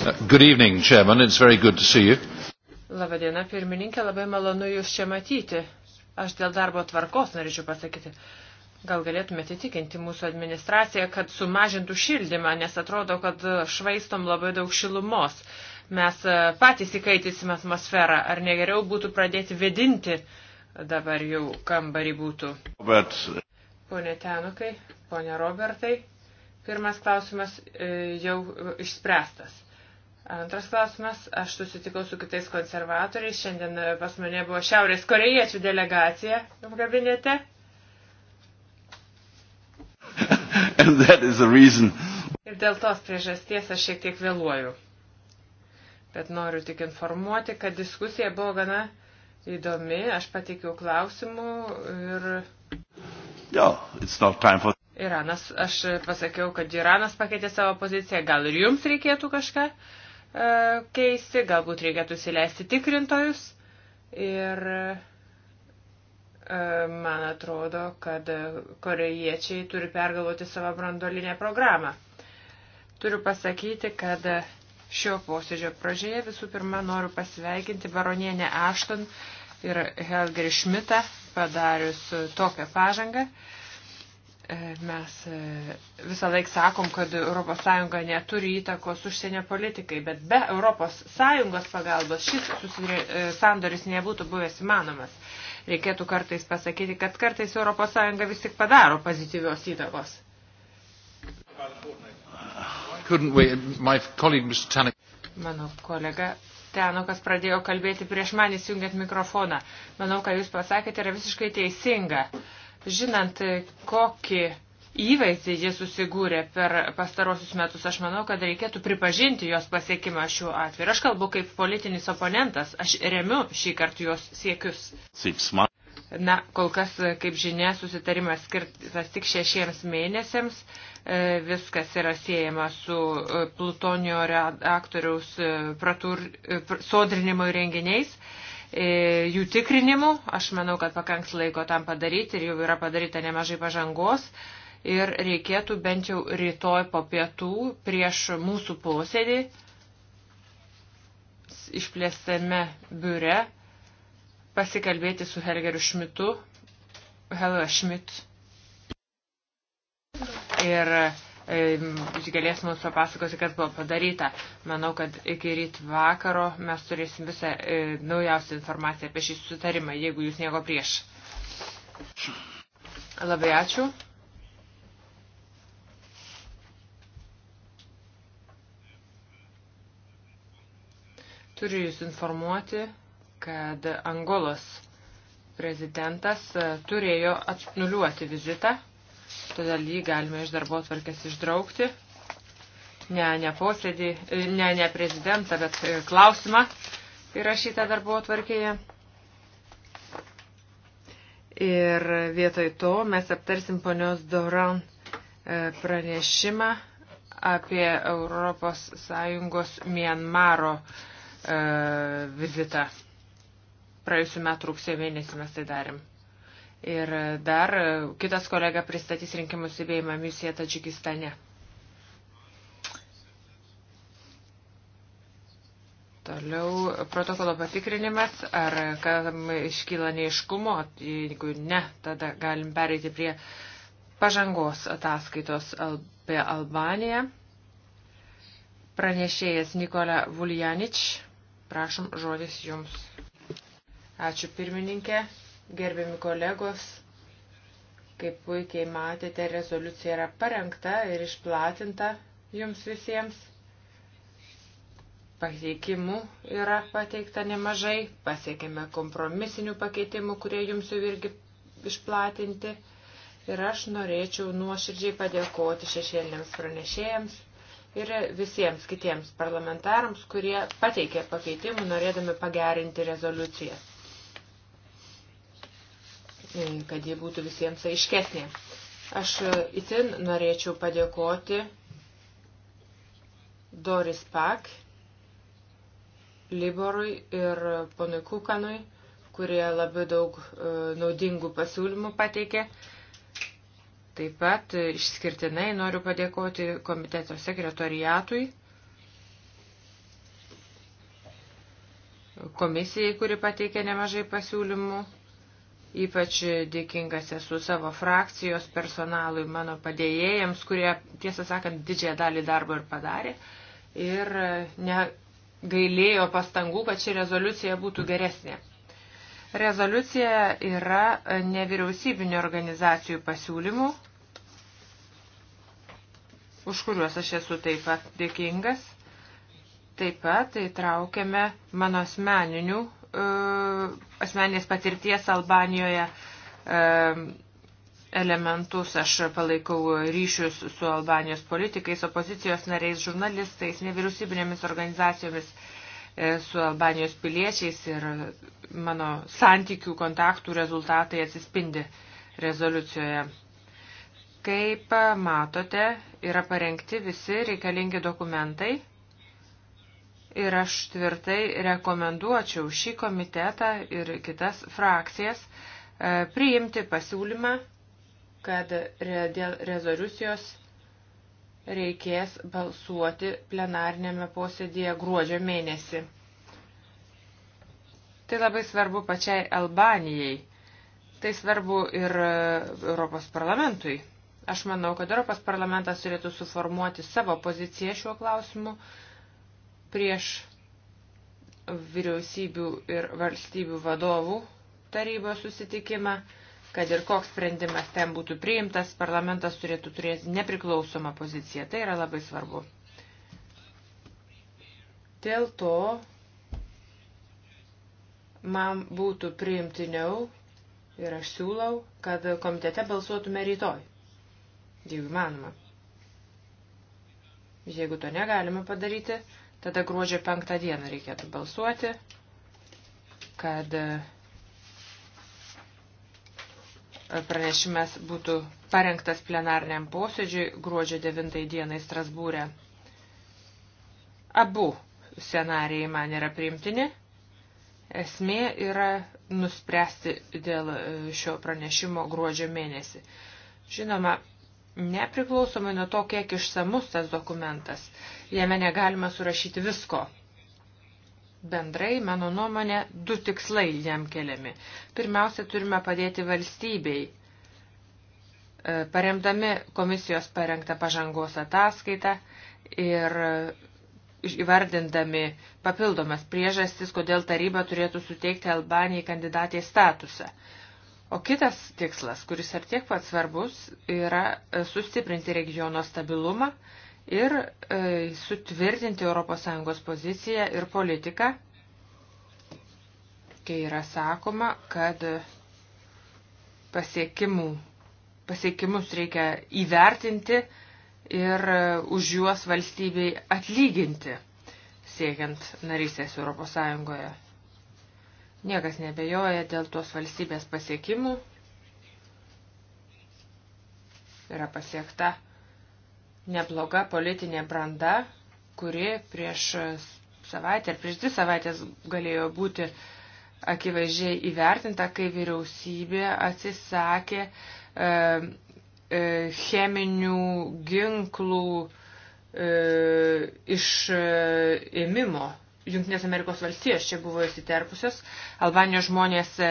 Uh, good evening, Chairman. It's very good to see you. Labadiena, pirmininkė, labai malonu Jūs čia matyti. Aš dėl darbo tvarkos norėčiau pasakyti. Gal galėtumėte tikinti mūsų administraciją, kad sumažintų šildymą, nes atrodo, kad uh, švaistom labai daug šilumos. Mes uh, patys įkaitysime atmosferą. Ar negeriau būtų pradėti vedinti dabar jau kambarį būtų? Bet... Pone Tenukai, pone Robertai, pirmas klausimas jau išspręstas. Antras klausimas. Aš susitikau su kitais konservatoriais. Šiandien pas mane buvo Šiaurės korejiečių delegacija kabinete. Ir dėl tos priežasties aš šiek tiek vėluoju. Bet noriu tik informuoti, kad diskusija buvo gana įdomi. Aš pateikiau klausimų ir. Yeah, it's not time for... Iranas, aš pasakiau, kad Iranas pakeitė savo poziciją, gal ir jums reikėtų kažką. Uh, E, keisti, galbūt reikėtų įsileisti tikrintojus. Ir e, man atrodo, kad korejiečiai turi pergalvoti savo brandolinę programą. Turiu pasakyti, kad šio posėdžio pradžioje visų pirma noriu pasveikinti baronienę Ašton ir Helgerį Šmitą padarius tokią pažangą, E, mes e, visą laik sakom, kad ES neturi įtakos užsienio politikai, bet be ES pagalbos šis e, sandoris nebūtų buvęs įmanomas. Reikėtų kartais pasakyti, kad kartais ES vis tik padaro pozityvios įtakos. Mano kolega Tenokas pradėjo kalbėti prieš man įsijungiant mikrofoną. Manau, ką jūs pasakėte yra visiškai teisinga. Uh, žinant, kokį įvaizdį jie susigūrė per pastarosius metus, aš manau, kad reikėtų pripažinti jos pasiekimą šiuo atveju. Ir aš kalbu kaip politinis oponentas, aš remiu šį kartą jos siekius. Na, kol kas, kaip žinia, susitarimas skirtas tik šešiems mėnesiams. E, viskas yra siejama su e, plutonio reaktoriaus e, pratur, sodrinimo įrenginiais. E, jų tikrinimu. Aš manau, kad pakanks laiko tam padaryti ir jau yra padaryta nemažai pažangos. Ir reikėtų bent jau rytoj po pietų prieš mūsų posėdį išplėstame biure pasikalbėti su Helgeriu Šmitu. Helga Šmit. Ir galės mums papasakosi, kas buvo padaryta. Manau, kad iki ryt vakaro mes turėsim visą e, naujausią informaciją apie šį sutarimą, jeigu jūs nieko prieš. Labai ačiū. Turiu Jūs informuoti, kad Angolos prezidentas e, turėjo atnuliuoti vizitą todėl jį galime iš darbo tvarkės išdraukti. Ne, ne posėdį, ne, ne prezidentą, bet e, klausimą įrašytą darbo tvarkėje. Ir vietoj to mes aptarsim ponios Doran e, pranešimą apie Europos Sąjungos Mienmaro e, vizitą. Praėjusiu metu rugsėjo mėnesį mes tai darėm. Ir dar kitas kolega pristatys rinkimų stebėjimą misiją Tadžikistane. Toliau protokolo patikrinimas, ar kam iškyla neiškumo, jeigu ne, tada galim pereiti prie pažangos ataskaitos apie Albaniją. Pranešėjas Nikola Vuljanič, prašom žodis jums. Ačiū pirmininkė. Gerbiami kolegos, kaip puikiai matėte, rezoliucija yra parengta ir išplatinta jums visiems. Pakeitimų yra pateikta nemažai, pasiekėme kompromisinių pakeitimų, kurie jums jau irgi išplatinti. Ir aš norėčiau nuoširdžiai padėkoti šešėliniams pranešėjams ir visiems kitiems parlamentarams, kurie pateikė pakeitimų norėdami pagerinti rezoliucijas kad jie būtų visiems aiškesnė. Aš e, itin norėčiau padėkoti Doris Pak, Liborui ir ponui Kukanui, kurie labai daug e, naudingų pasiūlymų pateikė. Taip pat e, išskirtinai noriu padėkoti komiteto sekretoriatui, komisijai, kuri pateikė nemažai pasiūlymų Ypač dėkingas esu savo frakcijos personalui, mano padėjėjams, kurie, tiesą sakant, didžiąją dalį darbo ir padarė. Ir e, negailėjo pastangų, kad ši rezoliucija būtų geresnė. Rezoliucija yra e, nevyriausybinio organizacijų pasiūlymų, už kuriuos aš esu taip pat dėkingas. Taip pat įtraukiame mano asmeninių E, asmeninės patirties Albanijoje e, elementus. Aš palaikau ryšius su Albanijos politikais, opozicijos nariais, žurnalistais, nevyriausybinėmis organizacijomis e, su Albanijos piliečiais ir mano santykių kontaktų rezultatai atsispindi rezoliucijoje. Kaip matote, yra parengti visi reikalingi dokumentai Ir aš tvirtai rekomenduočiau šį komitetą ir kitas frakcijas e, priimti pasiūlymą, kad dėl rezoliucijos reikės balsuoti plenarnėme posėdėje gruodžio mėnesį. Tai labai svarbu pačiai Albanijai. Tai svarbu ir e, Europos parlamentui. Aš manau, kad Europos parlamentas turėtų suformuoti savo poziciją šiuo klausimu prieš vyriausybių ir valstybių vadovų tarybos susitikimą, kad ir koks sprendimas ten būtų priimtas, parlamentas turėtų turėti nepriklausomą poziciją. Tai yra labai svarbu. Dėl to man būtų priimtiniau ir aš siūlau, kad komitete balsuotume rytoj, jeigu manoma. Jeigu to negalima padaryti, Tada gruodžio penktą dieną reikėtų balsuoti, kad e, pranešimas būtų parengtas plenarniam posėdžiui gruodžio 9 dienai Strasbūrė. Abu scenarijai man yra priimtini. Esmė yra nuspręsti dėl e, šio pranešimo gruodžio mėnesį. Žinoma, nepriklausomai nuo to, kiek išsamus tas dokumentas. Jame negalima surašyti visko. Bendrai, mano nuomonė, du tikslai jam keliami. Pirmiausia, turime padėti valstybei, e, paremdami komisijos parengtą pažangos ataskaitą ir e, įvardindami papildomas priežastis, kodėl taryba turėtų suteikti Albanijai kandidatės statusą. O kitas tikslas, kuris ar tiek pat svarbus, yra e, sustiprinti regiono stabilumą ir e, sutvirtinti ES poziciją ir politiką, kai yra sakoma, kad pasiekimų, pasiekimus reikia įvertinti ir e, už juos valstybei atlyginti, siekiant narysės ES. Niekas nebejoja dėl tos valstybės pasiekimų. Yra pasiekta nebloga politinė branda, kuri prieš savaitę ar prieš dvi savaitės galėjo būti akivaizdžiai įvertinta, kai vyriausybė atsisakė e, e, cheminių ginklų e, išėmimo. E, Junktinės Amerikos valstijos čia buvo įsiterpusios. Albanijos žmonės e,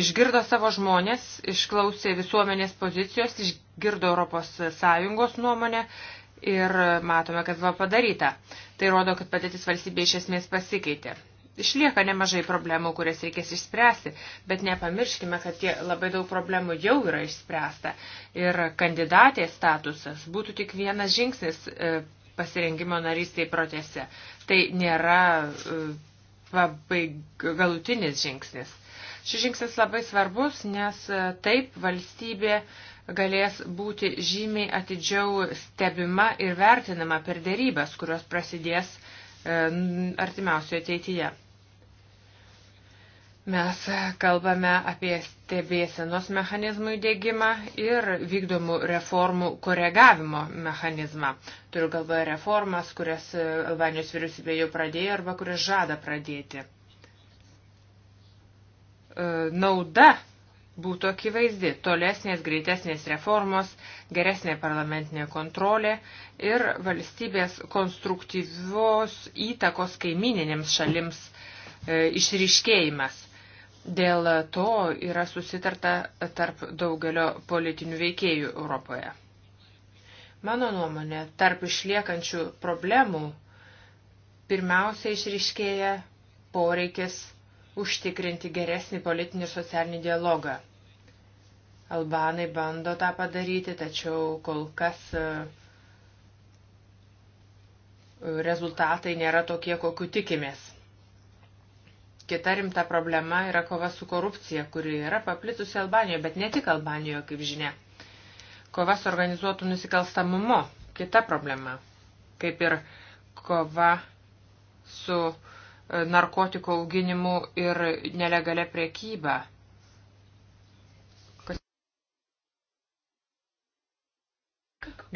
išgirdo savo žmonės, išklausė visuomenės pozicijos, išgirdo Europos Sąjungos nuomonę ir e, matome, kad buvo padaryta. Tai rodo, kad patėtis valstybė iš esmės pasikeitė. Išlieka nemažai problemų, kurias reikės išspręsti, bet nepamirškime, kad tie labai daug problemų jau yra išspręsta. Ir kandidatės statusas būtų tik vienas žingsnis e, pasirengimo narystiai procese. Tai nėra labai e, galutinis žingsnis. Šis žingsnis labai svarbus, nes e, taip valstybė galės būti žymiai atidžiau stebima ir vertinama per dėrybas, kurios prasidės e, artimiausioje ateityje. Mes kalbame apie stebėsenos mechanizmų įdėgymą ir vykdomų reformų koregavimo mechanizmą. Turiu galvoje reformas, kurias Albanijos vyriausybė jau pradėjo arba kurias žada pradėti. E, nauda būtų akivaizdi - tolesnės, greitesnės reformos, geresnė parlamentinė kontrolė ir valstybės konstruktyvios įtakos kaimininėms šalims e, išryškėjimas. Dėl to yra susitarta tarp daugelio politinių veikėjų Europoje. Mano nuomonė, tarp išliekančių problemų pirmiausia išriškėja poreikis užtikrinti geresnį politinį ir socialinį dialogą. Albanai bando tą padaryti, tačiau kol kas e, rezultatai nėra tokie, kokiu tikimės. Kita rimta problema yra kova su korupcija, kuri yra paplitusi Albanijoje, bet ne tik Albanijoje, kaip žinia. Kova su organizuotų nusikalstamumu - kita problema, kaip ir kova su e, narkotikų auginimu ir nelegalia priekyba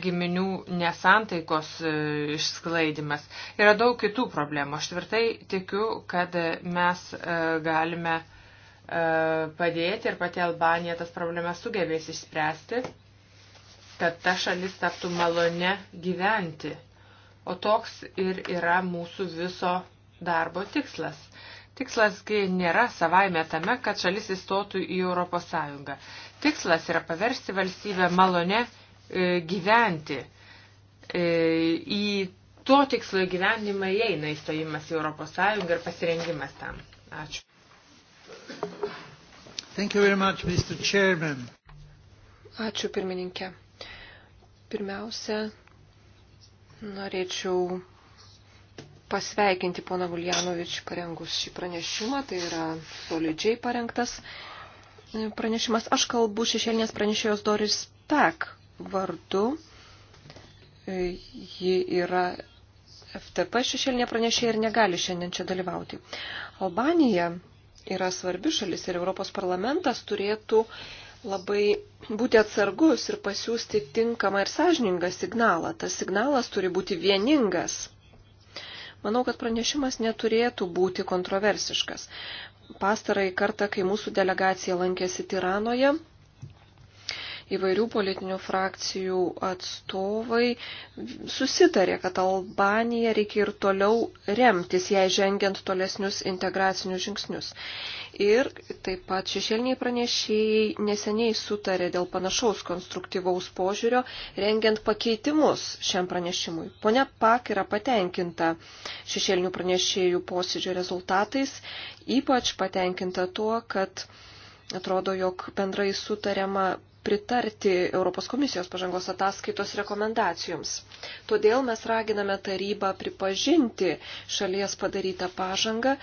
giminių nesantaikos e, išsklaidimas. Yra daug kitų problemų. Aš tvirtai tikiu, kad mes e, galime e, padėti ir pati Albanija tas problemas sugebės išspręsti, kad ta šalis taptų malone gyventi. O toks ir yra mūsų viso darbo tikslas. Tikslasgi nėra savaime tame, kad šalis įstotų į Europos Sąjungą. Tikslas yra paversti valstybę malone gyventi E, gyventi. E, į to tikslo gyvenimą įeina įstojimas į Europos Sąjungą ir pasirengimas tam. Ačiū. Thank you very much, Mr. Chairman. Ačiū pirmininkė. Pirmiausia, norėčiau pasveikinti poną Vuljanovič parengus šį pranešimą. Tai yra solidžiai parengtas e, pranešimas. Aš kalbu šešėlinės pranešėjos Doris Pek vardu. E, ji yra FTP šešėlinė pranešė ir negali šiandien čia dalyvauti. Albanija yra svarbi šalis ir Europos parlamentas turėtų labai būti atsargus ir pasiūsti tinkamą ir sąžiningą signalą. Tas signalas turi būti vieningas. Manau, kad pranešimas neturėtų būti kontroversiškas. Pastarai kartą, kai mūsų delegacija lankėsi Tiranoje, įvairių politinių frakcijų atstovai susitarė, kad Albaniją reikia ir toliau remtis, jai žengiant tolesnius integracinius žingsnius. Ir taip pat šešėliniai pranešėjai neseniai sutarė dėl panašaus konstruktyvaus požiūrio, rengiant pakeitimus šiam pranešimui. Pone Pak yra patenkinta šešėlinių pranešėjų posėdžio rezultatais, ypač patenkinta tuo, kad atrodo, jog bendrai sutariama pritarti Europos komisijos pažangos ataskaitos rekomendacijoms. Todėl mes raginame tarybą pripažinti šalies padarytą pažangą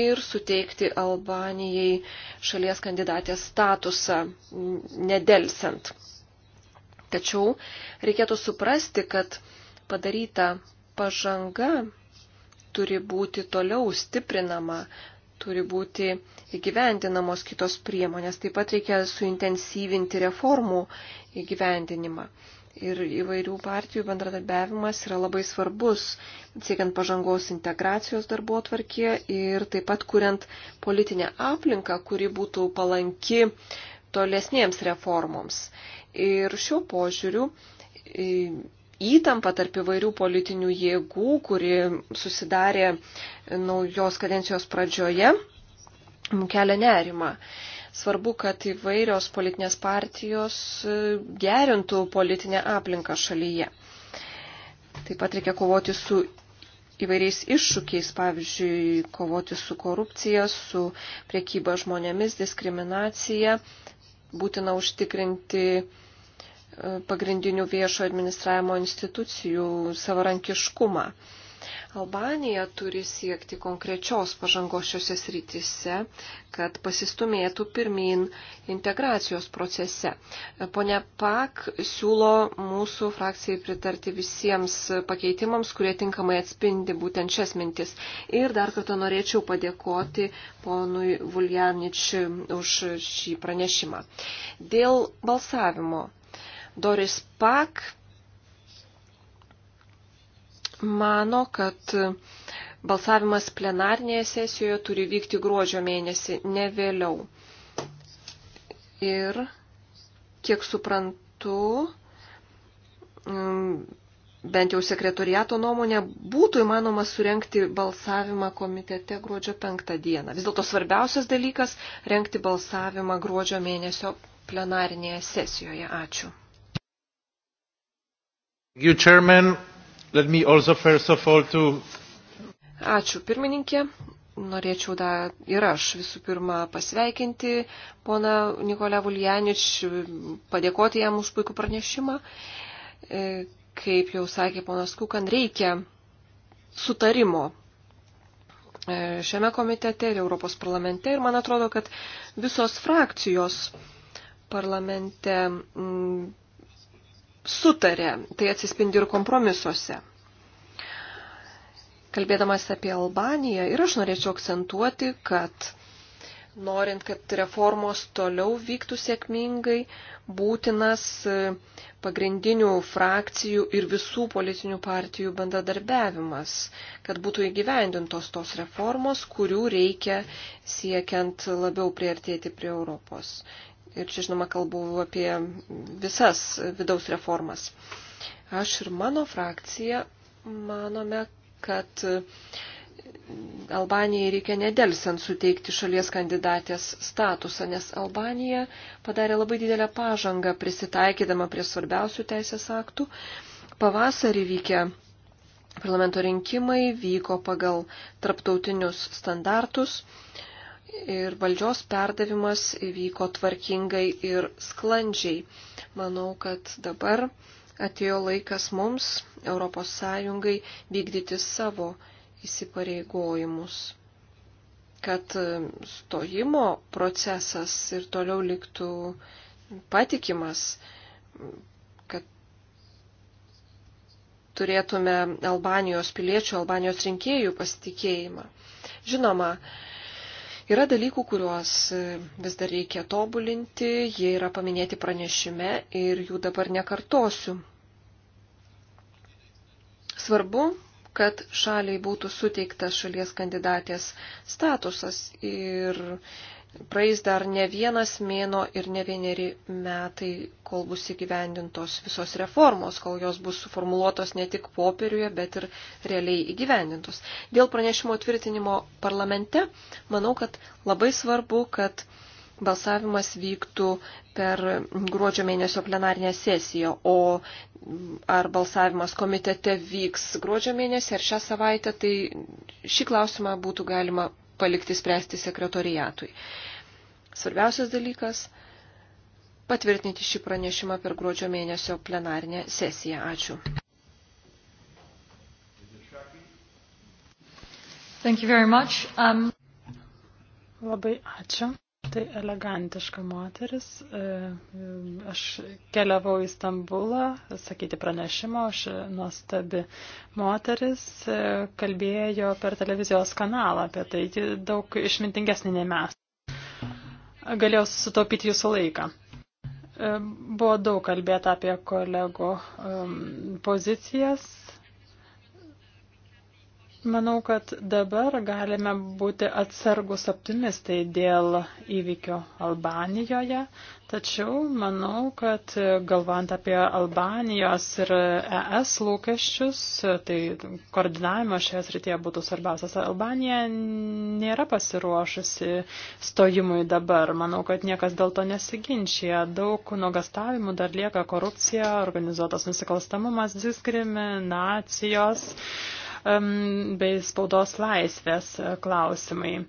ir suteikti Albanijai šalies kandidatės statusą nedelsant. Tačiau reikėtų suprasti, kad padaryta pažanga turi būti toliau stiprinama turi būti įgyvendinamos kitos priemonės. Taip pat reikia suintensyvinti reformų įgyvendinimą. Ir įvairių partijų bendradarbiavimas yra labai svarbus, siekiant pažangos integracijos darbo atvarkė ir taip pat kuriant politinę aplinką, kuri būtų palanki tolesniems reformoms. Ir šiuo požiūriu įtampa tarp įvairių politinių jėgų, kuri susidarė naujos kadencijos pradžioje, kelia nerima. Svarbu, kad įvairios politinės partijos e, gerintų politinę aplinką šalyje. Taip pat reikia kovoti su įvairiais iššūkiais, pavyzdžiui, kovoti su korupcija, su priekyba žmonėmis, diskriminacija, būtina užtikrinti pagrindinių viešo administravimo institucijų savarankiškumą. Albanija turi siekti konkrečios pažangos šiuose srityse, kad pasistumėtų pirmin integracijos procese. Pone Pak siūlo mūsų frakcijai pritarti visiems pakeitimams, kurie tinkamai atspindi būtent šias mintis. Ir dar kartą norėčiau padėkoti ponui Vuljanič už šį pranešimą. Dėl balsavimo Doris Pak mano, kad balsavimas plenarnėje sesijoje turi vykti gruodžio mėnesį, ne vėliau. Ir, kiek suprantu, mm, bent jau sekretoriato nuomonė, būtų įmanoma surenkti balsavimą komitete gruodžio penktą dieną. Vis dėlto svarbiausias dalykas - renkti balsavimą gruodžio mėnesio plenarinėje sesijoje. Ačiū. You, chairman. Let me also first of all to... Ačiū pirmininkė. Norėčiau dar ir aš visų pirma pasveikinti poną Nikolę Vuljanič, padėkoti jam už puikų pranešimą. E, kaip jau sakė ponas Kukan, reikia sutarimo e, šiame komitete ir Europos parlamente. Ir man atrodo, kad visos frakcijos parlamente sutarė. Tai atsispindi ir kompromisuose. Kalbėdamas apie Albaniją ir aš norėčiau akcentuoti, kad norint, kad reformos toliau vyktų sėkmingai, būtinas e, pagrindinių frakcijų ir visų politinių partijų bendradarbiavimas, kad būtų įgyvendintos tos reformos, kurių reikia siekiant labiau priartėti prie Europos. Ir čia, žinoma, kalbu apie visas vidaus reformas. Aš ir mano frakcija manome, kad Albanijai reikia nedelsiant suteikti šalies kandidatės statusą, nes Albanija padarė labai didelę pažangą prisitaikydama prie svarbiausių teisės aktų. Pavasarį vykę parlamento rinkimai vyko pagal traptautinius standartus ir valdžios perdavimas įvyko tvarkingai ir sklandžiai. Manau, kad dabar atėjo laikas mums, ES, vykdyti savo įsipareigojimus, kad stojimo procesas ir toliau liktų patikimas, kad turėtume Albanijos piliečių, Albanijos rinkėjų pasitikėjimą. Žinoma, Yra dalykų, kuriuos e, vis dar reikia tobulinti, jie yra paminėti pranešime ir jų dabar nekartosiu. Svarbu, kad šaliai būtų suteiktas šalies kandidatės statusas ir praeis dar ne vienas mėno ir ne vieneri metai, kol bus įgyvendintos visos reformos, kol jos bus suformuoluotos ne tik popieriuje, bet ir realiai įgyvendintos. Dėl pranešimo tvirtinimo parlamente, manau, kad labai svarbu, kad balsavimas vyktų per gruodžio mėnesio plenarinę sesiją, o ar balsavimas komitete vyks gruodžio mėnesį ar šią savaitę, tai šį klausimą būtų galima palikti spręsti sekretoriatui. Svarbiausias dalykas - patvirtinti šį pranešimą per gruodžio mėnesio plenarinę sesiją. Ačiū. Um... Labai ačiū. Tai elegantiška moteris. E, aš keliavau į Stambulą, sakyti pranešimo, aš nuostabi moteris, e, kalbėjo per televizijos kanalą apie tai, daug išmintingesnė nei mes. Galėjau sutaupyti jūsų laiką. E, buvo daug kalbėta apie kolegų pozicijas Manau, kad dabar galime būti atsargus optimistai dėl įvykio Albanijoje, tačiau manau, kad galvant apie Albanijos ir ES lūkesčius, tai koordinavimo šioje srityje būtų svarbiausias. Albanija nėra pasiruošusi stojimui dabar. Manau, kad niekas dėl to nesiginčia. Daug nuogastavimų dar lieka korupcija, organizuotas nusikalstamumas, diskriminacijos. Um, bei spaudos laisvės uh, klausimai.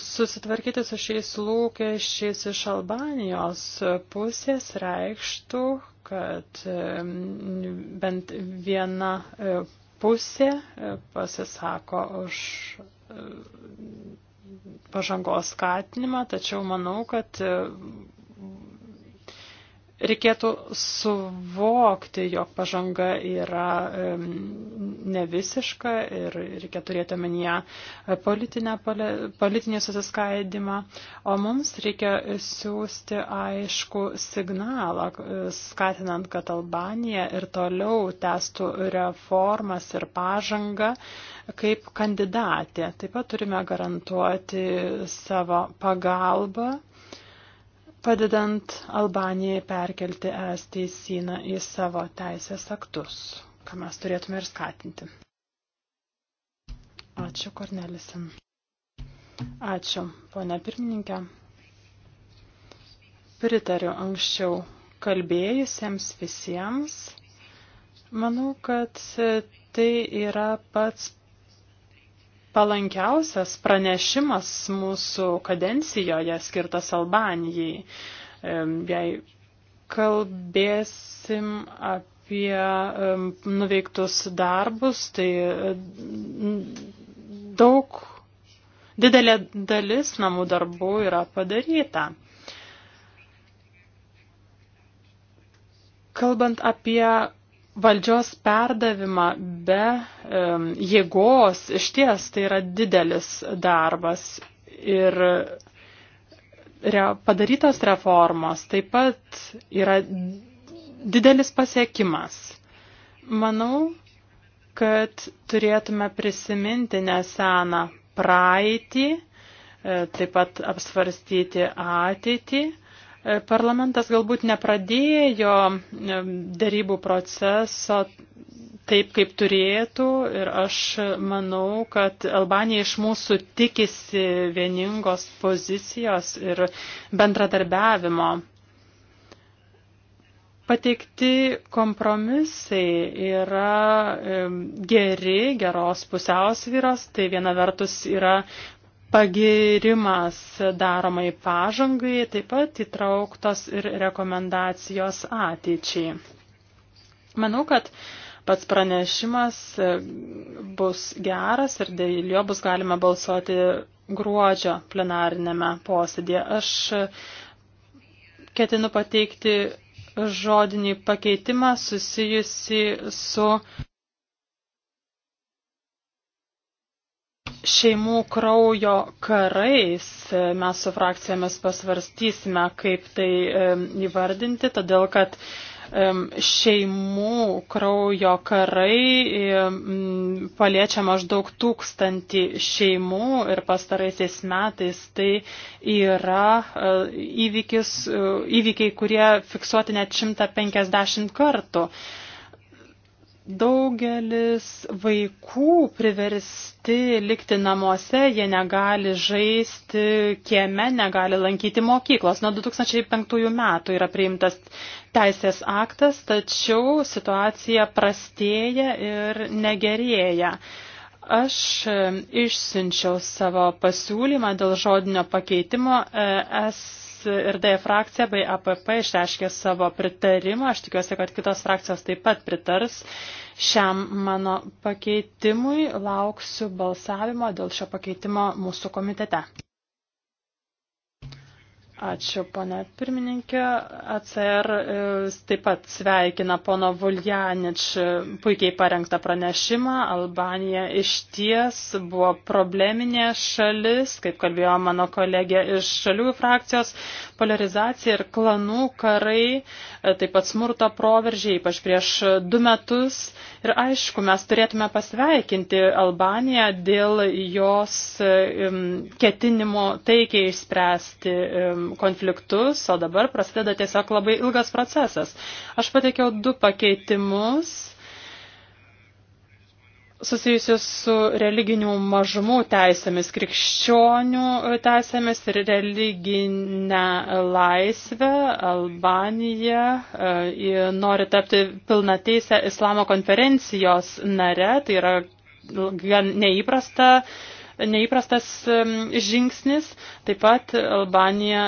Susitvarkyti su šiais lūkesčiais iš Albanijos pusės reikštų, kad um, bent viena uh, pusė uh, pasisako už pažangos skatinimą, tačiau manau, kad reikėtų suvokti, jog pažanga yra um, nevisiška ir reikia turėti omenyje politinį susiskaidimą, o mums reikia siūsti aišku signalą, skatinant, kad Albanija ir toliau testų reformas ir pažangą kaip kandidatė. Taip pat turime garantuoti savo pagalbą padedant Albanijai perkelti es teisyną į savo teisės aktus ką mes turėtume ir skatinti. Ačiū, Kornelisen. Ačiū, ponia pirmininkė. Pritariu anksčiau kalbėjusiems visiems. Manau, kad tai yra pats palankiausias pranešimas mūsų kadencijoje skirtas Albanijai. Jei kalbėsim apie apie nuveiktus darbus, tai e, daug, didelė dalis namų darbų yra padaryta. Kalbant apie valdžios perdavimą be um, jėgos, iš ties tai yra didelis darbas ir re, padarytos reformos taip pat yra didelis pasiekimas. Manau, kad turėtume prisiminti neseną praeitį, e, taip pat apsvarstyti ateitį. E, parlamentas galbūt nepradėjo e, darybų proceso taip, kaip turėtų ir aš manau, kad Albanija iš mūsų tikisi vieningos pozicijos ir bendradarbiavimo. Pateikti kompromisai yra geri, geros pusiausvyros, tai viena vertus yra pagirimas daromai pažangai, taip pat įtrauktos ir rekomendacijos ateičiai. Manau, kad pats pranešimas bus geras ir dėl jo bus galima balsuoti gruodžio plenarinėme posėdėje. Aš ketinu pateikti žodinį pakeitimą susijusi su šeimų kraujo karais. Mes su frakcijomis pasvarstysime, kaip tai įvardinti, todėl kad šeimų kraujo karai paliečia maždaug tūkstantį šeimų ir pastaraisiais metais tai yra e, įvykis, e, įvykiai, kurie fiksuoti net 150 kartų. Daugelis vaikų priversti likti namuose, jie negali žaisti kieme, negali lankyti mokyklos. Nuo 2005 metų yra priimtas teisės aktas, tačiau situacija prastėja ir negerėja. Aš išsiunčiau savo pasiūlymą dėl žodinio pakeitimo. E, es ir D frakcija bei APP išreiškė savo pritarimą. Aš tikiuosi, kad kitos frakcijos taip pat pritars šiam mano pakeitimui. Lauksiu balsavimo dėl šio pakeitimo mūsų komitete. Ačiū, ponė pirmininkė. ACR e, taip pat sveikina pono Vuljanič e, puikiai parengtą pranešimą. Albanija iš ties buvo probleminė šalis, kaip kalbėjo mano kolegė iš šalių frakcijos, polarizacija ir klanų karai, e, taip pat smurto proveržiai, ypač prieš du metus. Ir aišku, mes turėtume pasveikinti Albaniją dėl jos ketinimo taikiai išspręsti konfliktus, o dabar prasideda tiesiog labai ilgas procesas. Aš pateikiau du pakeitimus susijusius su religinių mažumų teisėmis, krikščionių teisėmis ir religinę laisvę. Albanija e, nori tapti pilnateisę islamo konferencijos nare, tai yra gan neįprasta uh, neįprastas žingsnis. Taip pat Albanija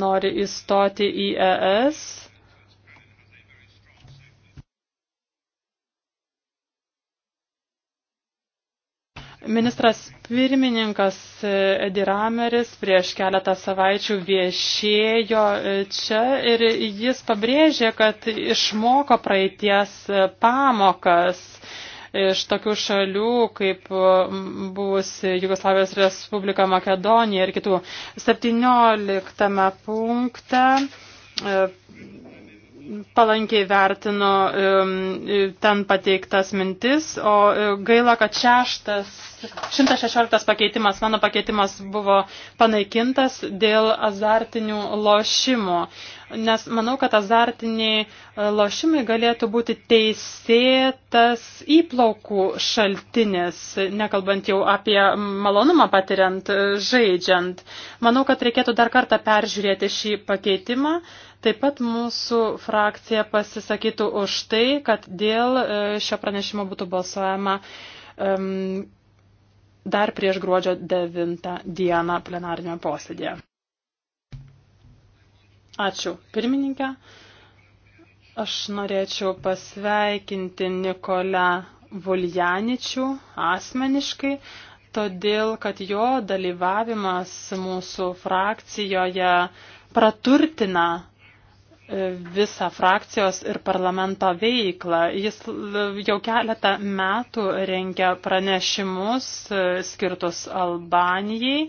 nori įstoti į ES. Ministras pirmininkas e, Edi Rameris prieš keletą savaičių viešėjo e, čia ir jis pabrėžė, kad išmoko praeities e, pamokas iš tokių šalių kaip e, buvusi Jugoslavijos Respublika Makedonija ir kitų. 17 punkte e, palankiai vertino ten pateiktas mintis, o e, gaila, kad šeštas, 116 pakeitimas, mano pakeitimas buvo panaikintas dėl azartinių lošimų, nes manau, kad azartiniai e, lošimai galėtų būti teisėtas įplaukų šaltinis, nekalbant jau apie malonumą patiriant e, žaidžiant. Manau, kad reikėtų dar kartą peržiūrėti šį pakeitimą. Taip pat mūsų frakcija pasisakytų už tai, kad dėl e, šio pranešimo būtų balsuojama um, dar prieš gruodžio 9 dieną plenarinio posėdėje. Ačiū, pirmininkė. Aš norėčiau pasveikinti Nikolą Voljaničių asmeniškai, todėl kad jo dalyvavimas mūsų frakcijoje praturtina visą frakcijos ir parlamento veiklą. Jis jau keletą metų rengia pranešimus e, skirtus Albanijai.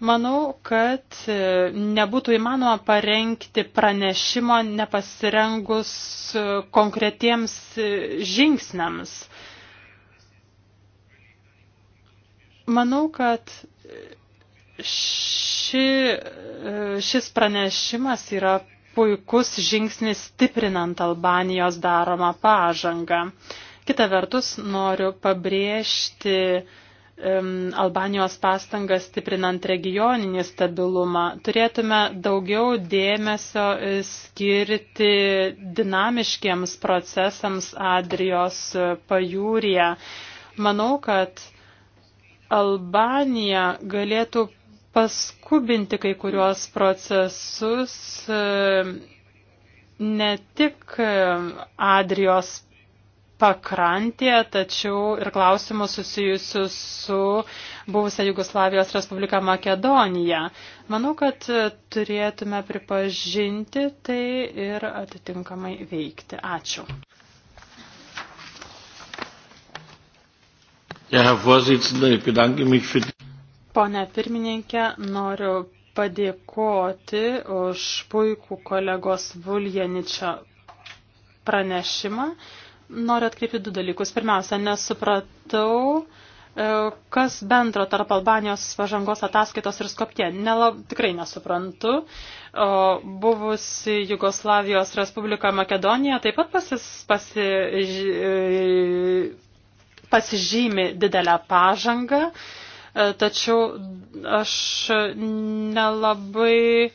Manau, kad e, nebūtų įmanoma parengti pranešimo nepasirengus e, konkretiems žingsniams. Manau, kad ši, šis pranešimas yra puikus žingsnis stiprinant Albanijos daromą pažangą. Kita vertus, noriu pabrėžti um, Albanijos pastangas stiprinant regioninį stabilumą. Turėtume daugiau dėmesio e, skirti dinamiškiems procesams Adrijos e, pajūryje. Manau, kad Albanija galėtų paskubinti kai kuriuos procesus e, ne tik e, Adrijos pakrantėje, tačiau ir klausimus susijusius su buvusia Jugoslavijos Respublika Makedonija. Manau, kad e, turėtume pripažinti tai ir atitinkamai veikti. Ačiū. Ja, Herr Vorsitzender, ich bedanke mich für die Pone pirmininkė, noriu padėkoti už puikų kolegos Vuljaničio pranešimą. Noriu atkreipti du dalykus. Pirmiausia, nesupratau, e, kas bendro tarp Albanijos pažangos ataskaitos ir Skopje. Nelab, tikrai nesuprantu. O buvusi Jugoslavijos Respublika Makedonija taip pat pasis, pasi, e, pasižymi didelę pažangą. E, tačiau aš nelabai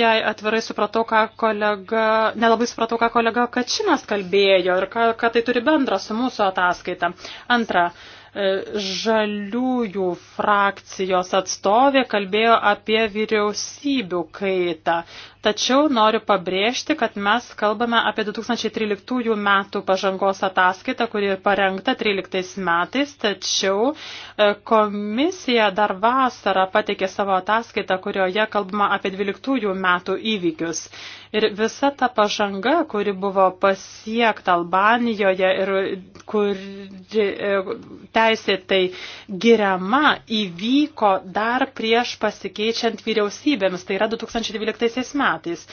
jai atvirai supratau, ką kolega, nelabai supratau, ką kolega Kačinas kalbėjo ir ką, ką tai turi bendra su mūsų ataskaita. Antra, e, žaliųjų frakcijos atstovė kalbėjo apie vyriausybių kaitą. Tačiau noriu pabrėžti, kad mes kalbame apie 2013 metų pažangos ataskaitą, kuri parengta 13 metais, tačiau e, komisija dar vasarą pateikė savo ataskaitą, kurioje kalbama apie 12 metų įvykius. Ir visa ta pažanga, kuri buvo pasiekta Albanijoje ir kuri e, teisėtai giriama, įvyko dar prieš pasikeičiant vyriausybėms, tai yra 2012 metais metais.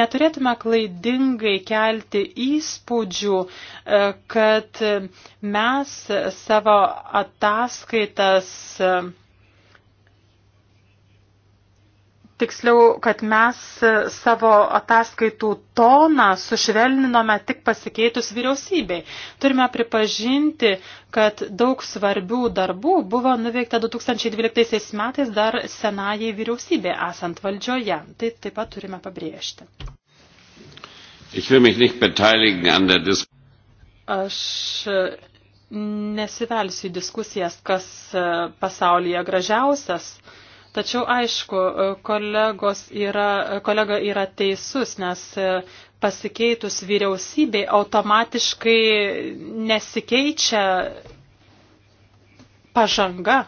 Neturėtume klaidingai kelti įspūdžių, e, kad mes savo ataskaitas e, tiksliau, kad mes savo ataskaitų toną sušvelninome tik pasikeitus vyriausybei. Turime pripažinti, kad daug svarbių darbų buvo nuveikta 2012 metais dar senajai vyriausybė esant valdžioje. Tai taip pat turime pabrėžti. Aš nesivelsiu į diskusijas, kas pasaulyje gražiausias Tačiau aišku, kolegos yra, kolega yra teisus, nes pasikeitus vyriausybei automatiškai nesikeičia pažanga.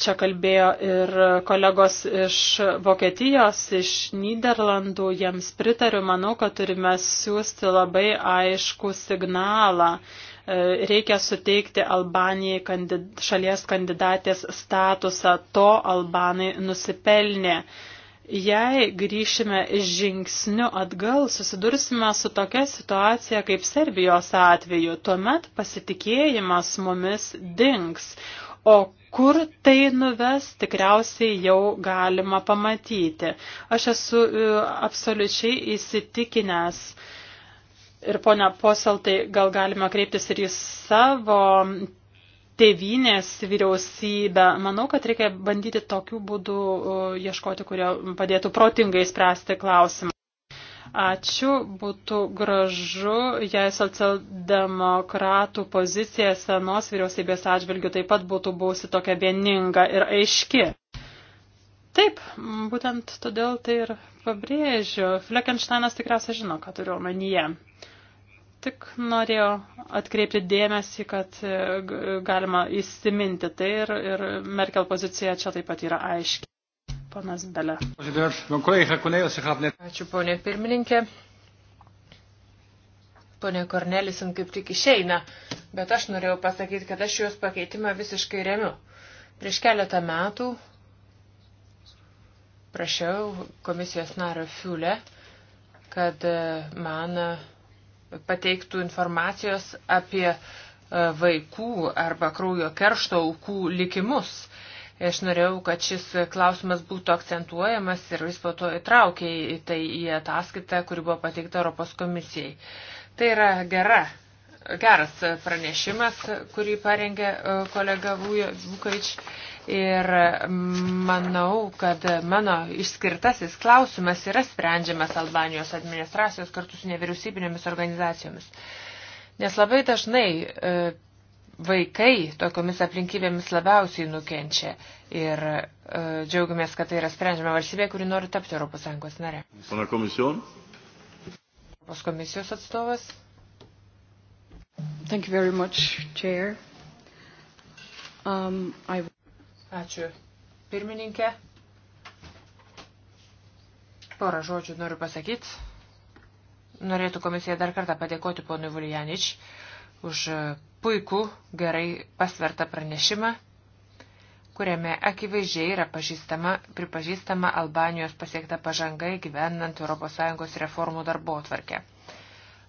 Čia kalbėjo ir kolegos iš Vokietijos, iš Niderlandų, jiems pritariu, manau, kad turime siūsti labai aišku signalą. Uh, E, reikia suteikti Albanijai kandid, šalies kandidatės statusą. To Albanai nusipelnė. Jei grįšime žingsniu atgal, susidursime su tokia situacija kaip Serbijos atveju. Tuomet pasitikėjimas mumis dinks. O kur tai nuves, tikriausiai jau galima pamatyti. Aš esu e, absoliučiai įsitikinęs, uh, Ir ponia Poseltai, gal galima kreiptis ir į savo tėvynės vyriausybę. Manau, kad reikia bandyti tokių būdų ieškoti, kurie padėtų protingai spręsti klausimą. Ačiū, būtų gražu, jei socialdemokratų pozicija senos vyriausybės atžvilgių taip pat būtų būsi tokia vieninga ir aiški. Taip, būtent todėl tai ir pabrėžiu. Fleckensteinas tikriausiai žino, ką turiu omenyje. Tik norėjau atkreipti dėmesį, kad e, galima įsiminti tai ir, ir Merkel pozicija čia taip pat yra aiški. Panas Belė. Ačiū, ponė pirmininkė. Pone Kornelisim kaip tik išeina, bet aš norėjau pasakyti, kad aš jos pakeitimą visiškai remiu. Prieš keletą metų prašiau komisijos nario Fiulę, kad e, man pateiktų informacijos apie e, vaikų arba kraujo keršto aukų likimus. Aš norėjau, kad šis klausimas būtų akcentuojamas ir jis po to įtraukė į tai į ataskaitą, kuri buvo pateikta Europos komisijai. Tai yra gera, geras pranešimas, kurį parengė e, kolega Vukovič. Vuj Ir manau, kad mano išskirtasis klausimas yra sprendžiamas Albanijos administracijos kartu su nevyriausybinėmis organizacijomis. Nes labai dažnai e, vaikai tokiomis aplinkybėmis labiausiai nukenčia ir e, džiaugiamės, kad tai yra sprendžiama valstybė, kuri nori tapti ES nare. Pana komisijon? Europos komisijos atstovas. Thank you very much, Chair. Um, I... Ačiū pirmininkė. Porą žodžių noriu pasakyti. Norėtų komisija dar kartą padėkoti ponui Vulijanič už puikų, gerai pasvertą pranešimą, kuriame akivaizdžiai yra pažįstama, pripažįstama Albanijos pasiekta pažanga įgyvendant ES reformų darbo atvarkę.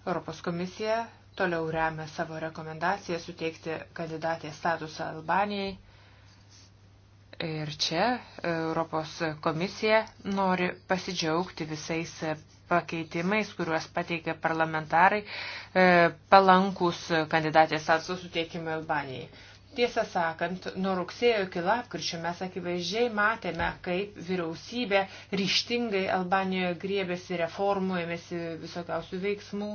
Europos komisija toliau remia savo rekomendaciją suteikti kandidatės statusą Albanijai Ir čia e, Europos komisija nori pasidžiaugti visais e, pakeitimais, kuriuos pateikė parlamentarai e, palankus kandidatės atsus suteikimui Albanijai. Tiesą sakant, nuo rugsėjo iki lapkričio mes akivaizdžiai matėme, kaip vyriausybė ryštingai Albanijoje griebėsi reformų, ėmėsi visokiausių veiksmų.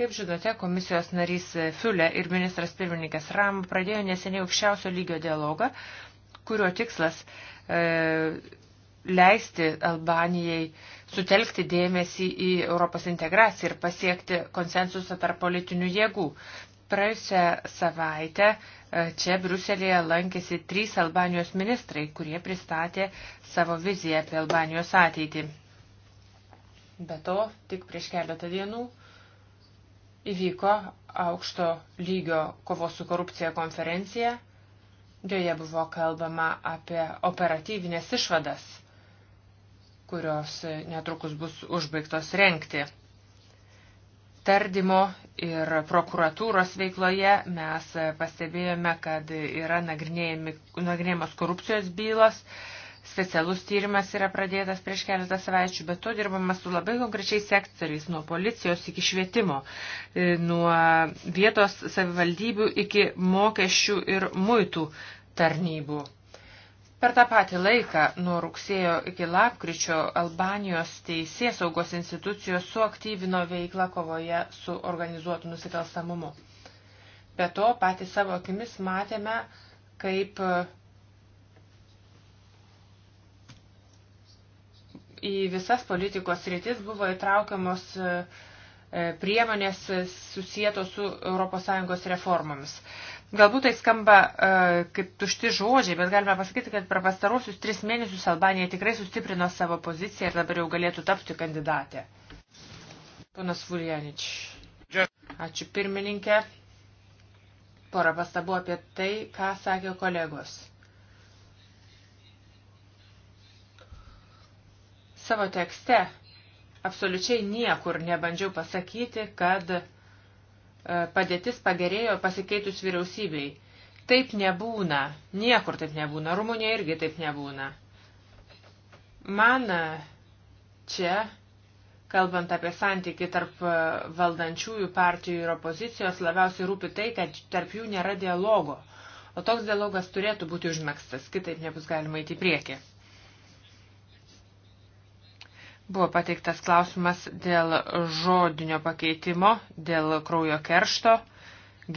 Kaip žinote, komisijos narys Fiulė ir ministras pirmininkas Ram pradėjo neseniai aukščiausio lygio dialogą, kurio tikslas e, leisti Albanijai sutelkti dėmesį į Europos integraciją ir pasiekti konsensusą tarp politinių jėgų. Praėjusią savaitę e, čia Bruselėje lankėsi trys Albanijos ministrai, kurie pristatė savo viziją apie Albanijos ateitį. Be to, tik prieš keletą dienų įvyko aukšto lygio kovos su korupcija konferencija Joje buvo kalbama apie operatyvinės išvadas, kurios netrukus bus užbaigtos renkti. Tardymo ir prokuratūros veikloje mes pastebėjome, kad yra nagrinėjamos korupcijos bylos, Specialus tyrimas yra pradėtas prieš keletą savaičių, bet to dirbama su labai konkrečiais sektoriais, nuo policijos iki švietimo, e, nuo vietos savivaldybių iki mokesčių ir muitų tarnybų. Per tą patį laiką, nuo rugsėjo iki lapkričio, Albanijos teisės saugos institucijos suaktyvino veiklą kovoje su organizuotu nusikalstamumu. Be to, patys savo akimis matėme, kaip į visas politikos rytis buvo įtraukiamos e, priemonės susijęto su ES reformomis. Galbūt tai skamba uh, kaip tušti žodžiai, bet galime pasakyti, kad per pastarosius tris mėnesius Albanija tikrai sustiprino savo poziciją ir dabar jau galėtų tapti kandidatė. Ponas Vuljanič. Ačiū pirmininkė. Porą pastabų apie tai, ką sakė kolegos. Savo tekste absoliučiai niekur nebandžiau pasakyti, kad e, padėtis pagerėjo pasikeitus vyriausybei. Taip nebūna. Niekur taip nebūna. Rumunija irgi taip nebūna. Man e, čia, kalbant apie santyki tarp e, valdančiųjų partijų ir opozicijos, labiausiai rūpi tai, kad tarp jų nėra dialogo. O toks dialogas turėtų būti užmėgstas, kitaip nebus galima įti priekį. Buvo pateiktas klausimas dėl žodinio pakeitimo, dėl kraujo keršto,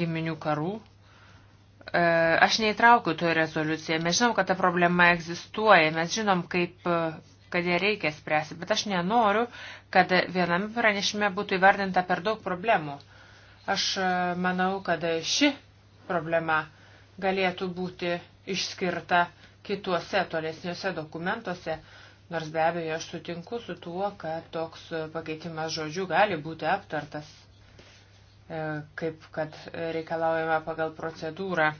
giminių karų. E, aš neįtraukiu to rezoliuciją. Mes žinom, kad ta problema egzistuoja, mes žinom, kaip e, kad ją reikia spręsti, bet aš nenoriu, kad viename pranešime būtų įvardinta per daug problemų. Aš e, manau, kad ši problema galėtų būti išskirta kituose tolesniuose dokumentuose, Nors be abejo aš sutinku su tuo, kad toks pakeitimas žodžių gali būti aptartas, e, kaip kad reikalaujama pagal procedūrą.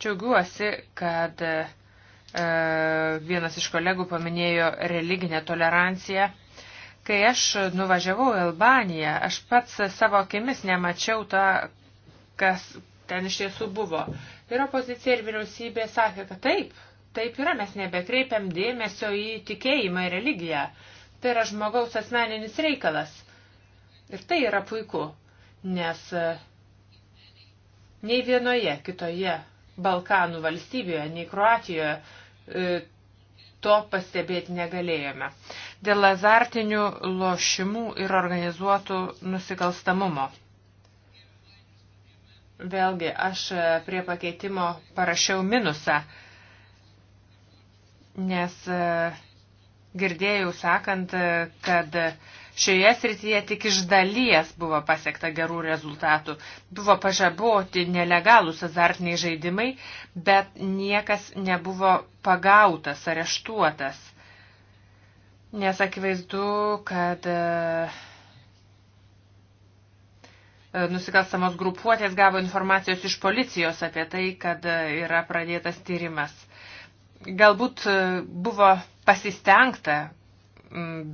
Čiaugiuosi, kad e, vienas iš kolegų paminėjo religinę toleranciją. Kai aš nuvažiavau į Albaniją, aš pats savo akimis nemačiau tą, kas ten iš tiesų buvo. Ir opozicija ir vyriausybė sakė, kad taip, taip yra, mes nebekreipiam dėmesio į tikėjimą ir religiją. Tai yra žmogaus asmeninis reikalas. Ir tai yra puiku, nes e, nei vienoje kitoje Balkanų valstybėje, nei Kroatijoje e, to pastebėti negalėjome. Dėl azartinių lošimų ir organizuotų nusikalstamumo. Vėlgi, aš e, prie pakeitimo parašiau minusą nes e, girdėjau sakant, e, kad šioje srityje tik iš dalies buvo pasiekta gerų rezultatų. Buvo pažaboti nelegalūs azartiniai žaidimai, bet niekas nebuvo pagautas, areštuotas. Nes akivaizdu, kad e, nusikalstamos grupuotės gavo informacijos iš policijos apie tai, kad yra pradėtas tyrimas. Galbūt e, buvo pasistengta,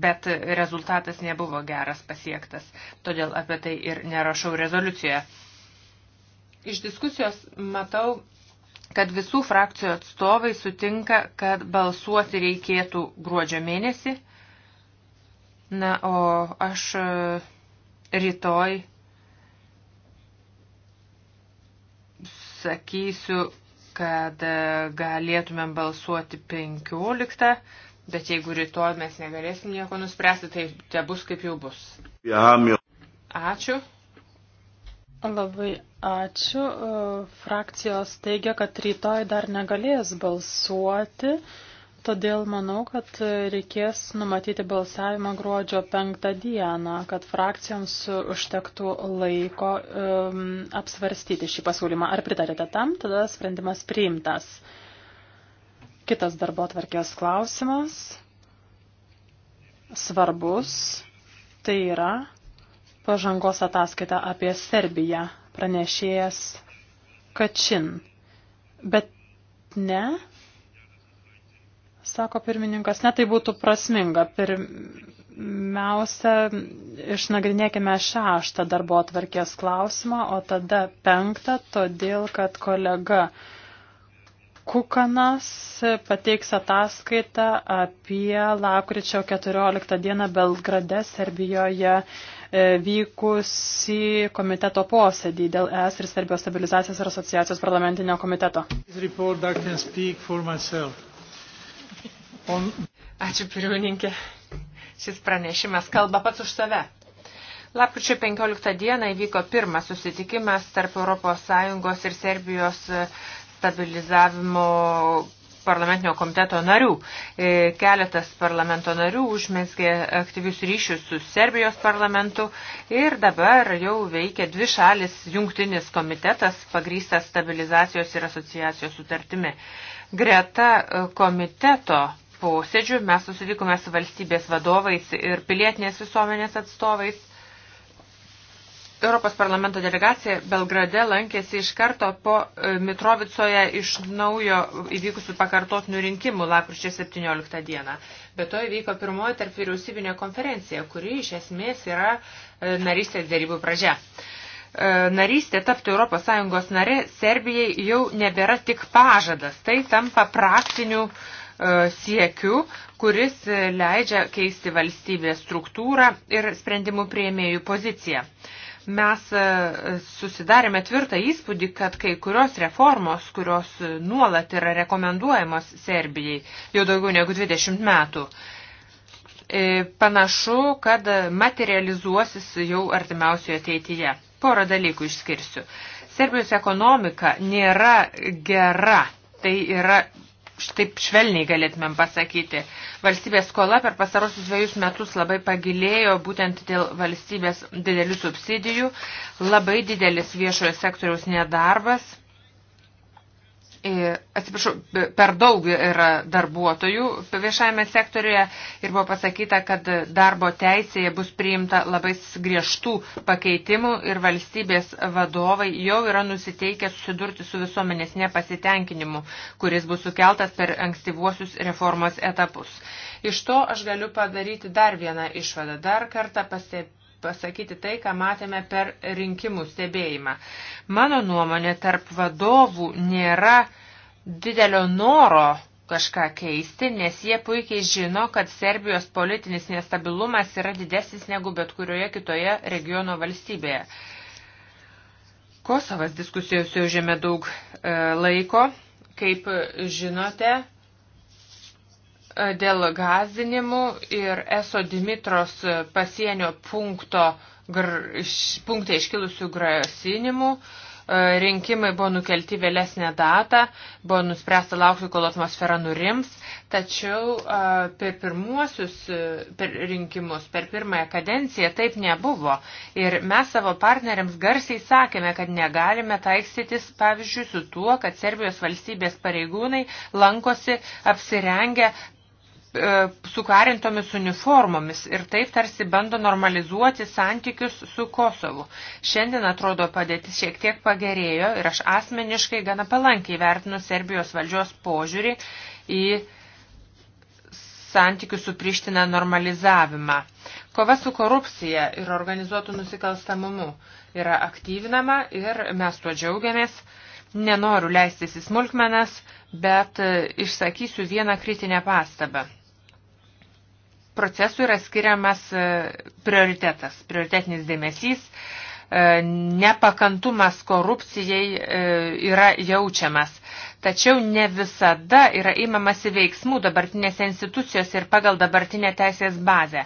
bet rezultatas nebuvo geras pasiektas, todėl apie tai ir nerašau rezoliucijoje. Iš diskusijos matau, kad visų frakcijų atstovai sutinka, kad balsuoti reikėtų gruodžio mėnesį. Na, o aš e, rytoj sakysiu, kad e, galėtumėm balsuoti 15, bet jeigu rytoj mes negalėsim nieko nuspręsti, tai te bus kaip jau bus. Ačiū. Labai ačiū. E, frakcijos teigia, kad rytoj dar negalės balsuoti. Todėl manau, kad reikės numatyti balsavimą gruodžio penktą dieną, kad frakcijoms užtektų laiko um, apsvarstyti šį pasiūlymą. Ar pritarėte tam, tada sprendimas priimtas. Kitas darbo tvarkės klausimas, svarbus, tai yra pažangos ataskaita apie Serbiją, pranešėjas Kačin. Bet ne, sako pirmininkas, netai būtų prasminga. Pirmiausia, išnagrinėkime šeštą darbo atvarkės klausimą, o tada penktą, todėl kad kolega Kukanas pateiks ataskaitą apie lakryčio 14 dieną Belgrade, Serbijoje e, vykusi komiteto posėdį dėl ES ir Serbijos stabilizacijos ir asociacijos parlamentinio komiteto. On... Ačiū pirmininkė. Šis pranešimas kalba pats už save. Lapkričio 15 dieną įvyko pirmas susitikimas tarp ES ir Serbijos e, stabilizavimo parlamentinio komiteto narių. E, keletas parlamento narių užmėsgė aktyvius ryšius su Serbijos parlamentu ir dabar jau veikia dvi šalis jungtinis komitetas pagrystas stabilizacijos ir asociacijos sutartimi. Greta e, komiteto posėdžių mes susitikome su valstybės vadovais ir pilietinės visuomenės atstovais. Europos parlamento delegacija Belgrade lankėsi iš karto po e, Mitrovicoje iš naujo įvykusių pakartotinių rinkimų lapkričio 17 dieną. Be to įvyko pirmoji tarp vyriausybinė konferencija, kuri iš esmės yra e, narystės dėrybų pradžia e, narystė tapti ES nare Serbijai jau nebėra tik pažadas, tai tampa praktiniu E, siekiu, kuris leidžia keisti valstybės struktūrą ir sprendimų prieimėjų poziciją. Mes e, susidarėme tvirtą įspūdį, kad kai kurios reformos, kurios nuolat yra rekomenduojamos Serbijai jau daugiau negu 20 metų, e, panašu, kad materializuosis jau artimiausioje ateityje. Porą dalykų išskirsiu. Serbijos ekonomika nėra gera. Tai yra taip švelniai galėtumėm pasakyti. Valstybės skola per pasarosius dviejus metus labai pagilėjo būtent dėl valstybės didelių subsidijų, labai didelis viešojo sektoriaus nedarbas E, atsiprašau, per daug yra darbuotojų viešajame sektoriuje ir buvo pasakyta, kad darbo teisėje bus priimta labai griežtų pakeitimų ir valstybės vadovai jau yra nusiteikę susidurti su visuomenės nepasitenkinimu, kuris bus sukeltas per ankstyvuosius reformos etapus. Iš to aš galiu padaryti dar vieną išvadą. Dar kartą pastebėti pasakyti tai, ką matėme per rinkimų stebėjimą. Mano nuomonė, tarp vadovų nėra didelio noro kažką keisti, nes jie puikiai žino, kad Serbijos politinis nestabilumas yra didesnis negu bet kurioje kitoje regiono valstybėje. Kosovas diskusijose užėmė daug e, laiko. Kaip žinote, dėl gazinimų ir Eso Dimitros pasienio punkto, gr, punkte iškilusių grasinimų. E, rinkimai buvo nukelti vėlesnę datą, buvo nuspręsta laukti, kol atmosfera nurims, tačiau e, per pirmuosius e, per rinkimus, per pirmąją kadenciją taip nebuvo. Ir mes savo partneriams garsiai sakėme, kad negalime taikstytis, pavyzdžiui, su tuo, kad Serbijos valstybės pareigūnai lankosi apsirengę E, sukarintomis uniformomis ir taip tarsi bando normalizuoti santykius su Kosovu. Šiandien atrodo padėtis šiek tiek pagerėjo ir aš asmeniškai gana palankiai vertinu Serbijos valdžios požiūrį į santykių su Priština normalizavimą. Kova su korupcija ir organizuotų nusikalstamumu yra aktyvinama ir mes tuo džiaugiamės. Nenoriu leistis į smulkmenas, bet išsakysiu vieną kritinę pastabą procesų yra skiriamas e, prioritetas, prioritetinis dėmesys, e, nepakantumas korupcijai e, yra jaučiamas. Tačiau ne visada yra įmamasi veiksmų dabartinėse institucijose ir pagal dabartinę teisės bazę.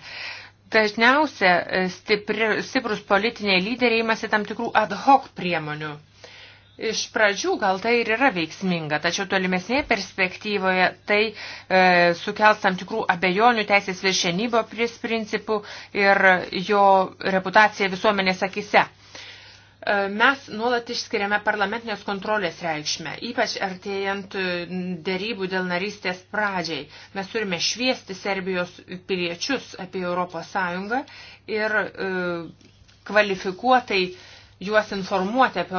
Dažniausia stipri, stiprus politiniai lyderiai imasi tam tikrų ad hoc priemonių Iš pradžių gal tai ir yra veiksminga, tačiau tolimesnėje perspektyvoje tai e, sukels tam tikrų abejonių teisės viršenybo pris principų ir jo reputaciją visuomenės akise. E, mes nuolat išskiriame parlamentinės kontrolės reikšmę, ypač artėjant e, dėrybų dėl narystės pradžiai. Mes turime šviesti Serbijos piliečius apie Europos Sąjungą ir e, kvalifikuotai e, juos informuoti apie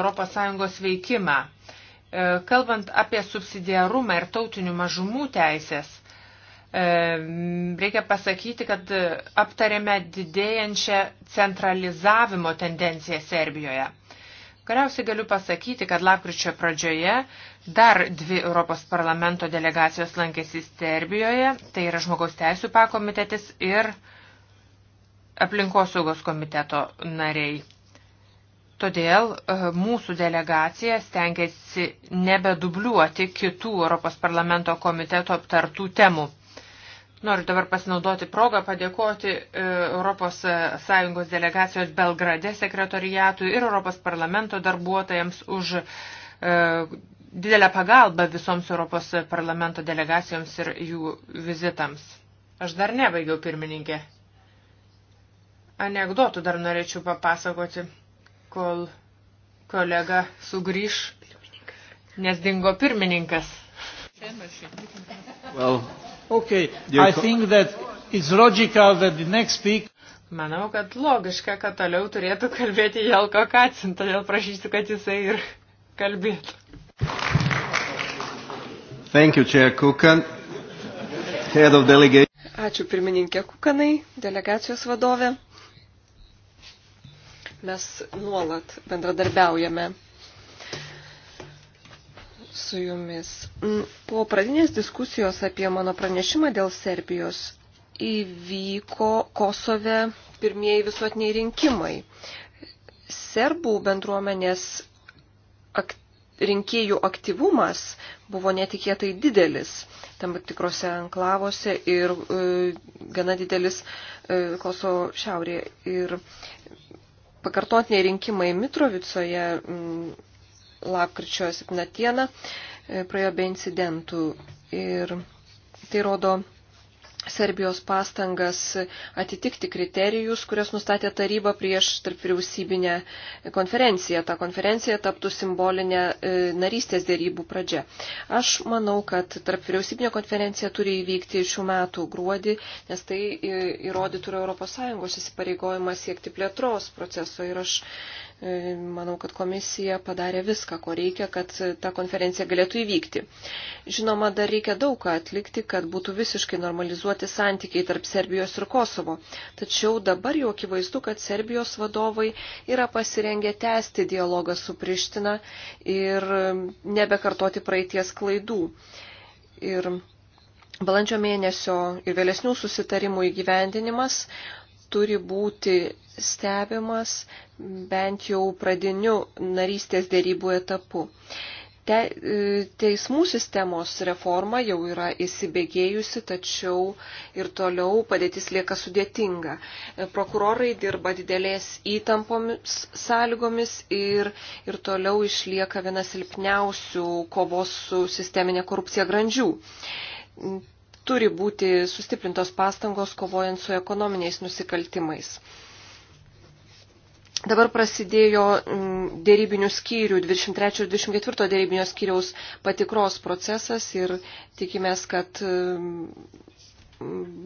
ES veikimą. E, kalbant apie subsidiarumą ir tautinių mažumų teisės, e, reikia pasakyti, kad aptarėme didėjančią centralizavimo tendenciją Serbijoje. Galiausiai galiu pasakyti, kad lapkričio pradžioje dar dvi Europos parlamento delegacijos lankėsi Serbijoje, tai yra žmogaus teisų pakomitetis ir aplinkosaugos komiteto nariai. Todėl e, mūsų delegacija stengiasi nebedubliuoti kitų Europos parlamento komiteto aptartų temų. Noriu dabar pasinaudoti progą padėkoti ES delegacijos Belgrade sekretoriatui ir Europos parlamento darbuotojams už e, didelę pagalbą visoms Europos parlamento delegacijoms ir jų vizitams. Aš dar nebaigiau pirmininkė. Anekdotų dar norėčiau papasakoti kol kolega sugrįž, nes dingo pirmininkas. Well, okay. I think that it's logical that the next speaker Manau, kad logiška, kad toliau turėtų kalbėti Jelko Kacin, todėl prašysiu, kad jisai ir kalbėtų. Thank you, Chair Kukan, Head of Delegation. Ačiū pirmininkė Kukanai, delegacijos vadovė. Mes nuolat bendradarbiaujame su jumis. Mm, po pradinės diskusijos apie mano pranešimą dėl Serbijos įvyko Kosove pirmieji visuotiniai rinkimai. Serbų bendruomenės ak rinkėjų aktyvumas buvo netikėtai didelis tam tikrose anklavose ir e, gana didelis e, Kosovo šiaurėje. Ir pakartotiniai rinkimai Mitrovicoje mm, lapkričio 7 dieną e, praėjo be incidentų. Ir tai rodo Serbijos pastangas atitikti kriterijus, kurias nustatė taryba prieš tarp vyriausybinę konferenciją. Ta konferencija taptų simbolinė e, narystės dėrybų pradžia. Aš manau, kad tarp vyriausybinė konferencija turi įvykti šių metų gruodį, nes tai e, įrodytų ir ES įsipareigojimą siekti plėtros proceso. Ir aš e, manau, kad komisija padarė viską, ko reikia, kad ta konferencija galėtų įvykti. Žinoma, dar reikia daug ką atlikti, kad būtų visiškai normalizuoti suformuluoti santykiai tarp Serbijos ir Kosovo. Tačiau dabar jau akivaizdu, kad Serbijos vadovai yra pasirengę tęsti dialogą su Priština ir nebekartoti praeities klaidų. Ir balandžio mėnesio ir vėlesnių susitarimų įgyvendinimas turi būti stebimas bent jau pradiniu narystės dėrybų etapu. Te, e, teismų sistemos reforma jau yra įsibėgėjusi, tačiau ir toliau padėtis lieka sudėtinga. E, prokurorai dirba didelės įtampomis sąlygomis ir, ir toliau išlieka viena silpniausių kovos su sisteminė korupcija grandžių e, turi būti sustiprintos pastangos kovojant su ekonominiais nusikaltimais. Dabar prasidėjo mm, dėrybinių skyrių, 23 ir 24 dėrybinio skyriaus patikros procesas ir tikimės, kad mm,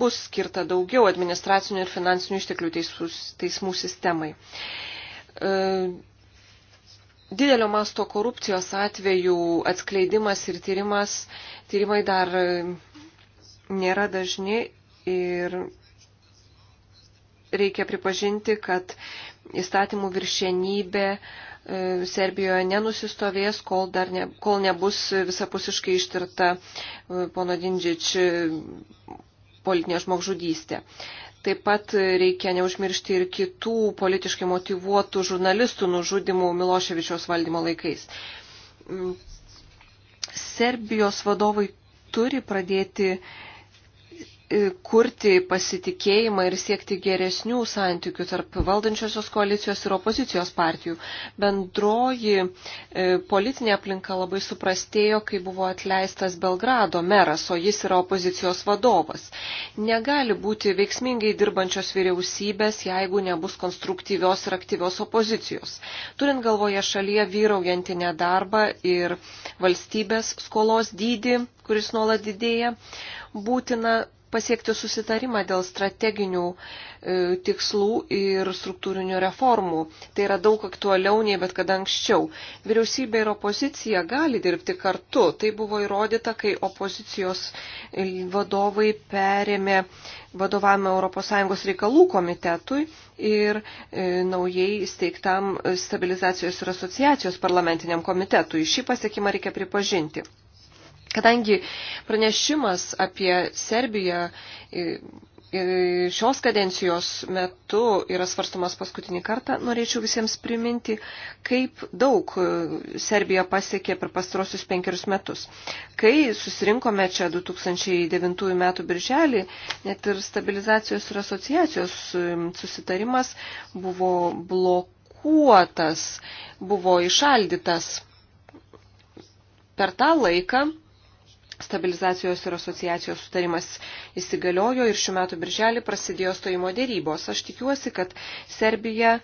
bus skirta daugiau administracinių ir finansinių išteklių teisus, teismų sistemai. E, didelio masto korupcijos atvejų atskleidimas ir tyrimas, tyrimai dar mm, nėra dažni ir reikia pripažinti, kad įstatymų viršienybė e, Serbijoje nenusistovės, kol, ne, kol nebus visapusiškai ištirta e, pono Dindžič e, politinė žmogžudystė. Taip pat reikia neužmiršti ir kitų politiškai motivuotų žurnalistų nužudimų Miloševičios valdymo laikais. Mm. Serbijos vadovai turi pradėti E, kurti pasitikėjimą ir siekti geresnių santykių tarp valdančiosios koalicijos ir opozicijos partijų. Bendroji e, politinė aplinka labai suprastėjo, kai buvo atleistas Belgrado meras, o jis yra opozicijos vadovas. Negali būti veiksmingai dirbančios vyriausybės, jeigu nebus konstruktyvios ir aktyvios opozicijos. Turint galvoje šalyje vyraujantį nedarbą ir valstybės skolos dydį, kuris nuolat didėja, būtina pasiekti susitarimą dėl strateginių e, tikslų ir struktūrinių reformų. Tai yra daug aktualiau nei bet kada anksčiau. Vyriausybė ir opozicija gali dirbti kartu. Tai buvo įrodyta, kai opozicijos vadovai perėmė vadovavimą ES reikalų komitetui ir e, naujai įsteigtam stabilizacijos ir asociacijos parlamentiniam komitetui. Šį pasiekimą reikia pripažinti. Kadangi pranešimas apie Serbiją šios kadencijos metu yra svarstomas paskutinį kartą, norėčiau visiems priminti, kaip daug Serbija pasiekė per pastarosius penkerius metus. Kai susirinkome čia 2009 m. birželį, net ir stabilizacijos ir asociacijos um, susitarimas buvo blokuotas, buvo išaldytas. Per tą laiką stabilizacijos ir asociacijos sutarimas įsigaliojo ir šiuo metu birželį prasidėjo stojimo dėrybos. Aš tikiuosi, kad Serbija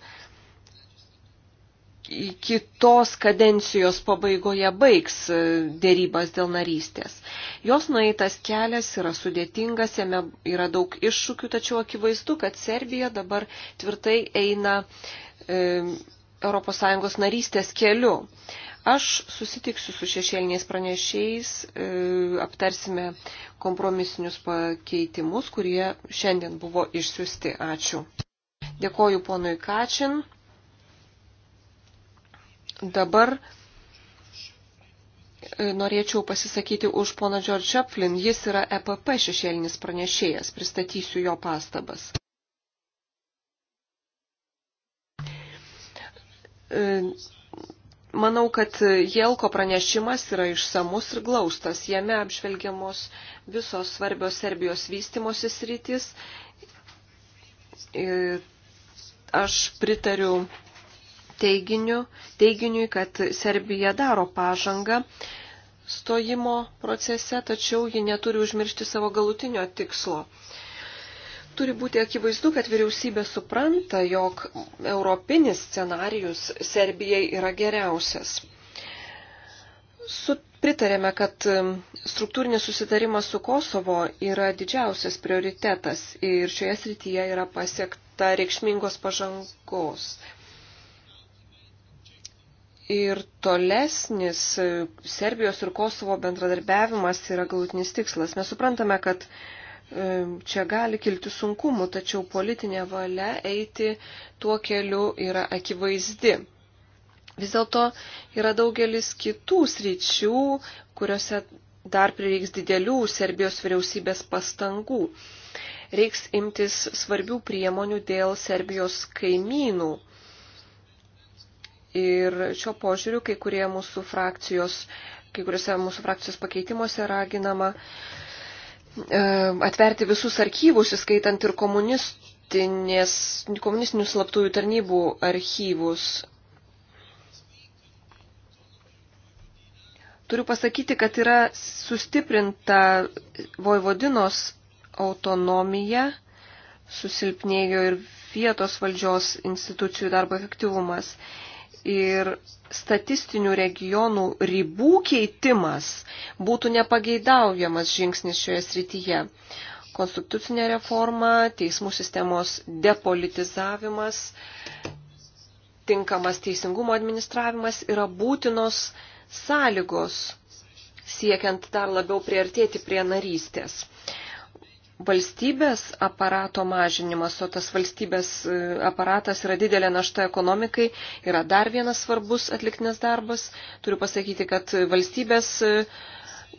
kitos kadencijos pabaigoje baigs e, dėrybas dėl narystės. Jos nueitas kelias yra sudėtingas, jame yra daug iššūkių, tačiau akivaizdu, kad Serbija dabar tvirtai eina e, ES narystės keliu. Aš susitiksiu su šešėliniais pranešėjais, e, aptarsime kompromisinius pakeitimus, kurie šiandien buvo išsiusti. Ačiū. Dėkoju ponui Kačin. Dabar e, norėčiau pasisakyti už poną George Chaplin. Jis yra EPP šešėlinis pranešėjas. Pristatysiu jo pastabas. E, Manau, kad Jelko pranešimas yra išsamus ir glaustas. Jame apžvelgiamos visos svarbios Serbijos vystimosi sritys. Aš pritariu teiginiu, teiginiui, kad Serbija daro pažangą stojimo procese, tačiau ji neturi užmiršti savo galutinio tikslo turi būti akivaizdu, kad vyriausybė supranta, jog europinis scenarius Serbijai yra geriausias. Su, pritarėme, kad um, struktūrinis susitarimas su Kosovo yra didžiausias prioritetas ir šioje srityje yra pasiekta reikšmingos pažangos. Ir tolesnis um, Serbijos ir Kosovo bendradarbiavimas yra galutinis tikslas. Mes suprantame, kad uh, E, čia gali kilti sunkumų, tačiau politinė valia eiti tuo keliu yra akivaizdi. Vis dėlto yra daugelis kitų sričių, kuriuose dar prireiks didelių Serbijos vyriausybės pastangų. Reiks imtis svarbių priemonių dėl Serbijos kaimynų. Ir šio požiūriu kai, kurie mūsų frakcijos, kai kuriuose mūsų frakcijos pakeitimuose raginama uh, E, atverti visus archyvus, įskaitant ir komunistinių slaptųjų tarnybų archyvus. Turiu pasakyti, kad yra sustiprinta Vojvodinos autonomija, susilpnėjo ir vietos valdžios institucijų darbo efektyvumas ir statistinių regionų ribų keitimas būtų nepageidaujamas žingsnis šioje srityje. Konstitucinė reforma, teismų sistemos depolitizavimas, tinkamas teisingumo administravimas yra būtinos sąlygos siekiant dar labiau priartėti prie narystės valstybės aparato mažinimas, o tas valstybės e, aparatas yra didelė našta ekonomikai, yra dar vienas svarbus atliktinas darbas. Turiu pasakyti, kad valstybės e,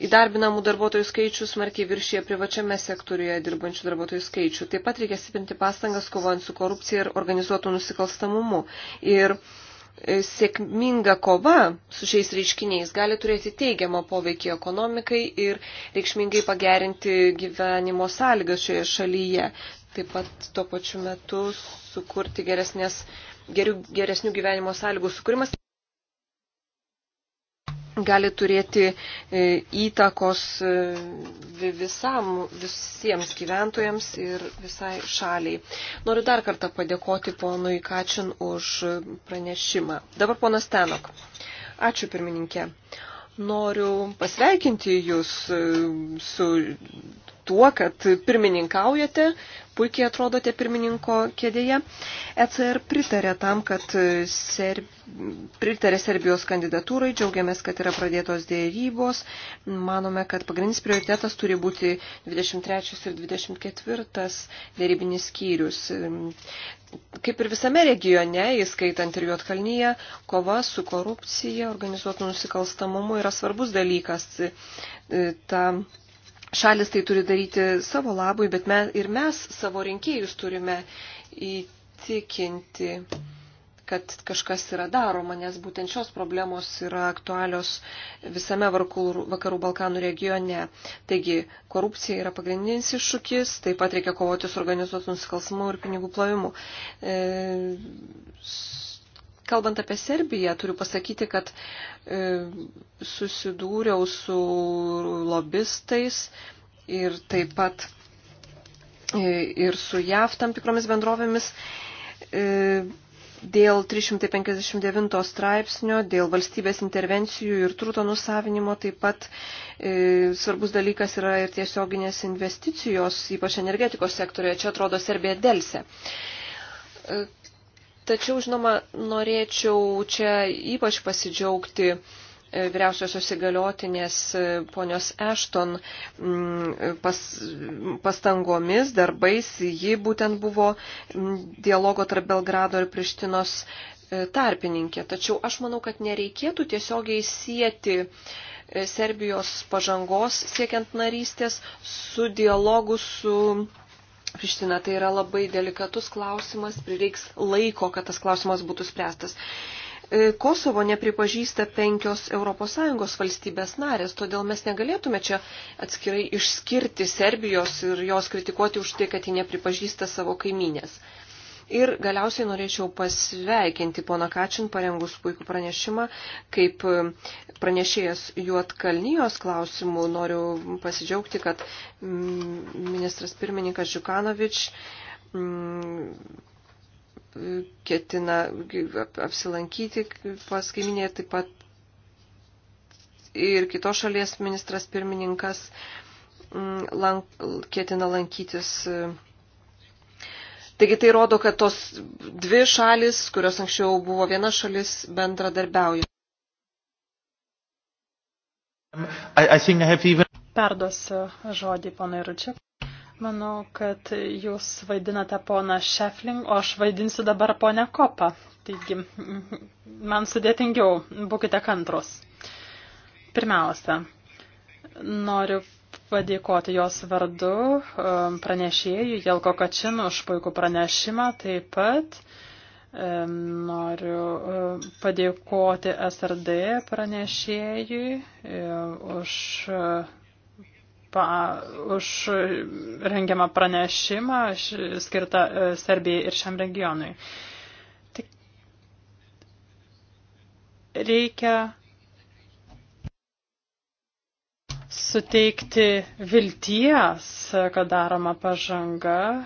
įdarbinamų darbuotojų skaičius smarkiai viršyje privačiame sektoriuje dirbančių darbuotojų skaičių. Taip pat reikia stiprinti pastangas kovojant su korupcija ir organizuotų nusikalstamumu. Ir E, sėkminga kova su šiais reiškiniais gali turėti teigiamą poveikį ekonomikai ir reikšmingai pagerinti gyvenimo sąlygas šioje šalyje. Taip pat tuo pačiu metu sukurti geresnės, gerių, geresnių gyvenimo sąlygų sukūrimas gali turėti e, įtakos e, visam, visiems gyventojams ir visai šaliai. Noriu dar kartą padėkoti ponui Kačin už pranešimą. Dabar ponas Tenok. Ačiū pirmininkė. Noriu pasveikinti Jūs e, su tuo, kad pirmininkaujate, puikiai atrodote pirmininko kėdėje. ECR pritarė tam, kad Ser... pritarė Serbijos kandidatūrai, džiaugiamės, kad yra pradėtos dėrybos. Manome, kad pagrindinis prioritetas turi būti 23 ir 24 dėrybinis skyrius. Kaip ir visame regione, įskaitant ir Juotkalnyje, kova su korupcija, organizuotų nusikalstamumu yra svarbus dalykas. Ta šalis tai turi daryti savo labui, bet me, ir mes savo rinkėjus turime įtikinti, kad kažkas yra daroma, nes būtent šios problemos yra aktualios visame Vakarų Balkanų regione. Taigi, korupcija yra pagrindinis iššūkis, taip pat reikia kovoti su organizuotų nusikalsmų ir pinigų plovimu. E, kalbant apie Serbiją, turiu pasakyti, kad e, susidūriau su lobistais ir taip pat e, ir su JAV tam tikromis bendrovėmis. E, Dėl 359 straipsnio, dėl valstybės intervencijų ir turto nusavinimo taip pat e, svarbus dalykas yra ir tiesioginės investicijos, ypač energetikos sektorioje. Čia atrodo Serbija dėlse. E, Tačiau, žinoma, norėčiau čia ypač pasidžiaugti e, vyriausiosios įgaliotinės e, ponios Ešton mm, pas, pastangomis, darbais. Ji būtent buvo dialogo tarp Belgrado ir Prištinos e, tarpininkė. Tačiau aš manau, kad nereikėtų tiesiogiai sieti Serbijos pažangos siekiant narystės su dialogu su Priština, tai yra labai delikatus klausimas, prireiks laiko, kad tas klausimas būtų spręstas. E, Kosovo nepripažįsta penkios ES valstybės narės, todėl mes negalėtume čia atskirai išskirti Serbijos ir jos kritikuoti už tai, kad ji nepripažįsta savo kaiminės. Ir galiausiai norėčiau pasveikinti poną Kačin parengus puikų pranešimą. Kaip pranešėjas Juotkalnyjos klausimų noriu pasidžiaugti, kad mm, ministras pirmininkas Žiukanovič mm, ketina apsilankyti pas kaiminėje taip pat ir kitos šalies ministras pirmininkas mm, lank, ketina lankytis Taigi tai rodo, kad tos dvi šalis, kurios anksčiau buvo viena šalis, bendradarbiauja. I, I I even... Perduosiu žodį ponai Ručiak. Manau, kad jūs vaidinate poną Šefling, o aš vaidinsiu dabar ponę Kopą. Taigi, man sudėtingiau, būkite kantrus. Pirmiausia, noriu padėkoti jos vardu um, pranešėjui Jelko Kačinu už puikų pranešimą. Taip pat um, noriu um, padėkoti SRD pranešėjui už, pa, už rengiamą pranešimą skirtą uh, Serbijai ir šiam regionui. Tik reikia suteikti vilties, kad daroma pažanga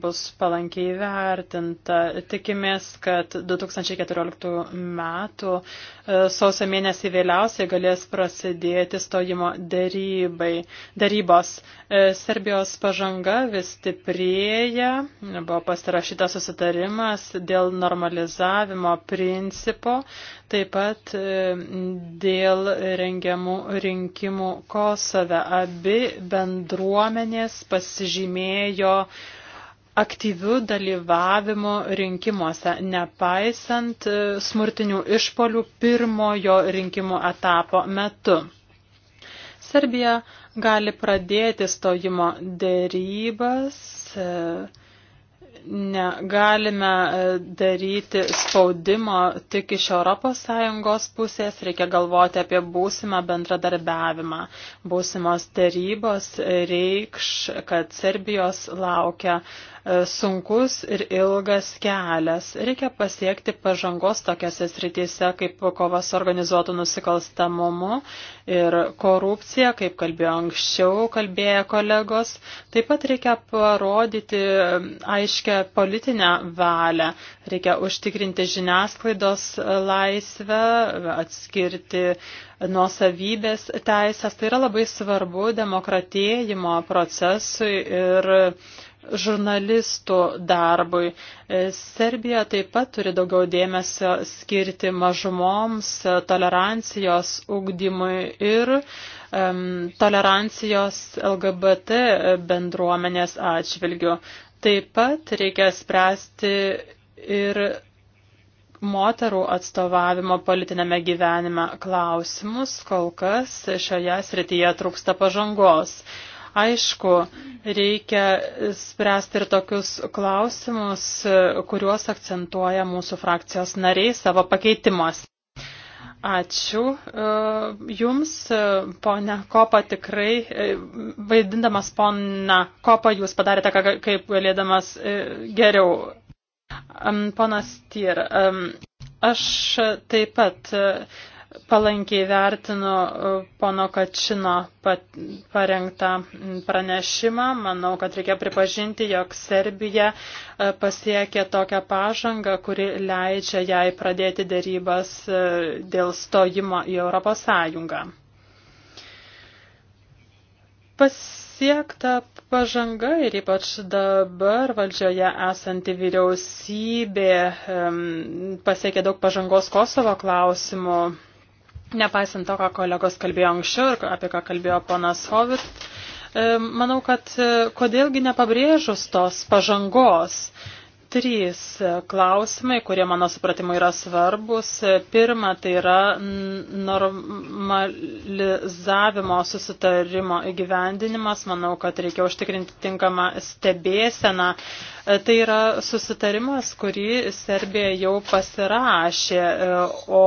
bus palankiai vertinta. Tikimės, kad 2014 metų e, sausio mėnesį vėliausiai galės prasidėti stojimo darybai. darybos. E, Serbijos pažanga vis stiprėja, buvo pasirašytas susitarimas dėl normalizavimo principo, taip pat e, dėl rengiamų rinkimų Kosove abi bendruomenės pasižymėjo aktyvių dalyvavimo rinkimuose, nepaisant e, smurtinių išpolių pirmojo rinkimų etapo metu. Serbija gali pradėti stojimo dėrybas. E, negalime e, daryti spaudimo tik iš ES pusės, reikia galvoti apie būsimą bendradarbiavimą. Būsimos darybos reikš, kad Serbijos laukia uh, E, sunkus ir ilgas kelias. Reikia pasiekti pažangos tokiose srityse kaip kova su organizuotu nusikalstamumu ir korupcija, kaip kalbėjo anksčiau kalbėję kolegos. Taip pat reikia parodyti aiškę politinę valią. Reikia užtikrinti žiniasklaidos laisvę, atskirti nuosavybės teisės. Tai yra labai svarbu demokratėjimo procesui ir uh, žurnalistų darbui. E, Serbija taip pat turi daugiau dėmesio skirti mažumoms, e, tolerancijos ugdymui ir um, tolerancijos LGBT bendruomenės atžvilgių. Taip pat reikia spręsti ir moterų atstovavimo politinėme gyvenime klausimus, kol kas šioje srityje trūksta pažangos. Aišku, reikia spręsti ir tokius klausimus, kuriuos akcentuoja mūsų frakcijos nariai savo pakeitimuose. Ačiū e, Jums, e, ponia Kopa, tikrai e, vaidindamas poną Kopą jūs padarėte, kaip galėdamas geriau. Ponas Tyr, aš taip pat palankiai vertinu e, pono Kačino parengtą pranešimą. Manau, kad reikia pripažinti, jog Serbija e, pasiekė tokią pažangą, kuri leidžia jai pradėti dėrybas e, dėl stojimo į Europos Sąjungą. Pasiekta pažanga ir ypač dabar valdžioje esanti vyriausybė pasiekė daug pažangos Kosovo klausimų Nepaisant to, ką kolegos kalbėjo anksčiau ir apie ką kalbėjo ponas Hovit, e, manau, kad e, kodėlgi nepabrėžus tos pažangos, trys klausimai, kurie mano supratimu yra svarbus. Pirma, tai yra normalizavimo susitarimo įgyvendinimas. Manau, kad reikia užtikrinti tinkamą stebėseną. Tai yra susitarimas, kurį Serbija jau pasirašė, o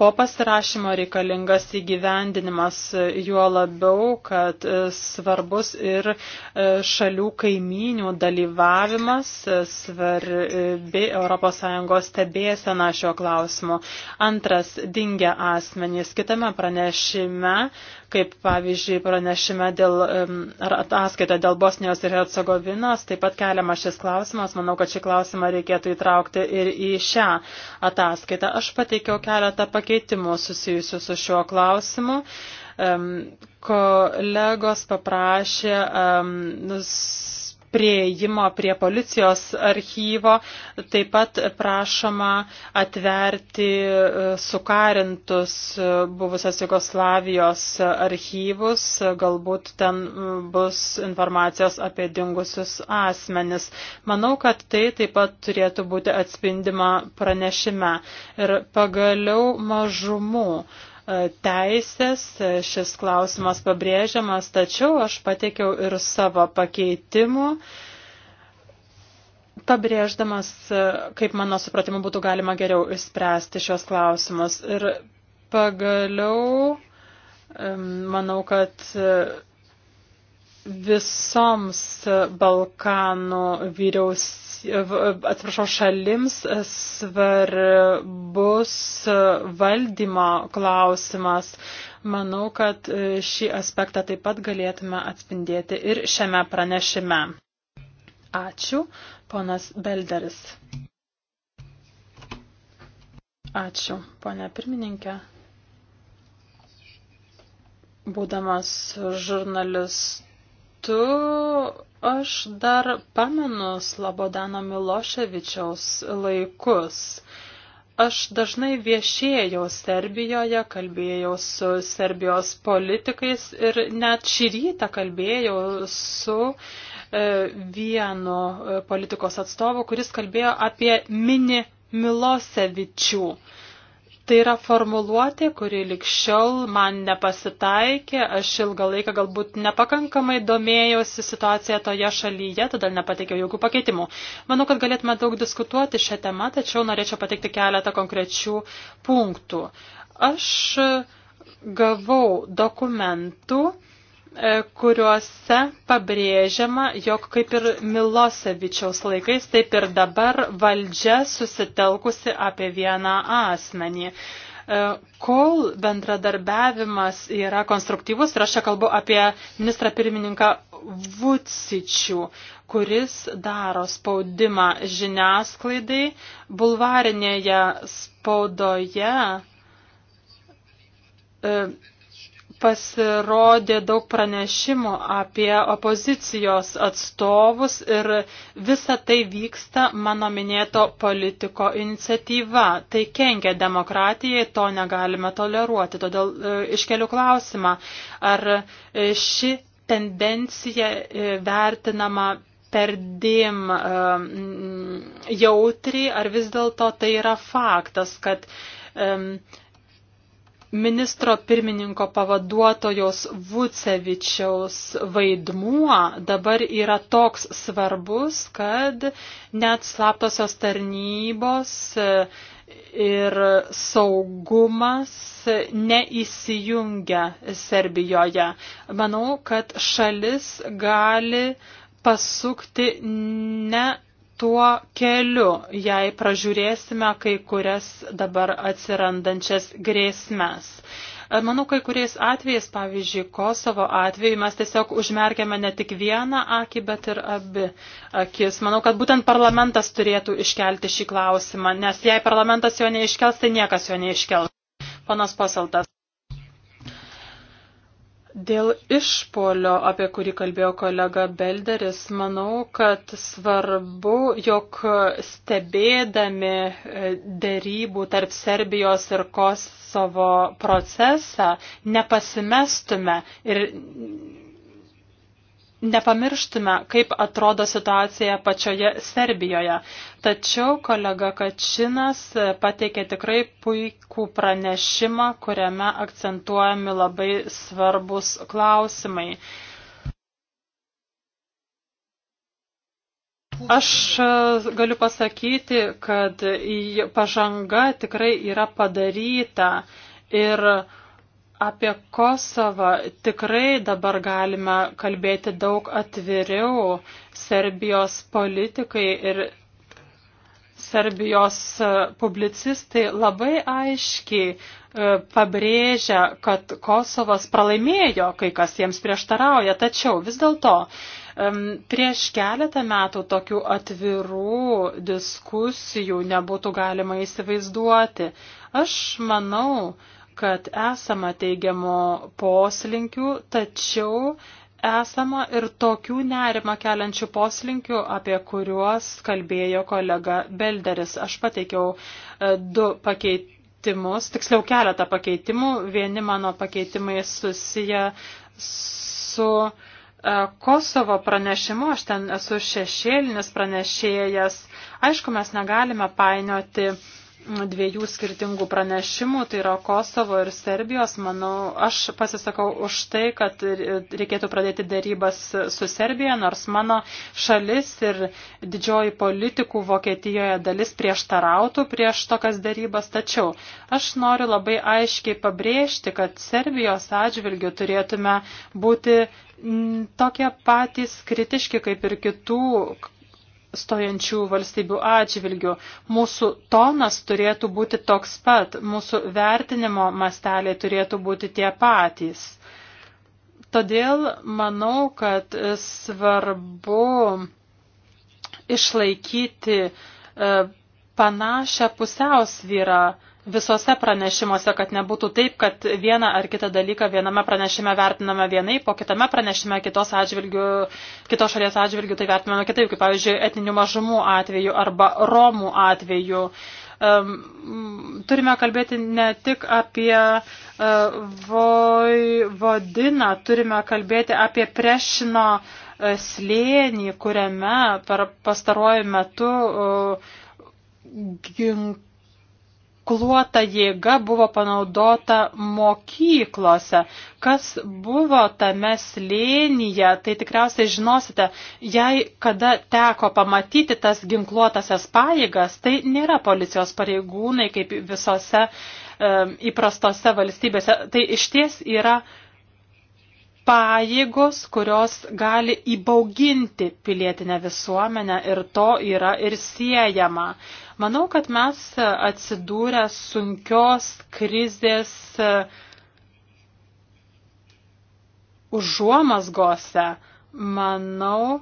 po pasirašymo reikalingas įgyvendinimas juo labiau, kad svarbus ir šalių kaimynių dalyvavimas. Sver ir bei ES stebėsena šio klausimu. Antras, dingia asmenys. Kitame pranešime, kaip pavyzdžiui pranešime dėl, ar ataskaita dėl Bosnijos ir Hercegovinos, taip pat keliamas šis klausimas. Manau, kad šį klausimą reikėtų įtraukti ir į šią ataskaitą. Aš pateikiau keletą pakeitimų susijusių su šiuo klausimu kolegos paprašė um, prieimo prie policijos archyvo, taip pat prašoma atverti e, sukarintus e, buvusios Jugoslavijos archyvus, galbūt ten e, bus informacijos apie dingusius asmenis. Manau, kad tai taip pat turėtų būti atspindima pranešime. Ir pagaliau mažumų teisės, šis klausimas pabrėžiamas, tačiau aš pateikiau ir savo pakeitimų, pabrėždamas, kaip mano supratimu būtų galima geriau išspręsti šios klausimus. Ir pagaliau, manau, kad visoms Balkanų vyriaus, atsiprašau, šalims svarbus valdymo klausimas. Manau, kad šį aspektą taip pat galėtume atspindėti ir šiame pranešime. Ačiū, ponas Belderis. Ačiū, ponia pirmininkė. Būdamas žurnalistu, metu aš dar pamenu Slobodano Miloševičiaus laikus. Aš dažnai viešėjau Serbijoje, kalbėjau su Serbijos politikais ir net šį rytą kalbėjau su e, vienu e, politikos atstovu, kuris kalbėjo apie mini Milosevičių. Tai yra formuluotė, kuri likščiol man nepasitaikė, aš ilgą laiką galbūt nepakankamai domėjausi situaciją toje šalyje, todėl nepateikiau jokių pakeitimų. Manau, kad galėtume daug diskutuoti šią temą, tačiau norėčiau pateikti keletą konkrečių punktų. Aš gavau dokumentų, E, kuriuose pabrėžiama, jog kaip ir Milosevičiaus laikais, taip ir dabar valdžia susitelkusi apie vieną asmenį. E, kol bendradarbiavimas yra konstruktyvus, ir aš čia kalbu apie ministrą pirmininką Vucičių, kuris daro spaudimą žiniasklaidai, bulvarinėje spaudoje e, pasirodė daug pranešimų apie opozicijos atstovus ir visa tai vyksta mano minėto politiko iniciatyva. Tai kenkia demokratijai, to negalime toleruoti. Todėl e, iškeliu klausimą, ar e, ši tendencija e, vertinama perdėm jautriai, ar vis dėlto tai yra faktas, kad um, ministro pirmininko pavaduotojos Vucevičiaus vaidmuo dabar yra toks svarbus, kad net slaptosios tarnybos ir saugumas neįsijungia Serbijoje. Manau, kad šalis gali pasukti ne tuo keliu, jei pražiūrėsime kai kurias dabar atsirandančias grėsmes. E, manau, kai kuriais atvejais, pavyzdžiui, Kosovo atveju, mes tiesiog užmerkėme ne tik vieną akį, bet ir abi akis. Manau, kad būtent parlamentas turėtų iškelti šį klausimą, nes jei parlamentas jo neiškels, tai niekas jo neiškels. Panas Poseltas. Dėl išpolio, apie kurį kalbėjo kolega Belderis, manau, kad svarbu, jog stebėdami e, dėrybų tarp Serbijos ir Kosovo procesą nepasimestume ir Nepamirštume, kaip atrodo situacija pačioje Serbijoje. Tačiau kolega Kačinas pateikė tikrai puikų pranešimą, kuriame akcentuojami labai svarbus klausimai. Aš galiu pasakyti, kad pažanga tikrai yra padaryta ir uh, Apie Kosovą tikrai dabar galime kalbėti daug atviriau. Serbijos politikai ir Serbijos e, publicistai labai aiškiai e, pabrėžia, kad Kosovas pralaimėjo, kai kas jiems prieštarauja, tačiau vis dėlto prieš keletą metų tokių atvirų diskusijų nebūtų galima įsivaizduoti. Aš manau, kad esama teigiamo poslinkių, tačiau esama ir tokių nerima keliančių poslinkių, apie kuriuos kalbėjo kolega Belderis. Aš pateikiau e, du pakeitimus, tiksliau keletą pakeitimų. Vieni mano pakeitimai susiję su e, Kosovo pranešimu, aš ten esu šešėlinis pranešėjas. Aišku, mes negalime painioti uh, dviejų skirtingų pranešimų, tai yra Kosovo ir Serbijos. Manau, aš pasisakau už tai, kad reikėtų pradėti darybas su Serbija, nors mano šalis ir didžioji politikų Vokietijoje dalis prieštarautų prieš tokias darybas. Tačiau aš noriu labai aiškiai pabrėžti, kad Serbijos atžvilgių turėtume būti tokie patys kritiški kaip ir kitų stojančių valstybių atžvilgių. Mūsų tonas turėtų būti toks pat, mūsų vertinimo masteliai turėtų būti tie patys. Todėl manau, kad svarbu išlaikyti e, panašią pusiausvyrą visose pranešimuose, kad nebūtų taip, kad vieną ar kitą dalyką viename pranešime vertiname vienai, po kitame pranešime kitos, atžvilgių, kitos šalies atžvilgių tai vertiname kitaip, kaip pavyzdžiui, etninių mažumų atveju arba romų atveju. Um, turime kalbėti ne tik apie uh, vodiną, turime kalbėti apie prešino uh, slėnį, kuriame per pastaruoju metu uh, gink ginkluota jėga buvo panaudota mokyklose. Kas buvo tame slėnyje, tai tikriausiai žinosite, jei kada teko pamatyti tas ginkluotasias pajėgas, tai nėra policijos pareigūnai kaip visose um, įprastose valstybėse. Tai išties yra pajėgos, kurios gali įbauginti pilietinę visuomenę ir to yra ir siejama. Uh, Manau, kad mes atsidūrę sunkios krizės e, užuomasgose. Manau,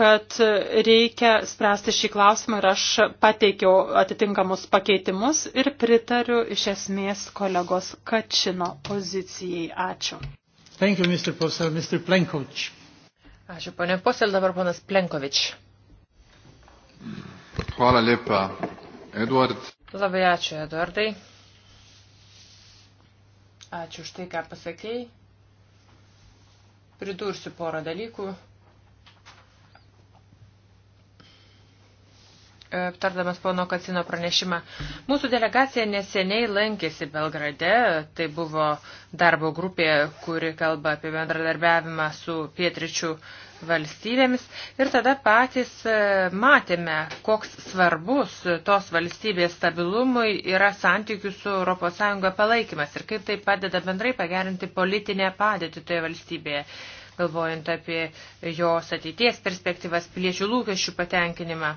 kad reikia spręsti šį klausimą ir aš pateikiau atitinkamus pakeitimus ir pritariu iš esmės kolegos Kačino pozicijai. Ačiū. Thank you, Mr. Posel, Mr. Plenkovič. Ačiū, ponė Posel, dabar ponas Plenkovič. Mm. Hvala lijepa, Eduard. Labai ačiū, Eduardai. Ačiū už tai, ką pasakėjai. Pridursiu porą dalykų. E, aptardamas pono Kacino pranešimą. Mūsų delegacija neseniai lankėsi Belgrade, tai buvo darbo grupė, kuri kalba apie bendradarbiavimą su pietričių uh, valstybėmis ir tada patys e, matėme, koks svarbus tos valstybės stabilumui yra santykių su ES palaikymas ir kaip tai padeda bendrai pagerinti politinę padėtį toje valstybėje, galvojant apie jos ateities perspektyvas, piliečių lūkesčių patenkinimą.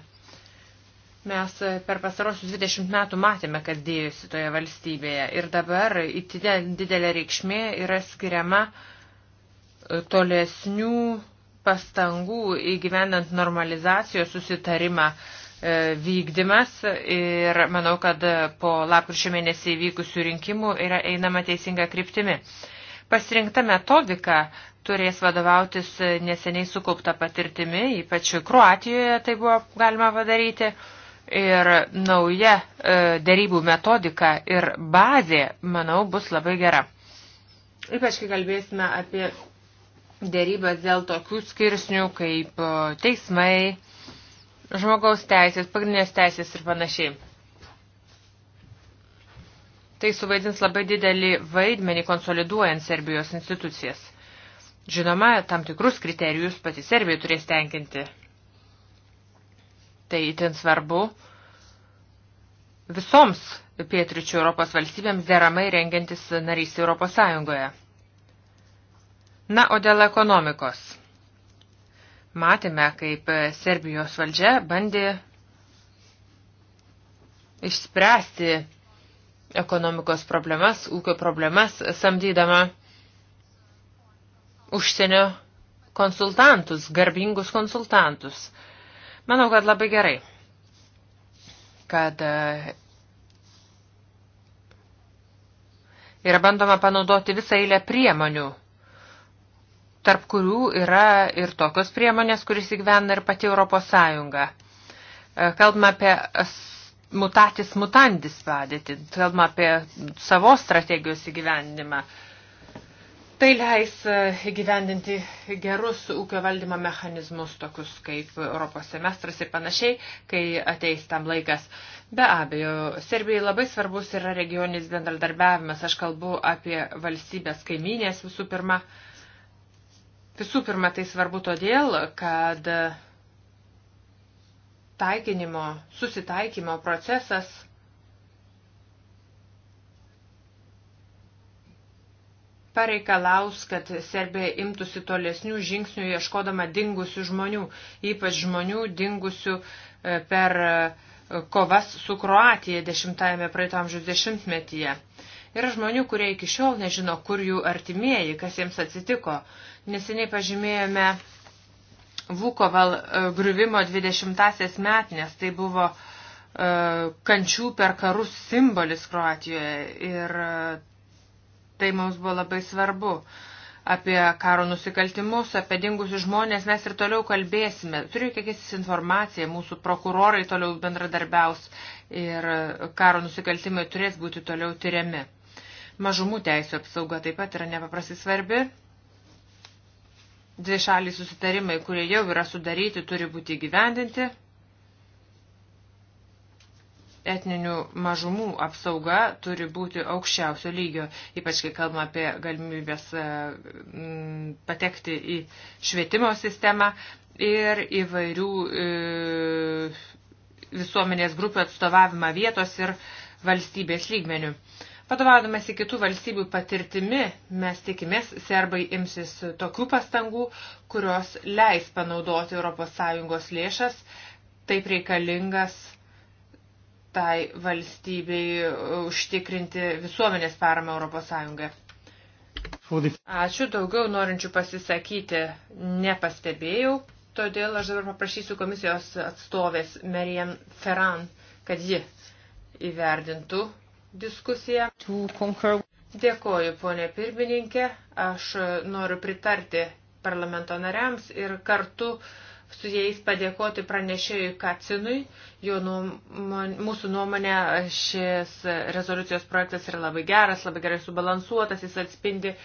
Mes e, per pasarosius 20 metų matėme, kas dėjusi toje valstybėje ir dabar didelė reikšmė yra skiriama e, tolesnių pastangų įgyvendant normalizacijos susitarimą e, vykdymas ir manau, kad po lapkričio mėnesį įvykusių rinkimų yra einama teisinga kryptimi. Pasirinkta metodika turės vadovautis neseniai sukaupta patirtimi, ypač Kroatijoje tai buvo galima padaryti. Ir nauja e, darybų metodika ir bazė, manau, bus labai gera. Ypač, kai kalbėsime apie dėrybas dėl tokių skirsnių kaip teismai, žmogaus teisės, pagrindinės teisės ir panašiai. Tai suvaidins labai didelį vaidmenį konsoliduojant Serbijos institucijas. Žinoma, tam tikrus kriterijus pati Serbija turės tenkinti. Tai itin svarbu visoms pietričių Europos valstybėms deramai rengiantis narys Europos Sąjungoje. Na, o dėl ekonomikos. Matėme, kaip Serbijos valdžia bandė išspręsti ekonomikos problemas, ūkio problemas, samdydama užsienio konsultantus, garbingus konsultantus. Manau, kad labai gerai, kad e, yra bandoma panaudoti visą eilę priemonių tarp kurių yra ir tokios priemonės, kuris įgyvena ir pati Europos Sąjunga. E, kalbame apie mutatis mutandis padėtį, kalbame apie savo strategijos įgyvendimą. Tai leis e, įgyvendinti gerus ūkio valdymo mechanizmus, tokius kaip Europos semestras ir panašiai, kai ateis tam laikas. Be abejo, Serbijai labai svarbus yra regioninis bendradarbiavimas. Aš kalbu apie valstybės kaiminės visų pirma. Uh, Visų pirma, tai svarbu todėl, kad taikinimo, susitaikymo procesas pareikalaus, kad Serbija imtųsi tolesnių žingsnių ieškodama dingusių žmonių, ypač žmonių dingusių e, per e, kovas su Kroatija dešimtajame praeito amžiaus dešimtmetyje. Yra žmonių, kurie iki šiol nežino, kur jų artimieji, kas jiems atsitiko. Neseniai pažymėjome Vukoval e, griuvimo 20-asias metinės. Tai buvo uh, kančių per karus simbolis Kroatijoje ir e, tai mums buvo labai svarbu. Apie karo nusikaltimus, apie dingusius žmonės mes ir toliau kalbėsime. Turiu kiekis informaciją, mūsų prokurorai toliau bendradarbiaus ir karo nusikaltimai turės būti toliau tyriami. Mažumų teisų apsauga taip pat yra nepaprastai svarbi. Dvi šaliai susitarimai, kurie jau yra sudaryti, turi būti gyvendinti. Etninių mažumų apsauga turi būti aukščiausio lygio, ypač kai kalbame apie galimybės e, patekti į švietimo sistemą ir įvairių e, visuomenės grupių atstovavimą vietos ir valstybės lygmenių. Vadovaudamas į kitų valstybių patirtimi, mes tikimės, serbai imsis tokių pastangų, kurios leis panaudoti ES lėšas, taip reikalingas tai valstybei e, užtikrinti visuomenės paramą ES. Ačiū, daugiau norinčių pasisakyti nepastebėjau, todėl aš dabar paprašysiu komisijos atstovės Marian Ferran, kad ji įverdintų diskusiją. Dėkoju, ponė pirmininkė. Aš noriu pritarti parlamento nariams ir kartu su jais padėkoti pranešėjui Kacinui. Jo nuomon, mūsų nuomonė šis rezoliucijos projektas yra labai geras, labai gerai subalansuotas, jis atspindi e,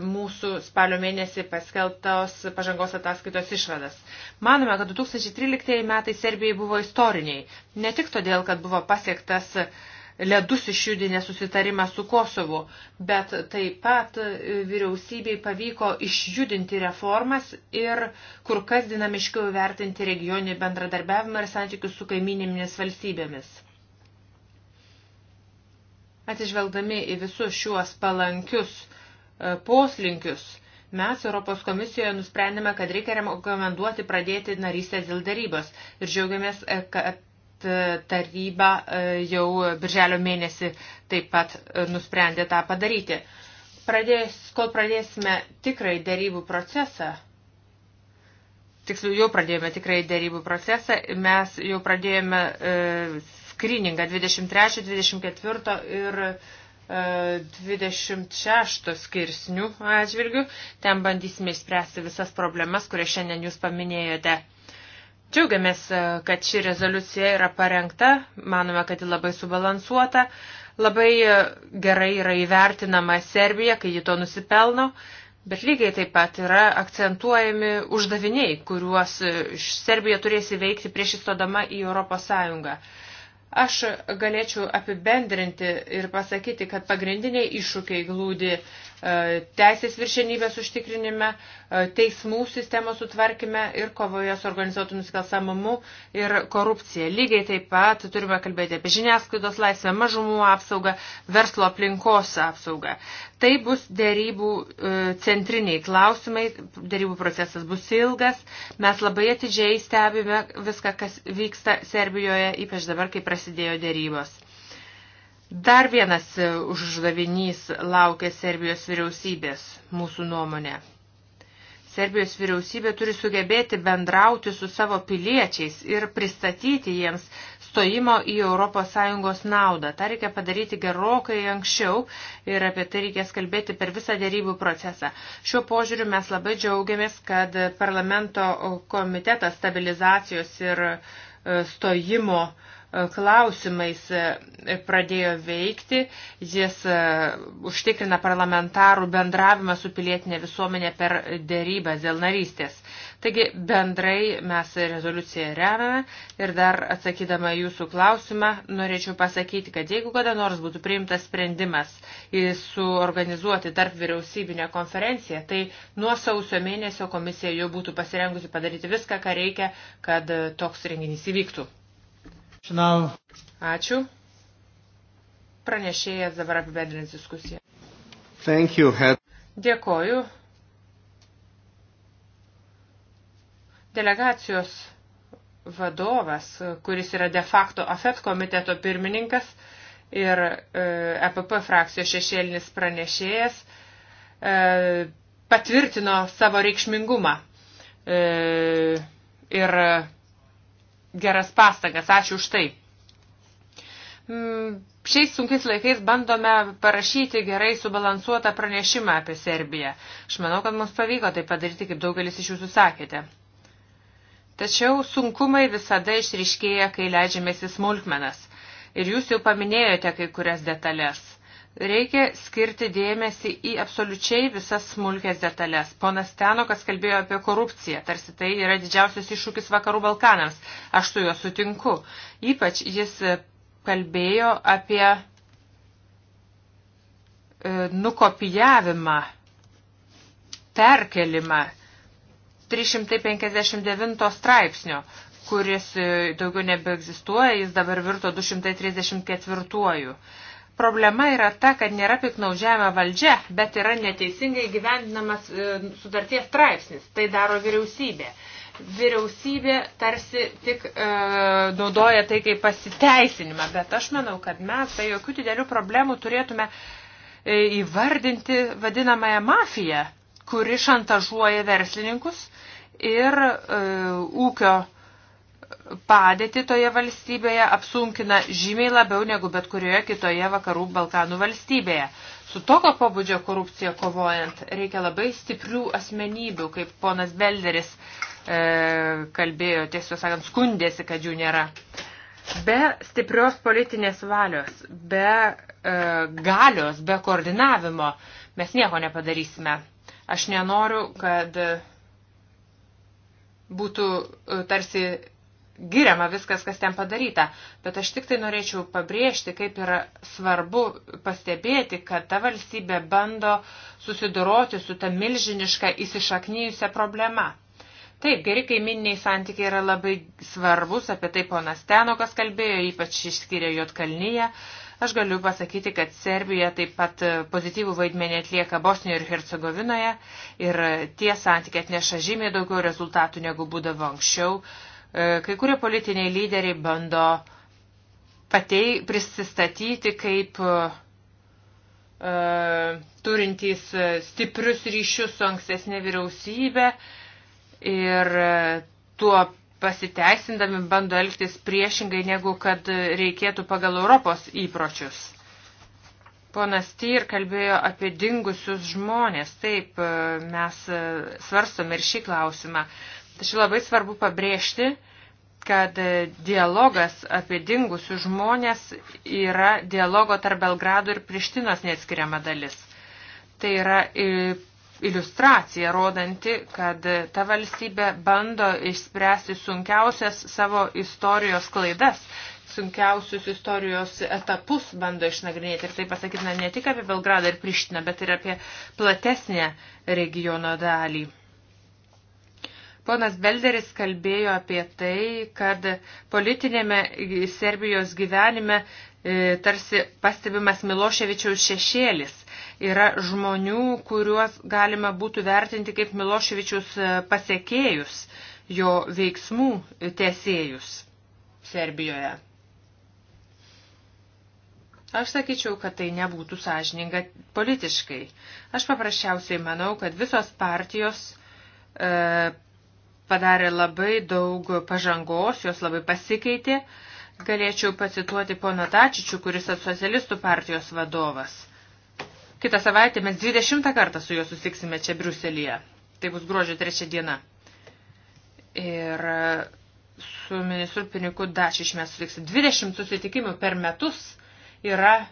mūsų spalio mėnesį paskelbtos pažangos ataskaitos išvadas. Manome, kad 2013 metai Serbijai buvo istoriniai. Ne tik todėl, kad buvo pasiektas uh, ledus išjudinę susitarimą su Kosovu, bet taip pat e, vyriausybei pavyko išjudinti reformas ir kur kas dinamiškiau vertinti regioninį bendradarbiavimą ir santykius su kaiminėmis valstybėmis. Atsižvelgdami į visus šiuos palankius e, poslinkius, mes Europos komisijoje nusprendėme, kad reikia rekomenduoti pradėti narystės dėl darybos ir džiaugiamės, e, kad E, taryba e, jau birželio mėnesį taip pat e, nusprendė tą padaryti. Pradės, kol pradėsime tikrai darybų procesą, tiksliau jau pradėjome tikrai darybų procesą, mes jau pradėjome e, skriningą 23, 24 ir e, 26 skirsnių atžvilgių. Ten bandysime išspręsti visas problemas, kurias šiandien jūs paminėjote. Džiaugiamės, e, kad ši rezoliucija yra parengta, manome, kad ji labai subalansuota, labai e, gerai yra įvertinama Serbija, kai ji to nusipelno, bet lygiai taip pat yra akcentuojami uždaviniai, kuriuos e, Serbija turės įveikti prieš įstodama į Europos Sąjungą. Aš galėčiau apibendrinti ir pasakyti, kad pagrindiniai iššūkiai glūdi E, teisės viršenybės užtikrinime, e, teismų sistemos sutvarkime ir kovoje su organizuotų nusikalstamumu ir korupcija. Lygiai taip pat turime kalbėti apie žiniasklaidos laisvę, mažumų apsaugą, verslo aplinkos apsaugą. Tai bus dėrybų e, centriniai klausimai, dėrybų procesas bus ilgas, mes labai atidžiai stebime viską, kas vyksta Serbijoje, ypač dabar, kai prasidėjo dėrybos. Dar vienas e, uždavinys laukia Serbijos vyriausybės, mūsų nuomonė. Serbijos vyriausybė turi sugebėti bendrauti su savo piliečiais ir pristatyti jiems stojimo į ES naudą. Ta reikia padaryti gerokai anksčiau ir apie tai reikės kalbėti per visą dėrybų procesą. Šiuo požiūriu mes labai džiaugiamės, kad parlamento komitetas stabilizacijos ir e, stojimo uh, klausimais e, pradėjo veikti. Jis e, užtikrina parlamentarų bendravimą su pilietinė visuomenė per dėrybas dėl narystės. Taigi bendrai mes rezoliuciją remiame ir dar atsakydama jūsų klausimą norėčiau pasakyti, kad jeigu kada nors būtų priimtas sprendimas suorganizuoti tarp vyriausybinę konferenciją, tai nuo sausio mėnesio komisija jau būtų pasirengusi padaryti viską, ką reikia, kad toks renginys įvyktų. Žinau. Ačiū. Pranešėjas dabar apibendrins diskusiją. Thank you, Head. Dėkoju. Delegacijos vadovas, kuris yra de facto AFET komiteto pirmininkas ir e, EPP frakcijos šešėlinis pranešėjas, e, patvirtino savo reikšmingumą. E, ir geras pastangas. Ačiū už tai. Mm, šiais sunkiais laikais bandome parašyti gerai subalansuotą pranešimą apie Serbiją. Aš manau, kad mums pavyko tai padaryti, kaip daugelis iš jūsų sakėte. Tačiau sunkumai visada išriškėja, kai leidžiamės į smulkmenas. Ir jūs jau paminėjote kai kurias detalės. Reikia skirti dėmesį į absoliučiai visas smulkės detalės. Ponas Tenokas kalbėjo apie korupciją, tarsi tai yra didžiausias iššūkis vakarų Balkanams. Aš su juo sutinku. Ypač jis kalbėjo apie e, nukopijavimą, perkelimą 359 straipsnio, kuris e, daugiau nebeegzistuoja, jis dabar virto 234. Problema yra ta, kad nėra piknaudžiama valdžia, bet yra neteisingai gyvendinamas e, sutarties straipsnis. Tai daro vyriausybė. Vyriausybė tarsi tik e, naudoja tai kaip pasiteisinimą, bet aš manau, kad mes be jokių didelių problemų turėtume e, įvardinti vadinamąją mafiją, kuri šantažuoja verslininkus ir e, ūkio padėtį toje valstybėje apsunkina žymiai labiau negu bet kurioje kitoje vakarų Balkanų valstybėje. Su tokio pobūdžio korupcija kovojant reikia labai stiprių asmenybių, kaip ponas Belderis e, kalbėjo, tiesiog sakant, skundėsi, kad jų nėra. Be stiprios politinės valios, be e, galios, be koordinavimo mes nieko nepadarysime. Aš nenoriu, kad būtų e, tarsi giriama viskas, kas ten padaryta, bet aš tik tai norėčiau pabrėžti, kaip yra svarbu pastebėti, kad ta valstybė bando susidoroti su ta milžiniška įsišaknyjusią problema. Taip, geri kaimininiai santykiai yra labai svarbus, apie tai ponas Tenokas kalbėjo, ypač išskiria Jotkalnyje. Aš galiu pasakyti, kad Serbija taip pat pozityvų vaidmenį atlieka Bosnijoje ir Hercegovinoje ir tie santykiai atneša žymiai daugiau rezultatų, negu būdavo anksčiau. Uh, Kai kurie politiniai lyderiai bando patei, prisistatyti kaip e, turintys stiprius ryšius su ankstesnė vyriausybė ir e, tuo pasiteisindami bando elgtis priešingai, negu kad reikėtų pagal Europos įpročius. Ponas Tyr kalbėjo apie dingusius žmonės. Taip, e, mes svarstom ir šį klausimą. Tačiau labai svarbu pabrėžti, kad dialogas apie dingusius žmonės yra dialogo tarp Belgrado ir Prištinos neatskiriama dalis. Tai yra iliustracija rodanti, kad ta valstybė bando išspręsti sunkiausias savo istorijos klaidas, sunkiausius istorijos etapus bando išnagrinėti. Ir tai pasakytina ne tik apie Belgradą ir Prištiną, bet ir apie platesnę regiono dalį. Ponas Belderis kalbėjo apie tai, kad politinėme Serbijos gyvenime e, tarsi pastebimas Miloševičiaus šešėlis. Yra žmonių, kuriuos galima būtų vertinti kaip Miloševičius e, pasiekėjus, jo veiksmų tiesėjus Serbijoje. Aš sakyčiau, kad tai nebūtų sąžininga politiškai. Aš paprasčiausiai manau, kad visos partijos e, padarė labai daug pažangos, jos labai pasikeitė. Galėčiau pacituoti poną Dačičių, kuris socialistų partijos vadovas. Kitą savaitę mes 20 kartą su juo susiksime čia Briuselyje. Tai bus gruodžio trečia diena. Ir e, su ministru Piniku Dačiš mes susitiksim. 20 susitikimų per metus yra e,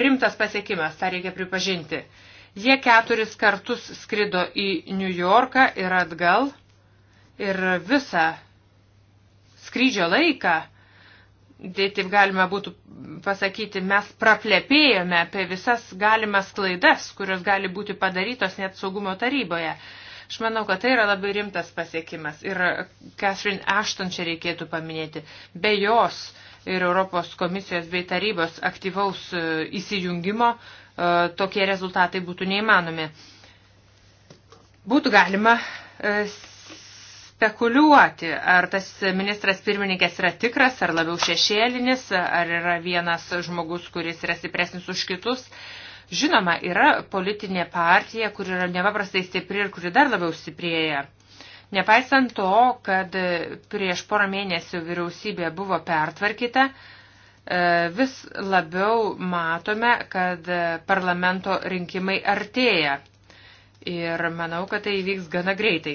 rimtas pasiekimas, tą reikia pripažinti. E, Jie keturis kartus skrido į New Yorką ir atgal ir visą skrydžio laiką, tai taip galima būtų pasakyti, mes praplepėjome apie visas galimas klaidas, kurios gali būti padarytos net saugumo taryboje. Aš manau, kad tai yra labai rimtas pasiekimas ir Catherine Ashton čia reikėtų paminėti. Be jos ir Europos komisijos bei tarybos aktyvaus e, įsijungimo E, tokie rezultatai būtų neįmanomi. Būtų galima e, spekuliuoti, ar tas ministras pirmininkės yra tikras, ar labiau šešėlinis, ar yra vienas žmogus, kuris yra stipresnis už kitus. Žinoma, yra politinė partija, kur yra nepaprastai stipri ir kuri dar labiau stiprėja. Nepaisant to, kad prieš porą mėnesių vyriausybė buvo pertvarkyta, E, vis labiau matome, kad parlamento rinkimai artėja. Ir manau, kad tai įvyks gana greitai.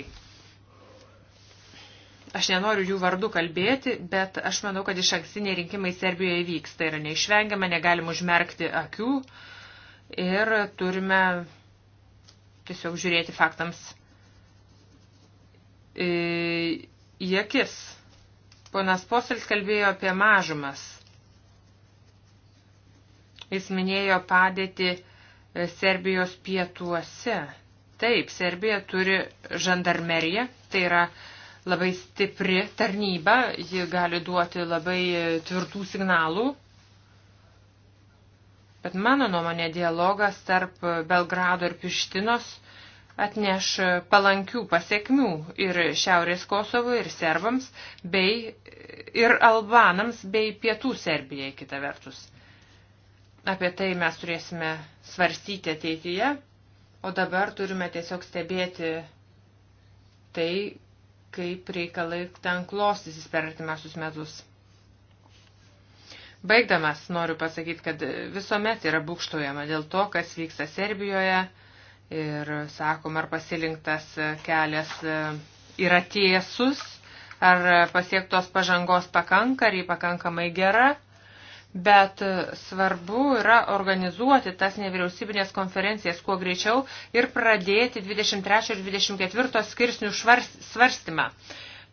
Aš nenoriu jų vardų kalbėti, bet aš manau, kad iš ankstiniai rinkimai Serbijoje vyks. Tai yra neišvengiama, negalim užmerkti akių ir turime tiesiog žiūrėti faktams į akis. Ponas Poselis kalbėjo apie mažumas Jis minėjo padėti e, Serbijos pietuose. Taip, Serbija turi žandarmeriją, tai yra labai stipri tarnyba, ji gali duoti labai e, tvirtų signalų. Bet mano nuomonė dialogas tarp Belgrado ir Pištinos atneš palankių pasiekmių ir Šiaurės Kosovui, ir serbams, bei e, ir albanams, bei pietų Serbijai kita vertus. Apie tai mes turėsime svarstyti ateityje, o dabar turime tiesiog stebėti tai, kaip reikalai ten klostysis per artimiausius metus. Baigdamas noriu pasakyti, kad visuomet yra būkštojama dėl to, kas vyksta Serbijoje ir sakom, ar pasilinktas kelias yra tiesus, ar pasiektos pažangos pakanka, ar jį pakankamai gera bet svarbu yra organizuoti tas nevyriausybinės konferencijas kuo greičiau ir pradėti 23 ir 24 skirsnių svarstymą.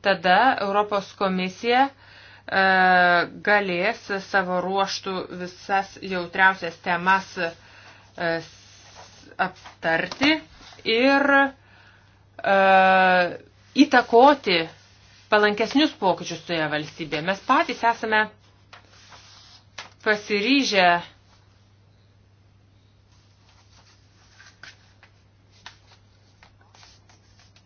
Tada Europos komisija e, galės savo ruoštų visas jautriausias temas e, aptarti ir e, įtakoti palankesnius pokyčius toje valstybėje. Mes patys esame pasiryžę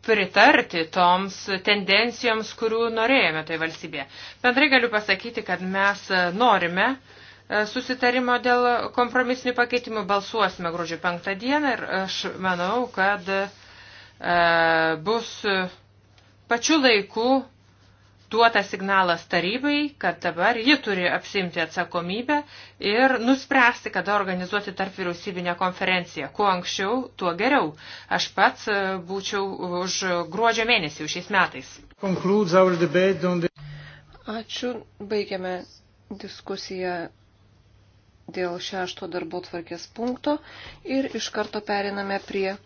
pritarti toms tendencijoms, kurių norėjome tai valstybėje. Bendrai galiu pasakyti, kad mes norime e, susitarimo dėl kompromisinių pakeitimų, balsuosime gruodžio penktą dieną ir aš manau, kad e, bus pačiu laiku duotas signalas tarybai, kad dabar ji turi apsimti atsakomybę ir nuspręsti, kada organizuoti tarp vyriausybinę konferenciją. Kuo anksčiau, tuo geriau. Aš pats e, būčiau už gruodžio mėnesį, už šiais metais. Ačiū. Baigiame diskusiją dėl šešto darbo tvarkės punkto ir iš karto periname prie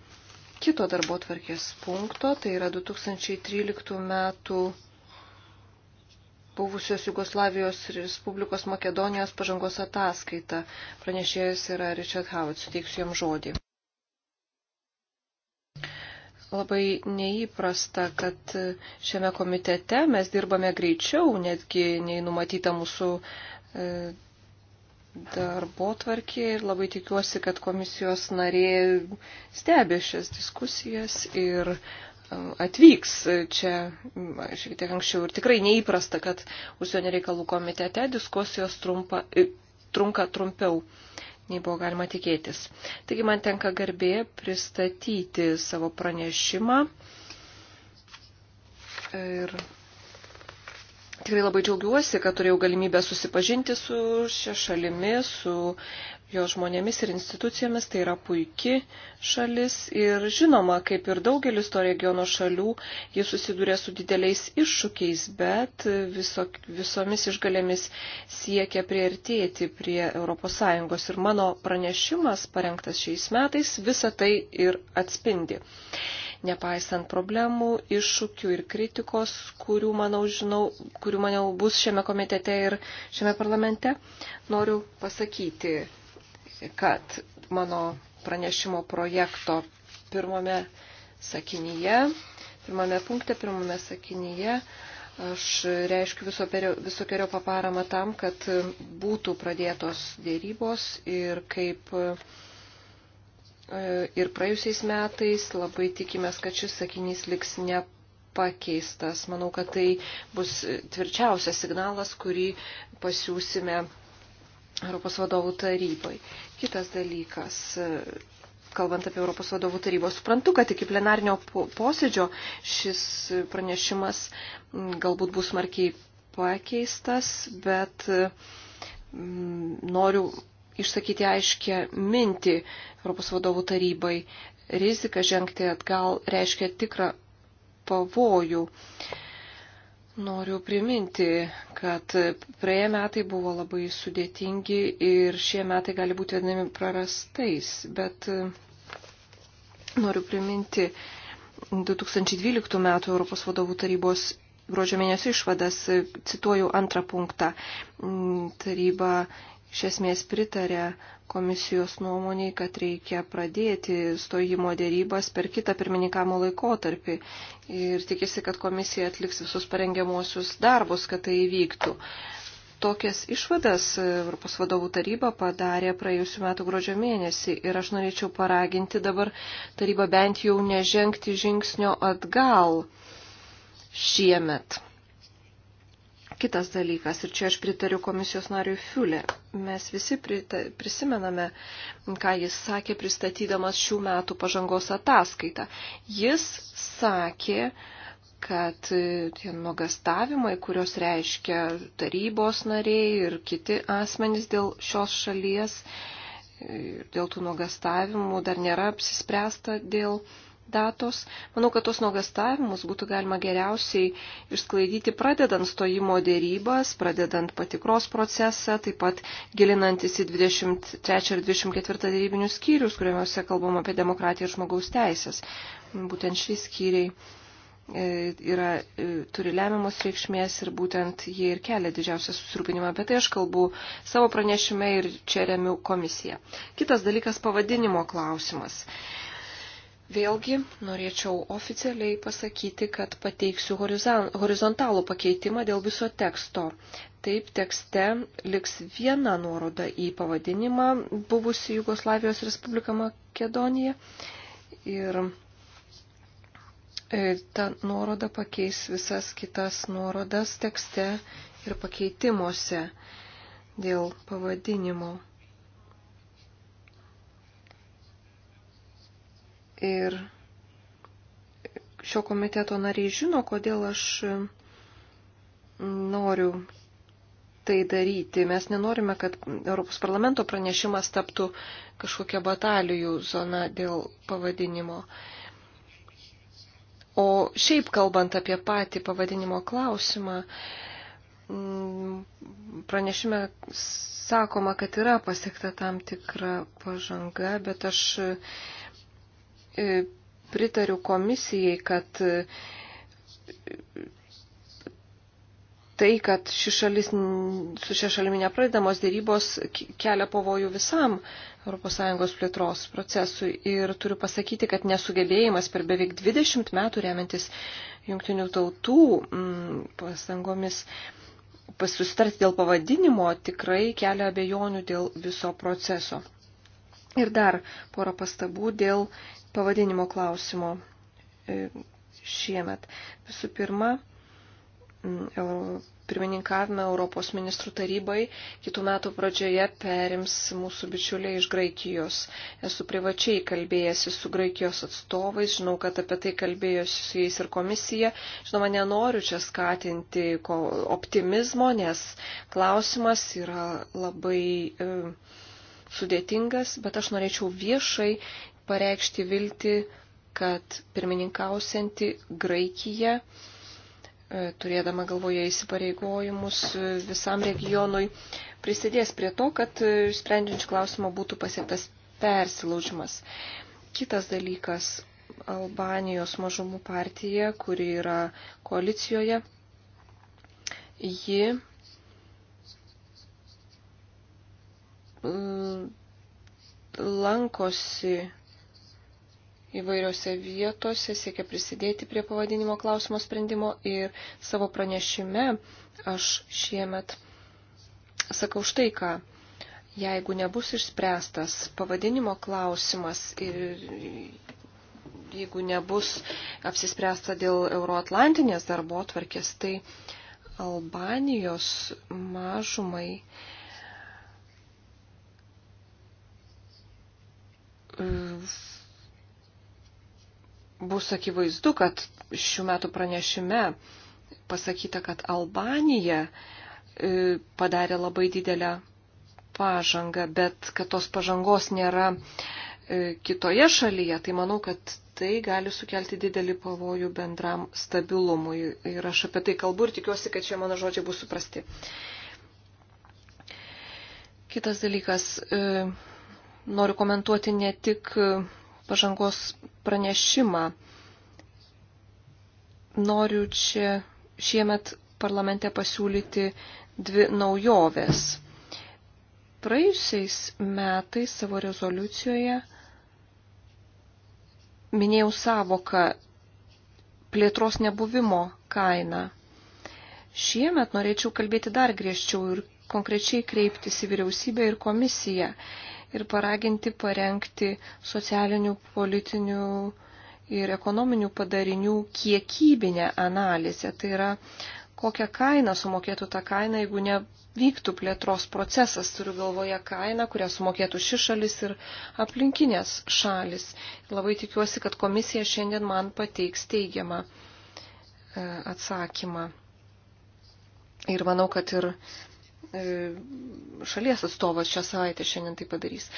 kito darbo tvarkės punkto, tai yra 2013 metų buvusios Jugoslavijos Respublikos Makedonijos pažangos ataskaita. Pranešėjas yra Richard Howard, suteiksiu jam žodį. Labai neįprasta, kad šiame komitete mes dirbame greičiau, netgi nei numatyta mūsų e, darbo tvarkė ir labai tikiuosi, kad komisijos narė stebė šias diskusijas ir uh, atvyks čia šiek tiek anksčiau ir tikrai neįprasta, kad užsienio reikalų komitete diskusijos trumpa, e, trunka trumpiau nei buvo galima tikėtis. Taigi man tenka garbė pristatyti savo pranešimą ir Tikrai labai džiaugiuosi, kad turėjau galimybę susipažinti su šia šalimi, su jo žmonėmis ir institucijomis. Tai yra puiki šalis ir žinoma, kaip ir daugelis to regiono šalių, jis susidūrė su dideliais iššūkiais, bet viso, visomis išgalėmis siekia prieartėti prie ES. Ir mano pranešimas, parengtas šiais metais, visą tai ir atspindi nepaisant problemų, iššūkių ir kritikos, kurių, manau, žinau, kurių, manau, bus šiame komitete ir šiame parlamente. Noriu pasakyti, kad mano pranešimo projekto pirmame sakinyje, pirmame punkte, pirmame sakinyje Aš reiškiu visokiojo paparamą tam, kad būtų pradėtos dėrybos ir kaip E, ir praėjusiais metais. Labai tikimės, kad šis sakinys liks nepakeistas. Manau, kad tai bus tvirčiausias signalas, kurį pasiūsime Europos vadovų tarybai. Kitas dalykas. E, kalbant apie Europos vadovų tarybą, suprantu, kad iki plenarnio posėdžio šis pranešimas galbūt bus smarkiai pakeistas, bet noriu išsakyti aiškę mintį Europos vadovų tarybai. Rizika žengti atgal reiškia tikrą pavojų. Noriu priminti, kad praėję metai buvo labai sudėtingi ir šie metai gali būti vadinami prarastais, bet e, noriu priminti 2012 metų Europos vadovų tarybos gruodžio mėnesio išvadas, cituoju antrą punktą. Mm, taryba iš esmės pritarė komisijos nuomoniai, kad reikia pradėti stojimo dėrybas per kitą pirmininkamo laikotarpį ir tikisi, kad komisija atliks visus parengiamuosius darbus, kad tai įvyktų. Tokias išvadas e, Europos vadovų taryba padarė praėjusiu metu gruodžio mėnesį ir aš norėčiau paraginti dabar tarybą bent jau nežengti žingsnio atgal šiemet. Kitas dalykas, ir čia aš pritariu komisijos nariui Fiulė, mes visi prita, prisimename, ką jis sakė pristatydamas šių metų pažangos ataskaitą. Jis sakė, kad e, tie nuogastavimai, kurios reiškia tarybos nariai ir kiti asmenys dėl šios šalies, e, dėl tų nuogastavimų dar nėra apsispręsta dėl datos. Manau, kad tos nuogastavimus būtų galima geriausiai išsklaidyti pradedant stojimo dėrybas, pradedant patikros procesą, taip pat gilinantis į 23 ir 24 dėrybinius skyrius, kuriuose kalbam apie demokratiją ir žmogaus teisės. Būtent šie skyriai e, yra, e, turi lemiamos reikšmės ir būtent jie ir kelia didžiausią susirūpinimą, bet tai aš kalbu savo pranešime ir čia remiu komisiją. Kitas dalykas - pavadinimo klausimas. Vėlgi norėčiau oficialiai pasakyti, kad pateiksiu horizontalų pakeitimą dėl viso teksto. Taip tekste liks viena nuoroda į pavadinimą buvusi Jugoslavijos Respublika Makedonija ir e, ta nuoroda pakeis visas kitas nuorodas tekste ir pakeitimuose dėl pavadinimo. Ir šio komiteto nariai žino, kodėl aš mm, noriu tai daryti. Mes nenorime, kad Europos parlamento pranešimas taptų kažkokia batalijų zona dėl pavadinimo. O šiaip kalbant apie patį pavadinimo klausimą, mm, pranešime sakoma, kad yra pasiekta tam tikra pažanga, bet aš E, pritariu komisijai, kad e, tai, kad ši šalis, su šia šalimi nepradedamos dėrybos kelia pavojų visam ES plėtros procesui. Ir turiu pasakyti, kad nesugebėjimas per beveik 20 metų remiantis jungtinių tautų mm, pastangomis susitarti dėl pavadinimo tikrai kelia abejonių dėl viso proceso. Ir dar porą pastabų dėl pavadinimo klausimo e, šiemet. Visų pirma, pirmininkavime Europos ministrų tarybai kitų metų pradžioje perims mūsų bičiuliai iš Graikijos. Esu privačiai kalbėjęsi su Graikijos atstovais, žinau, kad apie tai kalbėjosi su jais ir komisija. Žinoma, nenoriu čia skatinti optimizmo, nes klausimas yra labai. E, sudėtingas, bet aš norėčiau viešai pareikšti viltį, kad pirmininkausianti Graikija, e, turėdama galvoje įsipareigojimus e, visam regionui, prisidės prie to, kad e, sprendžiančių klausimą būtų pasiektas persilaužimas. Kitas dalykas - Albanijos mažumų partija, kuri yra koalicijoje. Ji lankosi įvairiose vietose, siekia prisidėti prie pavadinimo klausimo sprendimo ir savo pranešime aš šiemet sakau štai ką. Jeigu nebus išspręstas pavadinimo klausimas ir jeigu nebus apsispręsta dėl euroatlantinės darbo atvarkės, tai Albanijos mažumai bus akivaizdu, kad šių metų pranešime pasakyta, kad Albanija e, padarė labai didelę pažangą, bet kad tos pažangos nėra e, kitoje šalyje, tai manau, kad tai gali sukelti didelį pavojų bendram stabilumui. Ir aš apie tai kalbu ir tikiuosi, kad čia mano žodžiai bus suprasti. Kitas dalykas, e, noriu komentuoti ne tik pažangos pranešimą. Noriu čia šiemet parlamente pasiūlyti dvi naujoves. Praėjusiais metais savo rezoliucijoje minėjau savoką plėtros nebuvimo kaina. Šiemet norėčiau kalbėti dar griežčiau ir konkrečiai kreiptis į vyriausybę ir komisiją ir paraginti parengti socialinių, politinių ir ekonominių padarinių kiekybinę analizę. Tai yra, kokią kainą sumokėtų tą kainą, jeigu nevyktų plėtros procesas, turiu galvoje kainą, kurią sumokėtų ši šalis ir aplinkinės šalis. Labai tikiuosi, kad komisija šiandien man pateiks teigiamą e, atsakymą. Ir manau, kad ir E, šalies atstovas šią savaitę šiandien tai padarys.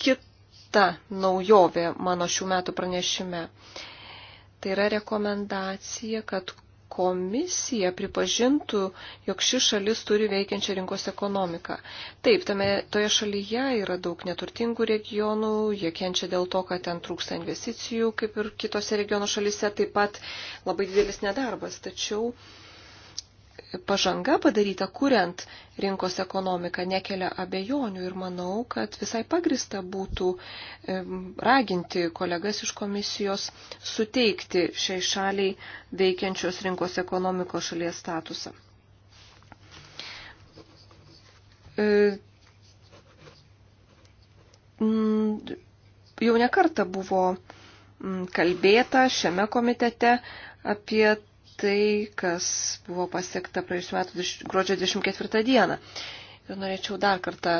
Kita naujovė mano šių metų pranešime. Tai yra rekomendacija, kad komisija pripažintų, jog ši šalis turi veikiančią rinkos ekonomiką. Taip, tame, toje šalyje yra daug neturtingų regionų, jie kenčia dėl to, kad ten trūksta investicijų, kaip ir kitose regiono šalise, taip pat labai didelis nedarbas. Tačiau uh, pažanga padaryta, kuriant rinkos ekonomiką, nekelia abejonių ir manau, kad visai pagrista būtų raginti kolegas iš komisijos suteikti šiai šaliai veikiančios rinkos ekonomikos šalies statusą. E, jau nekarta buvo kalbėta šiame komitete apie tai, kas buvo pasiekta praėjusiu metu gruodžio 24 dieną. Ir norėčiau dar kartą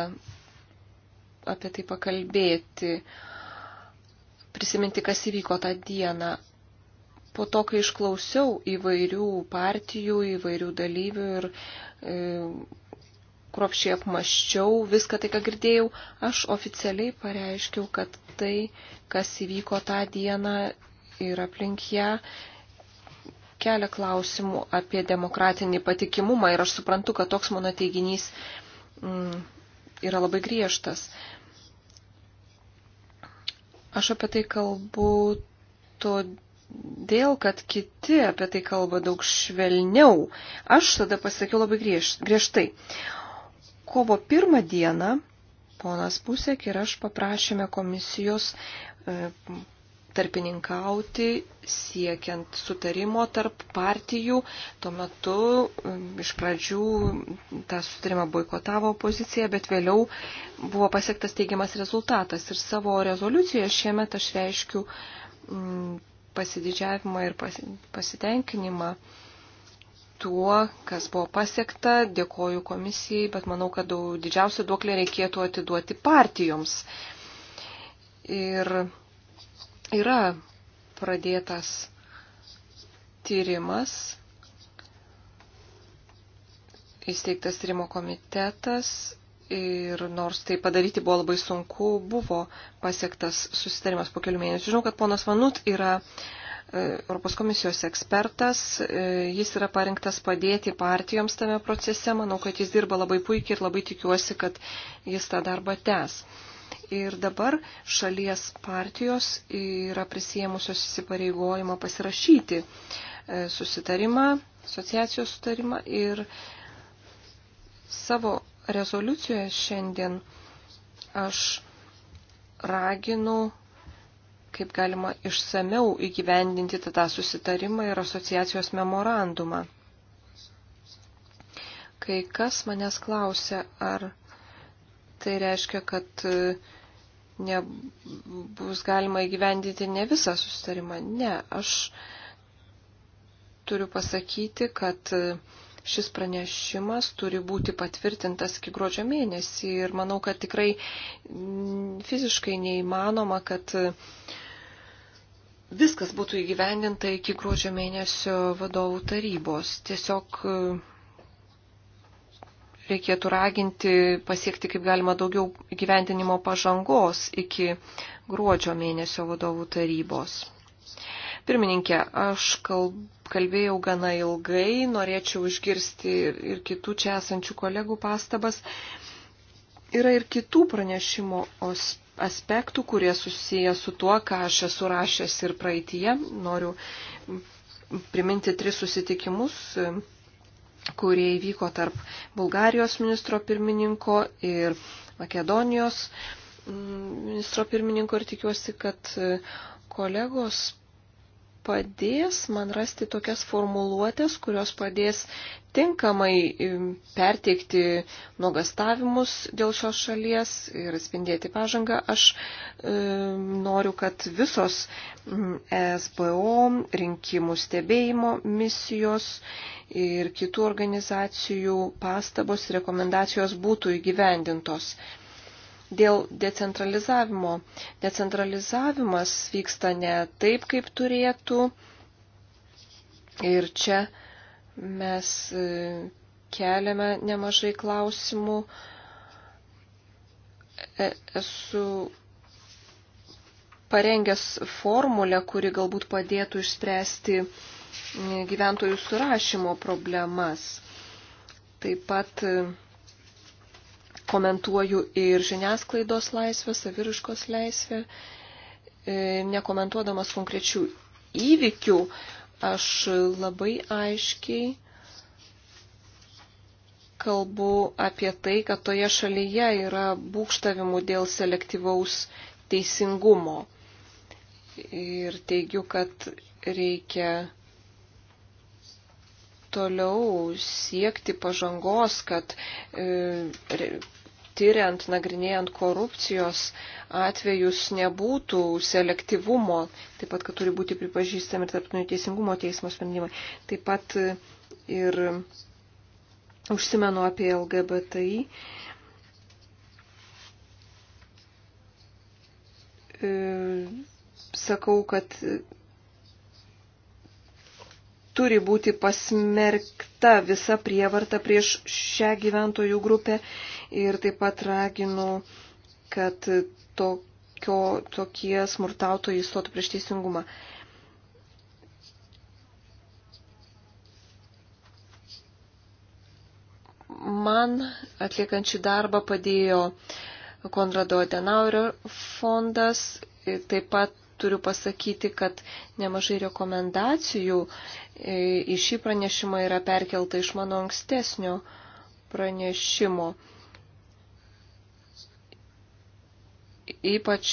apie tai pakalbėti, prisiminti, kas įvyko tą dieną. Po to, kai išklausiau įvairių partijų, įvairių dalyvių ir e, kropšiai apmaščiau viską tai, ką girdėjau, aš oficialiai pareiškiau, kad tai, kas įvyko tą dieną ir aplink ją, kelia klausimų apie demokratinį patikimumą ir aš suprantu, kad toks mano teiginys mm, yra labai griežtas. Aš apie tai kalbu todėl, kad kiti apie tai kalba daug švelniau. Aš tada pasakiau labai griež, griežtai. Kovo pirmą dieną ponas Pusek ir aš paprašėme komisijos e, tarpininkauti siekiant sutarimo tarp partijų. Tuo metu um, iš pradžių tą sutarimą boikotavo opozicija, bet vėliau buvo pasiektas teigiamas rezultatas. Ir savo rezoliucijoje šiemet aš reiškiu mm, pasididžiavimą ir pasitenkinimą tuo, kas buvo pasiekta. Dėkoju komisijai, bet manau, kad didžiausią duoklę reikėtų atiduoti partijoms. Ir yra pradėtas tyrimas, įsteigtas tyrimo komitetas ir nors tai padaryti buvo labai sunku, buvo pasiektas susitarimas po kelių mėnesių. Žinau, kad ponas Vanut yra e, Europos komisijos ekspertas, e, jis yra parinktas padėti partijoms tame procese, manau, kad jis dirba labai puikiai ir labai tikiuosi, kad jis tą darbą tęs ir dabar šalies partijos yra prisėmusios įsipareigojimą pasirašyti e, susitarimą, asociacijos sutarimą ir savo rezoliucijoje šiandien aš raginu kaip galima išsameu įgyvendinti tą susitarimą ir asociacijos memorandumą. Kai kas manęs klausia, ar tai reiškia, kad nebus galima įgyvendinti ne visą sustarimą. Ne, aš turiu pasakyti, kad šis pranešimas turi būti patvirtintas iki gruodžio mėnesį ir manau, kad tikrai fiziškai neįmanoma, kad viskas būtų įgyvendinta iki gruodžio mėnesio vadovų tarybos. Tiesiog reikėtų raginti pasiekti kaip galima daugiau gyventinimo pažangos iki gruodžio mėnesio vadovų tarybos. Pirmininkė, aš kalbėjau gana ilgai, norėčiau išgirsti ir, ir kitų čia esančių kolegų pastabas. Yra ir kitų pranešimo aspektų, kurie susiję su tuo, ką aš esu rašęs ir praeitie. Noriu priminti tris susitikimus kurie įvyko tarp Bulgarijos ministro pirmininko ir Makedonijos mm, ministro pirmininko ir tikiuosi, kad e, kolegos padės man rasti tokias formuluotės, kurios padės tinkamai perteikti nuogastavimus dėl šios šalies ir atspindėti pažangą. Aš e, noriu, kad visos SBO rinkimų stebėjimo misijos ir kitų organizacijų pastabos ir rekomendacijos būtų įgyvendintos. E, dėl decentralizavimo. Decentralizavimas vyksta ne taip, kaip turėtų. Ir čia mes e, keliame nemažai klausimų. E, esu parengęs formulę, kuri galbūt padėtų išspręsti e, gyventojų surašymo problemas. Taip pat komentuoju ir žiniasklaidos laisvę, saviriškos laisvę, e, nekomentuodamas konkrečių įvykių, aš labai aiškiai kalbu apie tai, kad toje šalyje yra būkštavimų dėl selektyvaus teisingumo. Ir teigiu, kad reikia toliau siekti pažangos, kad e, tyriant, nagrinėjant korupcijos atvejus nebūtų selektyvumo, taip pat, kad turi būti pripažįstami ir tarptautinio teisingumo teismo sprendimai. Taip pat ir užsimenu apie LGBTI. E, sakau, kad turi būti pasmerkta visa prievarta prieš šią gyventojų grupę ir taip pat raginu, kad tokio, tokie smurtautojai stotų prieš teisingumą. Man atliekant šį darbą padėjo Konrado Adenauerio fondas, taip pat turiu pasakyti, kad nemažai rekomendacijų e, į šį pranešimą yra perkelta iš mano ankstesnio pranešimo. Ypač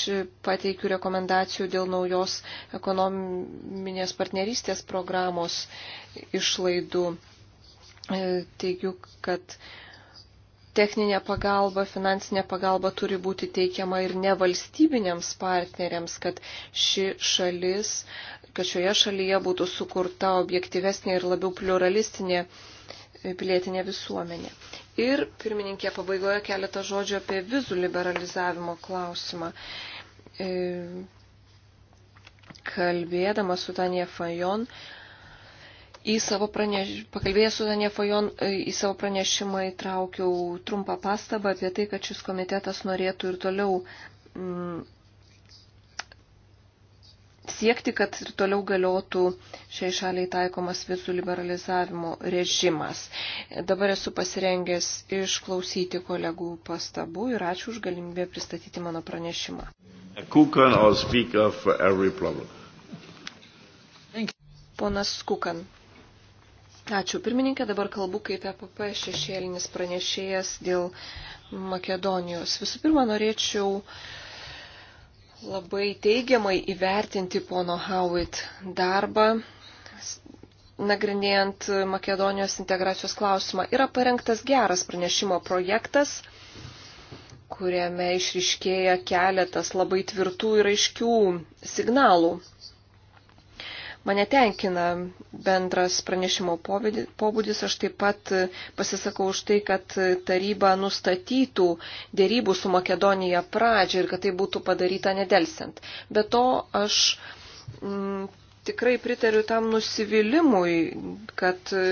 pateikiu rekomendacijų dėl naujos ekonominės partnerystės programos išlaidų. E, teigiu, kad techninė pagalba, finansinė pagalba turi būti teikiama ir nevalstybinėms partneriams, kad ši šalis, kad šioje šalyje būtų sukurta objektyvesnė ir labiau pluralistinė e, pilietinė visuomenė. Ir pirmininkė pabaigoje keletą žodžių apie vizų liberalizavimo klausimą. E, kalbėdama su Danija Fajon, į savo praneš... pakalbėjęs su Danija Fajon, e, į savo pranešimą įtraukiau trumpą pastabą apie tai, kad šis komitetas norėtų ir toliau mm, siekti, kad ir toliau galiotų šiai šaliai taikomas vizų liberalizavimo režimas. Dabar esu pasirengęs išklausyti kolegų pastabų ir ačiū už galimybę pristatyti mano pranešimą. Ponas Kukan. Ačiū pirmininkė, dabar kalbu kaip EPP šešėlinis pranešėjas dėl Makedonijos. Visų pirma, norėčiau uh, labai teigiamai įvertinti pono Howitt darbą, nagrinėjant Makedonijos integracijos klausimą. Yra parengtas geras pranešimo projektas, kuriame išriškėja keletas labai tvirtų ir aiškių signalų. Mane tenkina bendras pranešimo pobūdis. Aš taip pat pasisakau už tai, kad taryba nustatytų dėrybų su Makedonija pradžią ir kad tai būtų padaryta nedelsiant. Be to aš. M, mm, Tikrai pritariu tam nusivylimui, kad e,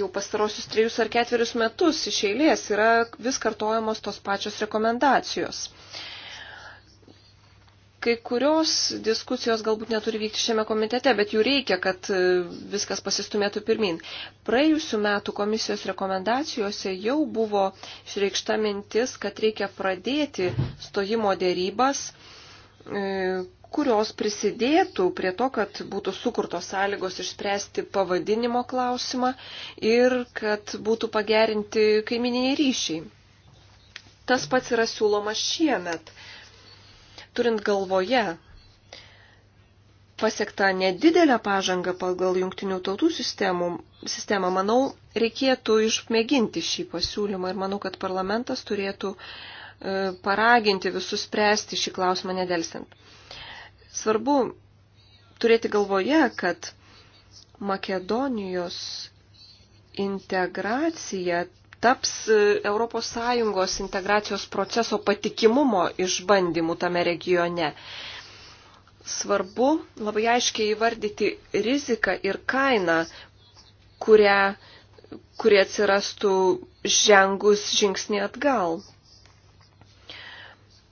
jau pastarosius trejus ar ketverius metus iš eilės yra vis kartojamos tos pačios rekomendacijos kai kurios diskusijos galbūt neturi vykti šiame komitete, bet jų reikia, kad e, viskas pasistumėtų pirmin. Praėjusiu metu komisijos rekomendacijose jau buvo išreikšta mintis, kad reikia pradėti stojimo dėrybas, e, kurios prisidėtų prie to, kad būtų sukurtos sąlygos išspręsti pavadinimo klausimą ir kad būtų pagerinti kaimininiai ryšiai. Tas pats yra siūloma šiemet turint galvoje pasiektą nedidelę pažangą pagal jungtinių tautų sistemų, sistemą, manau, reikėtų išmėginti šį pasiūlymą ir manau, kad parlamentas turėtų e, paraginti visus spręsti šį klausimą nedelsiant. Svarbu turėti galvoje, kad Makedonijos integracija taps ES integracijos proceso patikimumo išbandymų tame regione. Svarbu labai aiškiai įvardyti riziką ir kainą, kurią, kurie atsirastų žengus žingsnį atgal.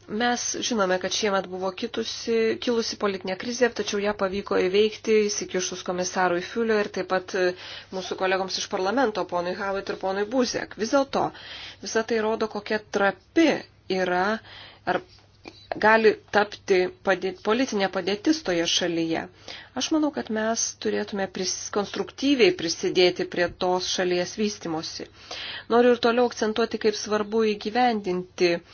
Mes žinome, kad šiemet buvo kitusi, kilusi politinė krizė, tačiau ją pavyko įveikti įsikišus komisarui Fiulio ir taip pat e, mūsų kolegoms iš parlamento, ponui Havit ir ponui Buzek. Vis dėlto, visa tai rodo, kokia trapi yra ar gali tapti padėt, politinė padėtis toje šalyje. Aš manau, kad mes turėtume pris, konstruktyviai prisidėti prie tos šalies vystimosi. Noriu ir toliau akcentuoti, kaip svarbu įgyvendinti uh,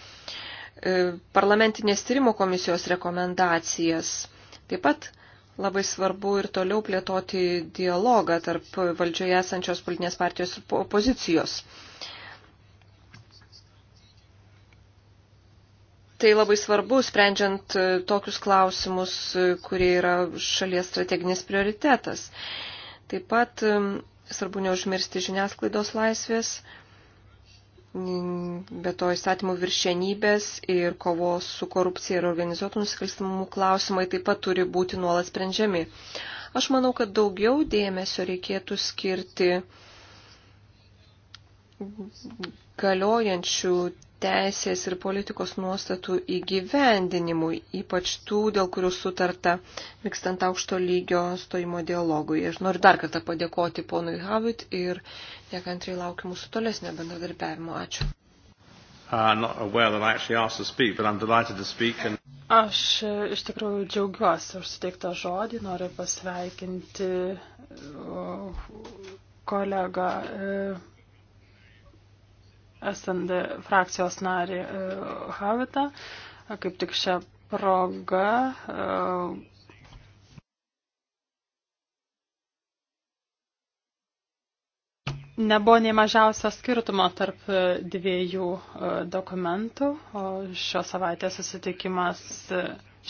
E, parlamentinės tyrimo komisijos rekomendacijas. Taip pat labai svarbu ir toliau plėtoti dialogą tarp valdžioje esančios politinės partijos ir opozicijos. Tai labai svarbu, sprendžiant e, tokius klausimus, e, kurie yra šalies strateginis prioritetas. Taip pat svarbu neužmiršti žiniasklaidos laisvės, be to įstatymų viršenybės ir kovos su korupcija ir organizuotų nusikalstamumų klausimai taip pat turi būti nuolat sprendžiami. Aš manau, kad daugiau dėmesio reikėtų skirti galiojančių teisės ir politikos nuostatų įgyvendinimui, ypač tų, dėl kurių sutarta vykstant aukšto lygio stojimo dialogui. Aš noriu dar kartą padėkoti ponui Havit ir nekantriai laukiu mūsų tolesnio bendradarbiavimo. Ačiū. Uh, aš e, iš tikrųjų džiaugiuosi už suteiktą žodį, noriu pasveikinti kolegą e, SND frakcijos narį e, Havitą. Kaip tik šią progą e, nebuvo nei mažiausio skirtumo tarp e, dviejų dokumentų, o šią savaitę susitikimas,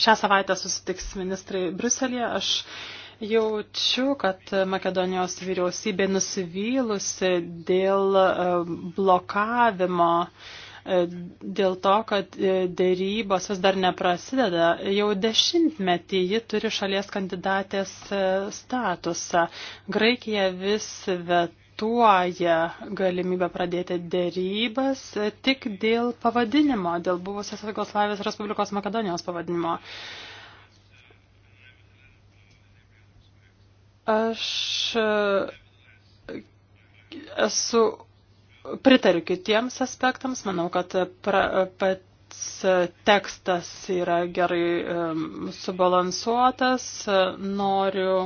šią savaitę susitiks ministrai Bruselėje. Aš Jaučiu, kad Makedonijos vyriausybė nusivylusi dėl e, blokavimo, e, dėl to, kad e, dėrybos vis dar neprasideda. Jau dešimtmetį ji turi šalies kandidatės statusą. Graikija vis vetuoja galimybę pradėti dėrybas tik dėl pavadinimo, dėl buvusios Jugoslavijos Respublikos Makedonijos pavadinimo. Uh, Aš e, esu pritariu kitiems aspektams. Manau, kad pra, pats tekstas yra gerai e, subalansuotas. E, noriu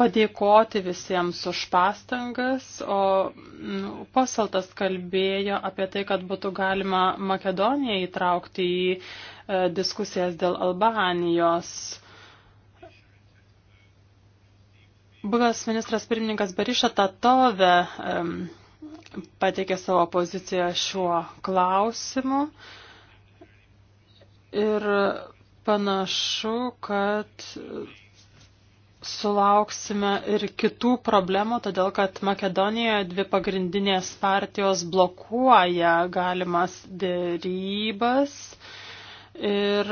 padėkoti visiems už pastangas, o nu, pasaltas kalbėjo apie tai, kad būtų galima Makedoniją įtraukti į diskusijas dėl Albanijos. Buvęs ministras pirmininkas Bariša Tatove um, pateikė savo poziciją šiuo klausimu ir panašu, kad sulauksime ir kitų problemų, todėl kad Makedonijoje dvi pagrindinės partijos blokuoja galimas dėrybas. Uh, ir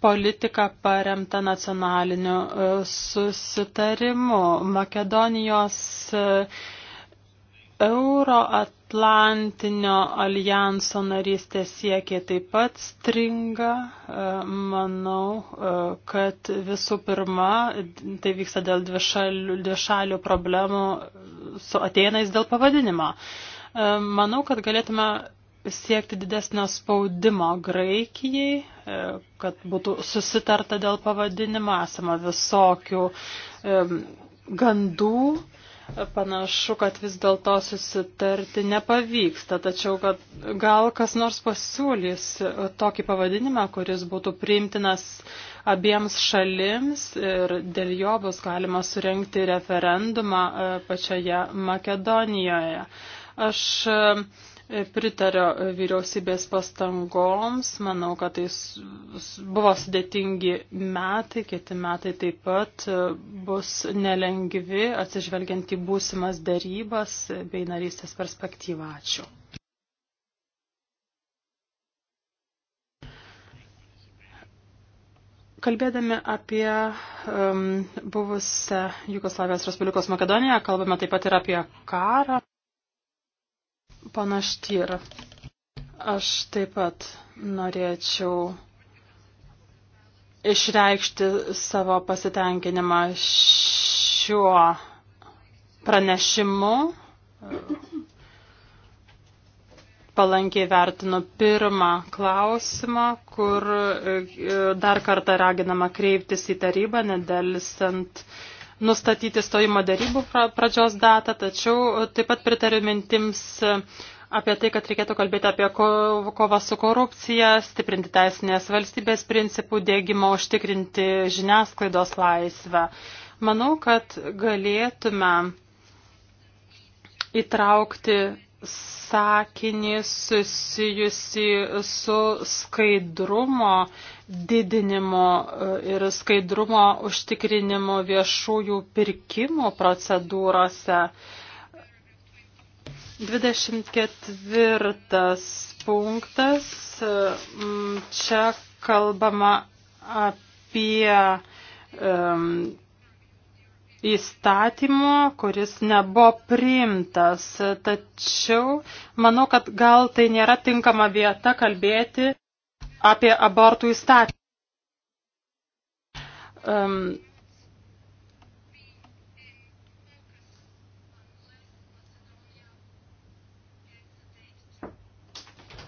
politika paremta nacionaliniu e, susitarimu. Makedonijos e, Euroatlantinio alijanso narystė siekė taip pat stringa. E, manau, kad visų pirma, tai vyksta dėl dvišalių, dvišalių problemų su ateinais dėl pavadinimo. Manau, kad galėtume siekti didesnio spaudimo Graikijai, e, kad būtų susitarta dėl pavadinimo, esama visokių e, gandų, panašu, kad vis dėlto susitarti nepavyksta, tačiau kad gal kas nors pasiūlys tokį pavadinimą, kuris būtų priimtinas abiems šalims ir dėl jo bus galima surenkti referendumą e, pačioje Makedonijoje. Aš uh, Pritario vyriausybės pastangoms, manau, kad tai buvo sudėtingi metai, kiti metai taip pat e, bus nelengvi, atsižvelgiant į būsimas darybas bei narystės perspektyvą. Ačiū. Kalbėdami apie um, buvusią Jugoslavijos Respublikos Makedoniją, kalbame taip pat ir apie karą. Panaštyr, aš taip pat norėčiau išreikšti savo pasitenkinimą šiuo pranešimu palankiai vertinu pirmą klausimą, kur e, dar kartą raginama kreiptis į tarybą, nedelsant nustatyti stojimo darybų pradžios datą, tačiau taip pat pritariu mintims apie tai, kad reikėtų kalbėti apie kovą su korupcija, stiprinti teisinės valstybės principų dėgymą, užtikrinti žiniasklaidos laisvę. Manau, kad galėtume įtraukti sakinį susijusi su skaidrumo didinimo e, ir skaidrumo užtikrinimo viešųjų pirkimų procedūrose. 24 punktas. E, čia kalbama apie um, įstatymo, kuris nebuvo priimtas. Tačiau manau, kad gal tai nėra tinkama vieta kalbėti apie abortų įstatymą. Um,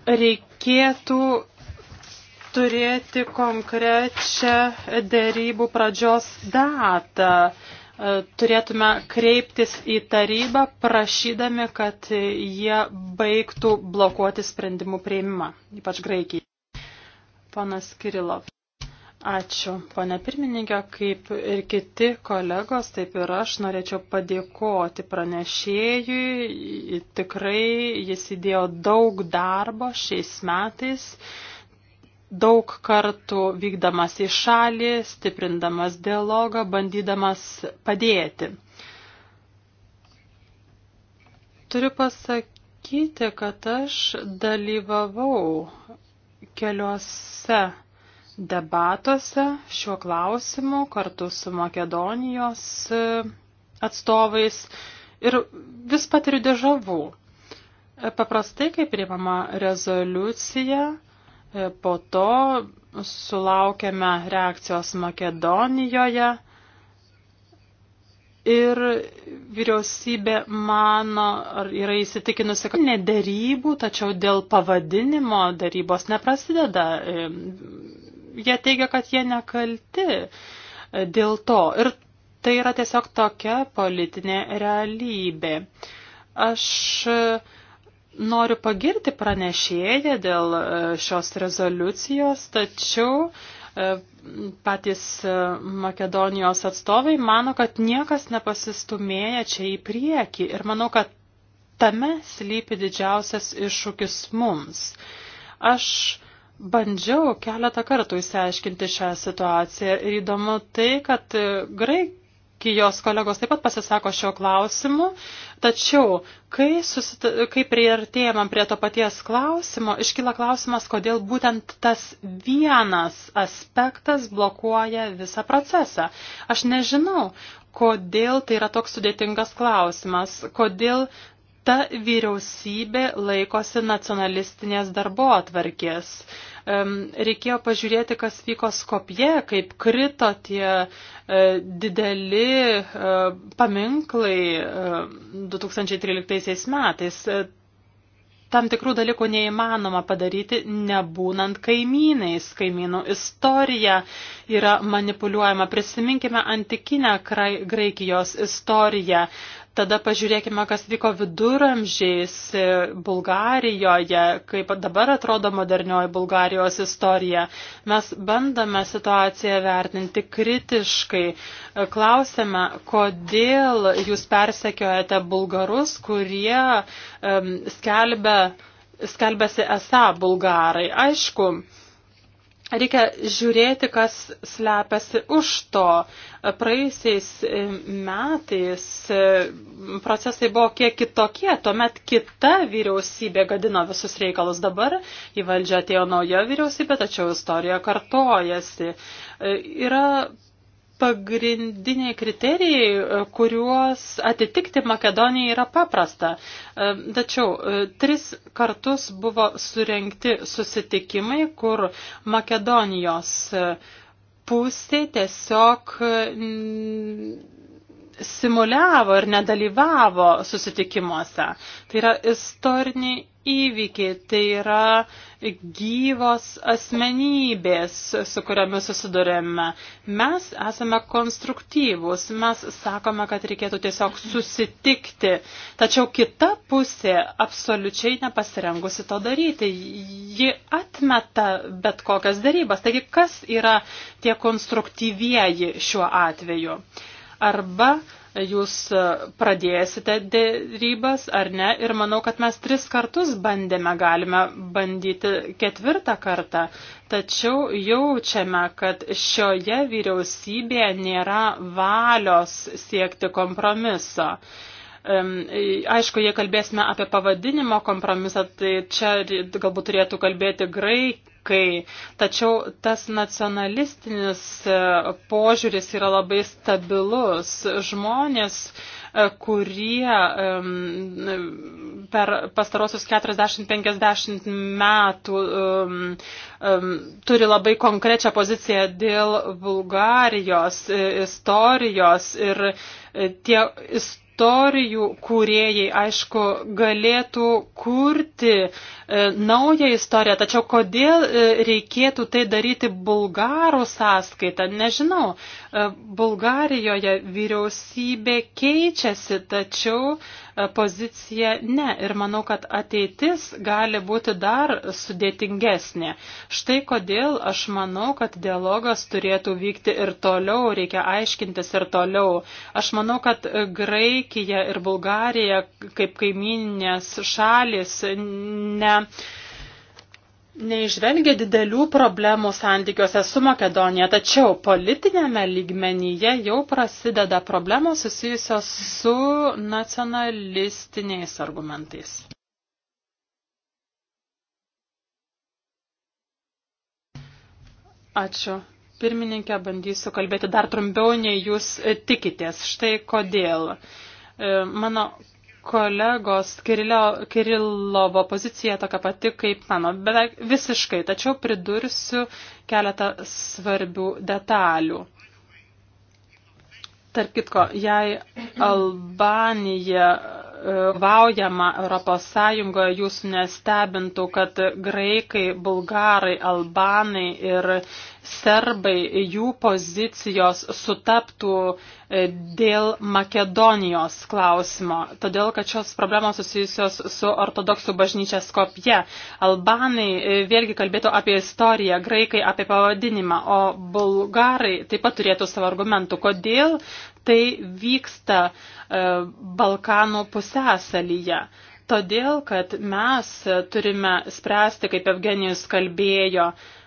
reikėtų turėti konkrečią dėrybų pradžios datą. E, turėtume kreiptis į tarybą, prašydami, kad jie baigtų blokuoti sprendimų prieimimą, ypač Graikijai. Panas Kirilov. Ačiū, ponė pirmininkė, kaip ir kiti kolegos, taip ir aš norėčiau padėkoti pranešėjui. Tikrai jis įdėjo daug darbo šiais metais, daug kartų vykdamas į šalį, stiprindamas dialogą, bandydamas padėti. Turiu pasakyti, kad aš dalyvavau keliuose debatuose šiuo klausimu kartu su Makedonijos e, atstovais ir vis patiriu dežavų. E, paprastai, kai priimama rezoliucija, e, po to sulaukiame reakcijos Makedonijoje, Ir vyriausybė mano, ar yra įsitikinusi, kad nedarybų, tačiau dėl pavadinimo darybos neprasideda. Jie teigia, kad jie nekalti e, dėl to. Ir tai yra tiesiog tokia politinė realybė. Aš e, noriu pagirti pranešėją dėl e, šios rezoliucijos, tačiau uh, E, patys e, Makedonijos atstovai mano, kad niekas nepasistumėja čia į priekį ir manau, kad tame slypi didžiausias iššūkis mums. Aš bandžiau keletą kartų įsiaiškinti šią situaciją ir įdomu tai, kad e, graik Lenkijos kolegos taip pat pasisako šio klausimu, tačiau, kai, susita, kai priartėjama prie to paties klausimo, iškyla klausimas, kodėl būtent tas vienas aspektas blokuoja visą procesą. Aš nežinau, kodėl tai yra toks sudėtingas klausimas, kodėl ta vyriausybė laikosi nacionalistinės darbo atvarkės. Reikėjo pažiūrėti, kas vyko Skopje, kaip krito tie e, dideli e, paminklai 2013 e, metais. Tam tikrų dalykų neįmanoma padaryti, nebūnant kaimynais. Kaimynų istorija yra manipuliuojama. Prisiminkime antikinę Graikijos istoriją. Tada pažiūrėkime, kas vyko viduramžiais Bulgarijoje, kaip dabar atrodo modernioji Bulgarijos istorija. Mes bandome situaciją vertinti kritiškai. Klausėme, kodėl jūs persekiojate bulgarus, kurie um, skelbia, skelbėsi esą bulgarai. Aišku, Reikia žiūrėti, kas slepiasi už to. Praėjusiais e, metais e, procesai buvo kiek kitokie, tuomet kita vyriausybė gadino visus reikalus dabar, į valdžią atėjo nauja vyriausybė, tačiau istorija kartojasi. E, yra pagrindiniai kriterijai, e, kuriuos atitikti Makedonijai yra paprasta. E, tačiau e, tris kartus buvo surenkti susitikimai, kur Makedonijos pusė tiesiog simuliavo ir nedalyvavo susitikimuose. Tai yra istoriniai įvykį, tai yra gyvos asmenybės, su kuriomis susidurėme. Mes esame konstruktyvūs, mes sakome, kad reikėtų tiesiog susitikti, tačiau kita pusė absoliučiai nepasirengusi to daryti. Ji atmeta bet kokias darybas. Taigi, kas yra tie konstruktyvieji šiuo atveju? Arba jūs e, pradėsite dėrybas ar ne. Ir manau, kad mes tris kartus bandėme, galime bandyti ketvirtą kartą. Tačiau jaučiame, kad šioje vyriausybėje nėra valios siekti kompromiso. Aišku, jei kalbėsime apie pavadinimo kompromisą, tai čia galbūt turėtų kalbėti graik, dalykai. Tačiau tas nacionalistinis e, požiūris yra labai stabilus. Žmonės, e, kurie per pastarosius 40-50 metų turi labai konkrečią poziciją dėl Bulgarijos e, istorijos ir tie istorijos istorijų kūrėjai, aišku, galėtų kurti e, naują istoriją, tačiau kodėl e, reikėtų tai daryti bulgarų sąskaitą, nežinau. E, Bulgarijoje vyriausybė keičiasi, tačiau e, pozicija ne. Ir manau, kad ateitis gali būti dar sudėtingesnė. Štai kodėl aš manau, kad dialogas turėtų vykti ir toliau, reikia aiškintis ir toliau. Aš manau, kad Graikija ir Bulgarija kaip kaimininės šalis ne neižvelgia didelių problemų santykiuose su Makedonija, tačiau politinėme lygmenyje jau prasideda problemos susijusios su nacionalistiniais argumentais. Ačiū. Pirmininkė, bandysiu kalbėti dar trumpiau, nei jūs tikitės. Štai kodėl. E, mano kolegos Kirilio, Kirilovo pozicija tokia pati kaip mano, beveik visiškai, tačiau pridursiu keletą svarbių detalių. Tark kitko, jei Albanija e, vaujama Europos Sąjungoje jūsų nestebintų, kad graikai, bulgarai, albanai ir serbai, jų pozicijos sutaptų e, dėl Makedonijos klausimo, todėl kad šios problemos susijusios su ortodoksų bažnyčia Skopje. Albanai e, vėlgi kalbėtų apie istoriją, graikai apie pavadinimą, o bulgarai taip pat turėtų savo argumentų, kodėl tai vyksta e, Balkanų pusęsalyje. Todėl, kad mes turime spręsti, kaip Evgenijus kalbėjo, uh,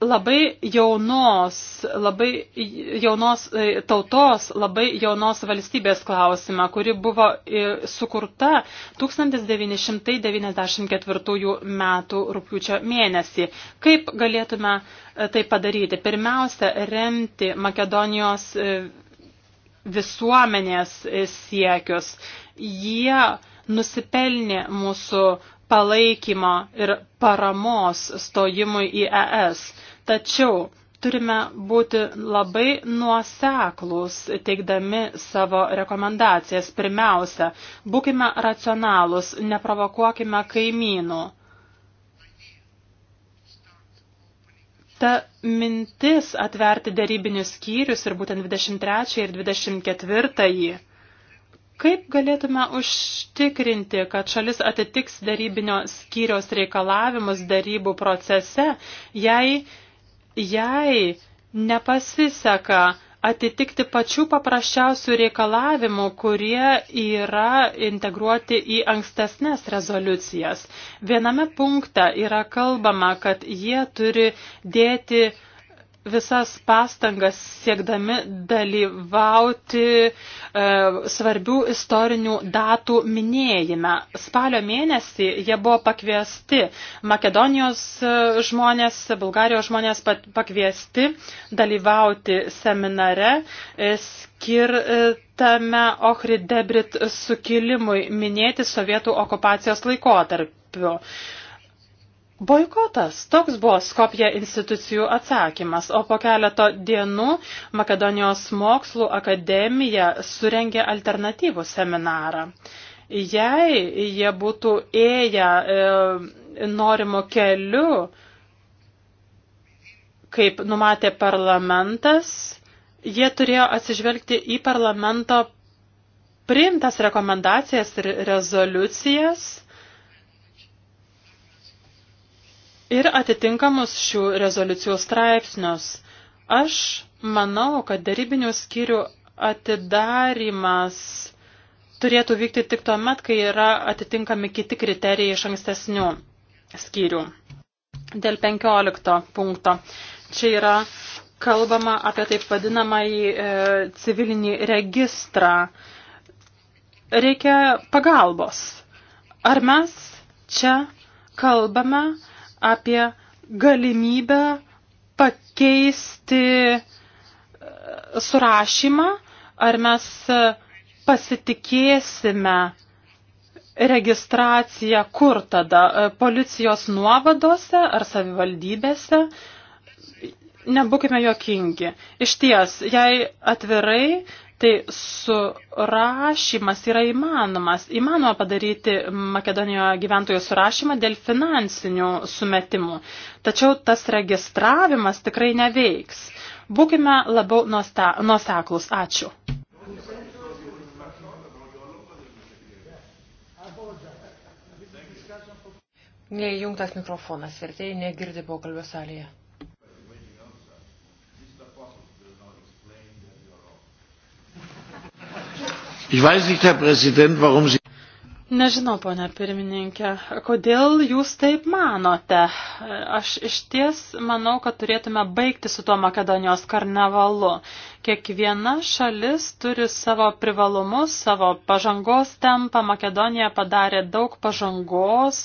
labai jaunos, labai jaunos e, tautos, labai jaunos valstybės klausimą, kuri buvo e, sukurta 1994 metų rūpiučio mėnesį. Kaip galėtume e, tai padaryti? Pirmiausia, remti Makedonijos visuomenės siekius. Jie nusipelnė mūsų palaikymo ir paramos stojimui į ES. Tačiau turime būti labai nuoseklūs, teikdami savo rekomendacijas. Pirmiausia, būkime racionalūs, neprovokuokime kaimynų. Ta mintis atverti darybinius skyrius ir būtent 23 ir 24 Kaip galėtume užtikrinti, kad šalis atitiks darybinio skyrios reikalavimus darybų procese, jei, jei nepasiseka atitikti pačių paprasčiausių reikalavimų, kurie yra integruoti į ankstesnės rezoliucijas. Viename punkte yra kalbama, kad jie turi dėti visas pastangas siekdami dalyvauti e, svarbių istorinių datų minėjime. Spalio mėnesį jie buvo pakviesti, Makedonijos e, žmonės, Bulgarijos žmonės pakviesti dalyvauti seminare e, skirtame Ohridebrit sukilimui minėti sovietų okupacijos laikotarpiu. Boikotas. Toks buvo Skopje institucijų atsakymas, o po keleto dienų Makedonijos mokslų akademija surengė alternatyvų seminarą. Jei jie būtų ėję e, norimo keliu, kaip numatė parlamentas, jie turėjo atsižvelgti į parlamento priimtas rekomendacijas ir rezoliucijas ir atitinkamus šių rezoliucijų straipsnius. Aš manau, kad darybinių skyrių atidarimas turėtų vykti tik tuo met, kai yra atitinkami kiti kriterijai iš ankstesnių skyrių. Dėl 15 punkto. Čia yra kalbama apie taip vadinamąjį e, civilinį registrą. Reikia pagalbos. Ar mes čia kalbame apie galimybę pakeisti e, surašymą, ar mes e, pasitikėsime registraciją kur tada? E, policijos nuovadose ar savivaldybėse? Nebūkime jokingi. Iš ties, jei atvirai, Tai surašymas yra įmanomas. Įmanoma padaryti Makedonijoje gyventojų surašymą dėl finansinių sumetimų. Tačiau tas registravimas tikrai neveiks. Būkime labiau nuoseklus. Ačiū. Neįjungtas mikrofonas, vertėjai negirdi pokalbio salėje. Nežinau, ponia pirmininkė, kodėl jūs taip manote. Aš iš ties manau, kad turėtume baigti su tuo Makedonijos karnevalu. Kiekviena šalis turi savo privalumus, savo pažangos tempą. Makedonija padarė daug pažangos,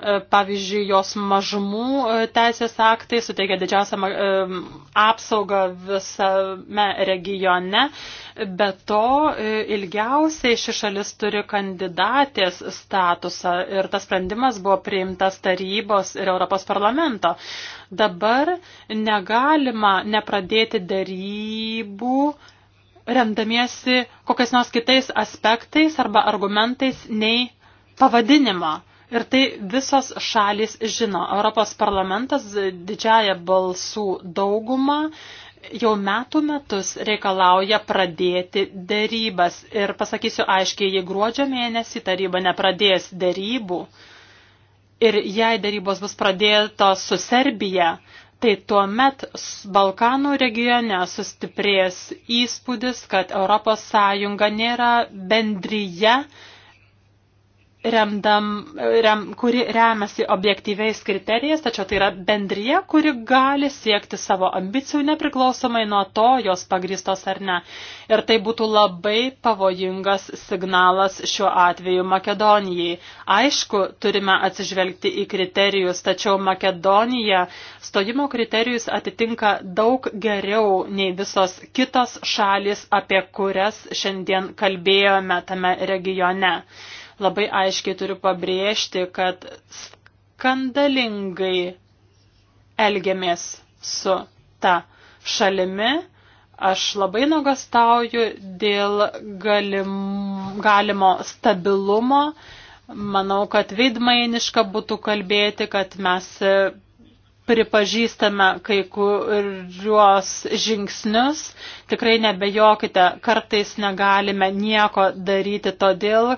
E, pavyzdžiui, jos mažumų e, teisės aktai suteikia didžiausią e, apsaugą visame regione, bet to ilgiausiai ši šalis turi kandidatės statusą ir tas sprendimas buvo priimtas tarybos ir Europos parlamento. Dabar negalima nepradėti darybų remdamiesi kokiais nors kitais aspektais arba argumentais nei pavadinimą. Ir tai visos šalis žino. Europos parlamentas didžiaja balsų daugumą jau metų metus reikalauja pradėti dėrybas. Ir pasakysiu aiškiai, jei gruodžio mėnesį taryba nepradės dėrybų ir jei dėrybos bus pradėtos su Serbija, tai tuomet Balkanų regione sustiprės įspūdis, kad ES nėra bendryje remdam, rem, kuri remiasi objektyviais kriterijais, tačiau tai yra bendryje, kuri gali siekti savo ambicijų nepriklausomai nuo to, jos pagristos ar ne. Ir tai būtų labai pavojingas signalas šiuo atveju Makedonijai. Aišku, turime atsižvelgti į kriterijus, tačiau Makedonija stojimo kriterijus atitinka daug geriau nei visos kitos šalis, apie kurias šiandien kalbėjome tame regione. Labai aiškiai turiu pabrėžti, kad skandalingai elgiamės su ta šalimi. Aš labai nuogastauju dėl galim, galimo stabilumo. Manau, kad veidmainiška būtų kalbėti, kad mes pripažįstame kai kuriuos žingsnius, tikrai nebejokite, kartais negalime nieko daryti todėl,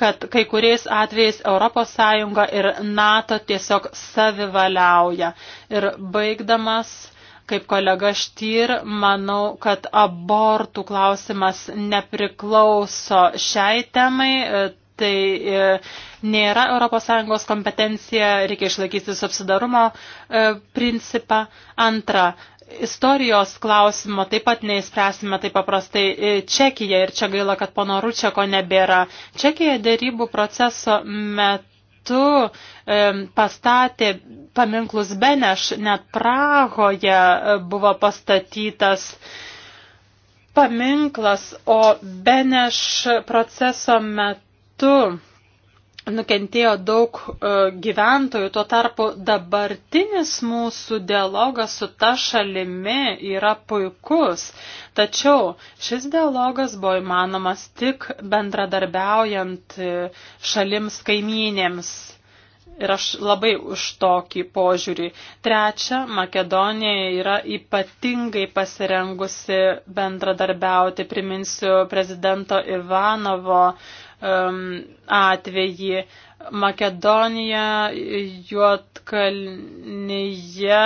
kad kai kuriais atvejais ES ir NATO tiesiog savivaliauja. Ir baigdamas, kaip kolega Štyr, manau, kad abortų klausimas nepriklauso šiai temai, tai e, nėra ES kompetencija, reikia išlaikyti subsidarumo e, principą. Antra, istorijos klausimo taip pat neįspręsime taip paprastai e, Čekija ir čia gaila, kad pono Ručiako nebėra. Čekija dėrybų proceso metu pastatė paminklus Beneš, net Prahoje buvo pastatytas paminklas, o Beneš proceso metu metu nukentėjo daug e, gyventojų, tuo tarpu dabartinis mūsų dialogas su ta šalimi yra puikus. Tačiau šis dialogas buvo įmanomas tik bendradarbiaujant e, šalims kaimynėms. Ir aš labai už tokį požiūrį. Trečia, Makedonija yra ypatingai pasirengusi bendradarbiauti. Priminsiu prezidento Ivanovo uh, Um, atvejį. Makedonija, Juotkalnyje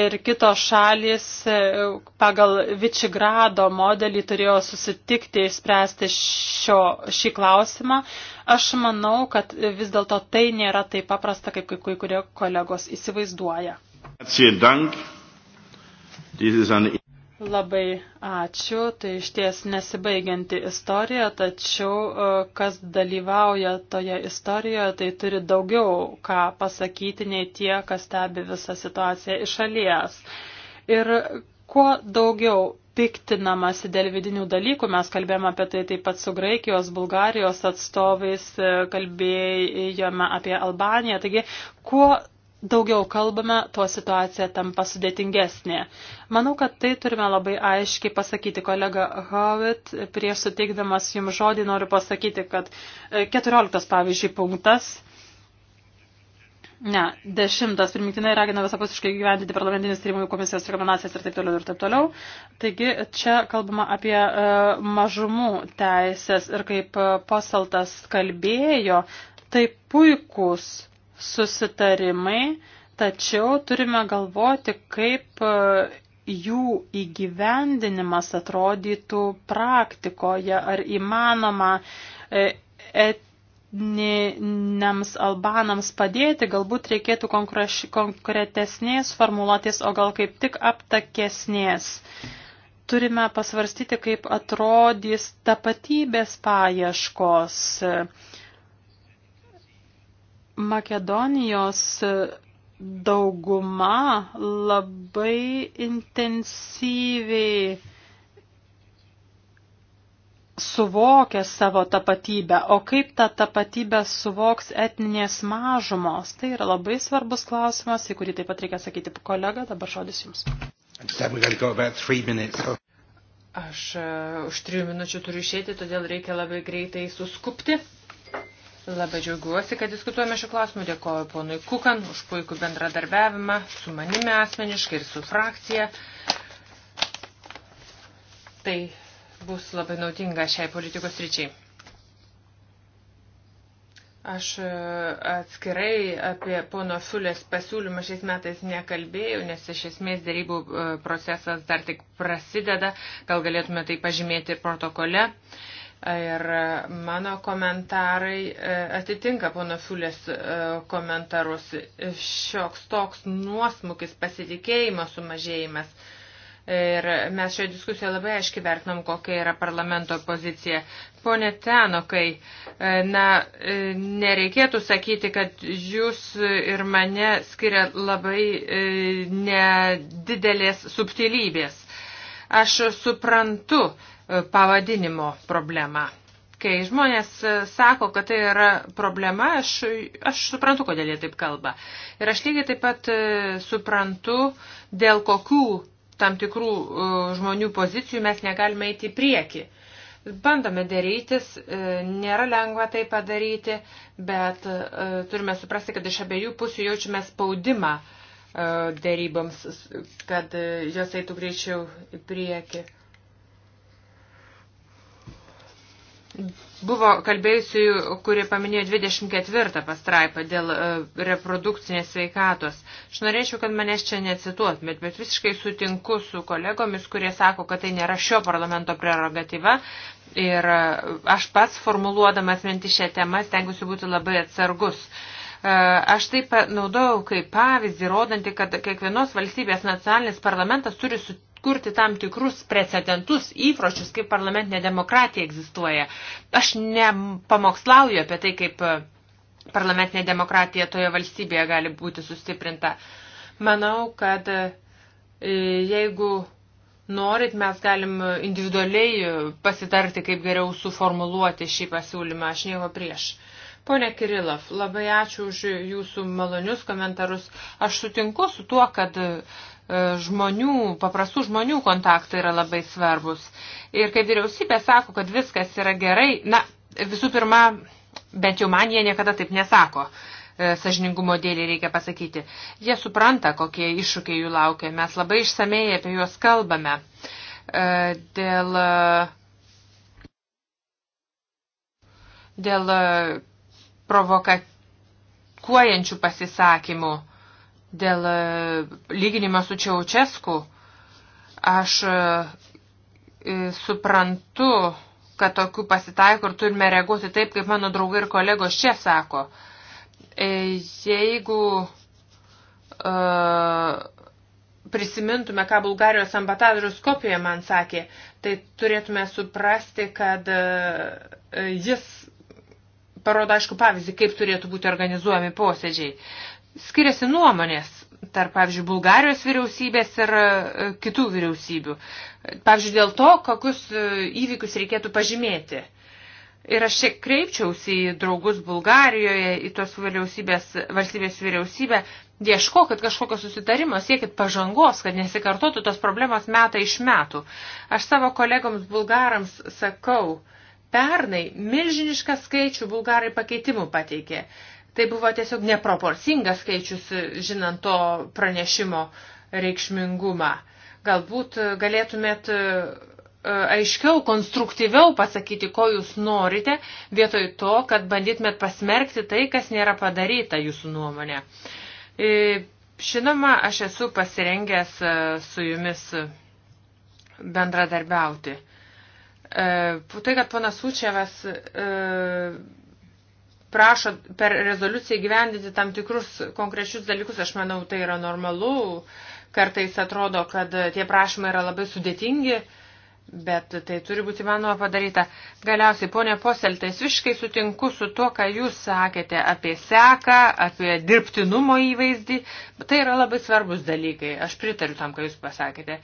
ir kitos šalis uh, pagal Vičigrado modelį turėjo susitikti ir spręsti šio, šį klausimą. Aš manau, kad vis dėlto tai nėra taip paprasta, kaip kai kurie kolegos įsivaizduoja. Dank. Dies ist eine Labai ačiū. Tai iš ties nesibaigianti istorija, tačiau e, kas dalyvauja toje istorijoje, tai turi daugiau ką pasakyti nei tie, kas stebi visą situaciją iš šalies. Ir kuo daugiau piktinamasi dėl vidinių dalykų, mes kalbėjome apie tai taip pat su Graikijos, Bulgarijos atstovais, e, kalbėjome apie Albaniją. Taigi, kuo daugiau kalbame, tuo situacija tampa sudėtingesnė. Manau, kad tai turime labai aiškiai pasakyti. Kolega Howitt, prieš suteikdamas jums žodį, noriu pasakyti, kad 14 e, pavyzdžiui punktas. Ne, dešimtas primiktinai ragina visapusiškai gyvendyti parlamentinės tyrimų komisijos rekomendacijas ir taip toliau ir taip toliau. Taigi čia kalbama apie e, mažumų teisės ir kaip e, posaltas kalbėjo, tai puikus susitarimai, tačiau turime galvoti, kaip e, jų įgyvendinimas atrodytų praktikoje, ar įmanoma e, etniniams albanams padėti, galbūt reikėtų konkretesnės formuluotės, o gal kaip tik aptakesnės. Turime pasvarstyti, kaip atrodys tapatybės paieškos. paieškos Makedonijos dauguma labai intensyviai suvokia savo tapatybę, o kaip tą tapatybę suvoks etninės mažumos. Tai yra labai svarbus klausimas, į kurį taip pat reikia sakyti kolega, dabar žodis jums. Aš uh, už trijų minučių turiu išėti, todėl reikia labai greitai suskupti. Labai džiaugiuosi, kad diskutuojame šiuo klausimu. Dėkoju ponui Kukan už puikų bendradarbiavimą su manimi asmeniškai ir su frakcija. Tai bus labai naudinga šiai politikos ryčiai. Aš e, atskirai apie pono Fulės pasiūlymą šiais metais nekalbėjau, nes iš esmės darybų e, procesas dar tik prasideda, gal galėtume tai pažymėti ir protokole. Uh, Ir e, mano komentarai e, atitinka pono Fiulės e, komentarus. Šioks toks nuosmukis, pasitikėjimo sumažėjimas. Ir mes šioje diskusijoje labai aiškiai vertinam, kokia yra parlamento pozicija. Pone Tenokai, na, nereikėtų sakyti, kad jūs ir mane skiria labai nedidelės subtilybės. Aš suprantu, pavadinimo problemą. Kai žmonės e, sako, kad tai yra problema, aš, aš suprantu, kodėl jie taip kalba. Ir aš lygiai taip pat e, suprantu, dėl kokių tam tikrų e, žmonių pozicijų mes negalime eiti į priekį. Bandome darytis, nėra lengva tai padaryti, bet turime suprasti, kad iš abiejų pusių jaučiame spaudimą daryboms, kad jos eitų greičiau į priekį. Buvo kalbėjusių, kurie paminėjo 24 pastraipą dėl e, reprodukcinės sveikatos. Aš norėčiau, kad manęs čia necituotumėt, bet visiškai sutinku su kolegomis, kurie sako, kad tai nėra šio parlamento prerogatyva. Ir e, aš pats formuluodamas minti šią temą stengiuosi būti labai atsargus. E, aš taip naudojau kaip pavyzdį, rodantį, kad kiekvienos valstybės nacionalinis parlamentas turi sutikti kurti tam tikrus precedentus, įpročius, kaip parlamentinė demokratija egzistuoja. Aš nepamokslauju apie tai, kaip e, parlamentinė demokratija toje valstybėje gali būti sustiprinta. Manau, kad e, jeigu norit, mes galim individualiai pasitarti, kaip geriau suformuluoti šį pasiūlymą. Aš nieko prieš. Pone Kirilov, labai ačiū už jūsų malonius komentarus. Aš sutinku su tuo, kad E, žmonių, paprastų žmonių kontaktai yra labai svarbus. Ir kai vyriausybė sako, kad viskas yra gerai, na, visų pirma, bent jau man jie niekada taip nesako. E, sažiningumo dėlį reikia pasakyti. Jie supranta, kokie iššūkiai jų laukia. Mes labai išsamei apie juos kalbame. E, dėl, dėl provokakuojančių pasisakymų dėl e, lyginimo su Čiaučesku, aš e, e, suprantu, kad tokių pasitaiko ir turime reaguoti taip, kaip mano draugai ir kolegos čia sako. Jeigu uh, prisimintume, ką Bulgarijos ambasadorius Kopijoje man sakė, tai turėtume suprasti, kad uh, jis parodo aišku pavyzdį, kaip turėtų būti organizuojami posėdžiai skiriasi nuomonės tarp, pavyzdžiui, Bulgarijos vyriausybės ir e, kitų vyriausybių. Pavyzdžiui, dėl to, kokius e, įvykius reikėtų pažymėti. Ir aš šiek kreipčiausi į draugus Bulgarijoje, į tos vyriausybės, valstybės vyriausybę, ieškokit kažkokio susitarimo, siekit pažangos, kad nesikartotų tos problemos metai iš metų. Aš savo kolegoms bulgarams sakau, pernai milžinišką skaičių bulgarai pakeitimų pateikė. Tai buvo tiesiog neproporcingas skaičius, žinant to pranešimo reikšmingumą. Galbūt galėtumėt e, aiškiau, konstruktyviau pasakyti, ko jūs norite, vietoj to, kad bandytumėt pasmerkti tai, kas nėra padaryta jūsų nuomonė. E, žinoma, aš esu pasirengęs e, su jumis bendradarbiauti. Tai, kad ponas Učiavas prašo per rezoliuciją gyvendyti tam tikrus konkrečius dalykus, aš manau, tai yra normalu. Kartais atrodo, kad tie prašymai yra labai sudėtingi, bet tai turi būti manoma padaryta. Galiausiai, ponė Poseltai, visiškai sutinku su tuo, ką jūs sakėte apie seką, apie dirbtinumo įvaizdį. Tai yra labai svarbus dalykai. Aš pritariu tam, ką jūs pasakėte.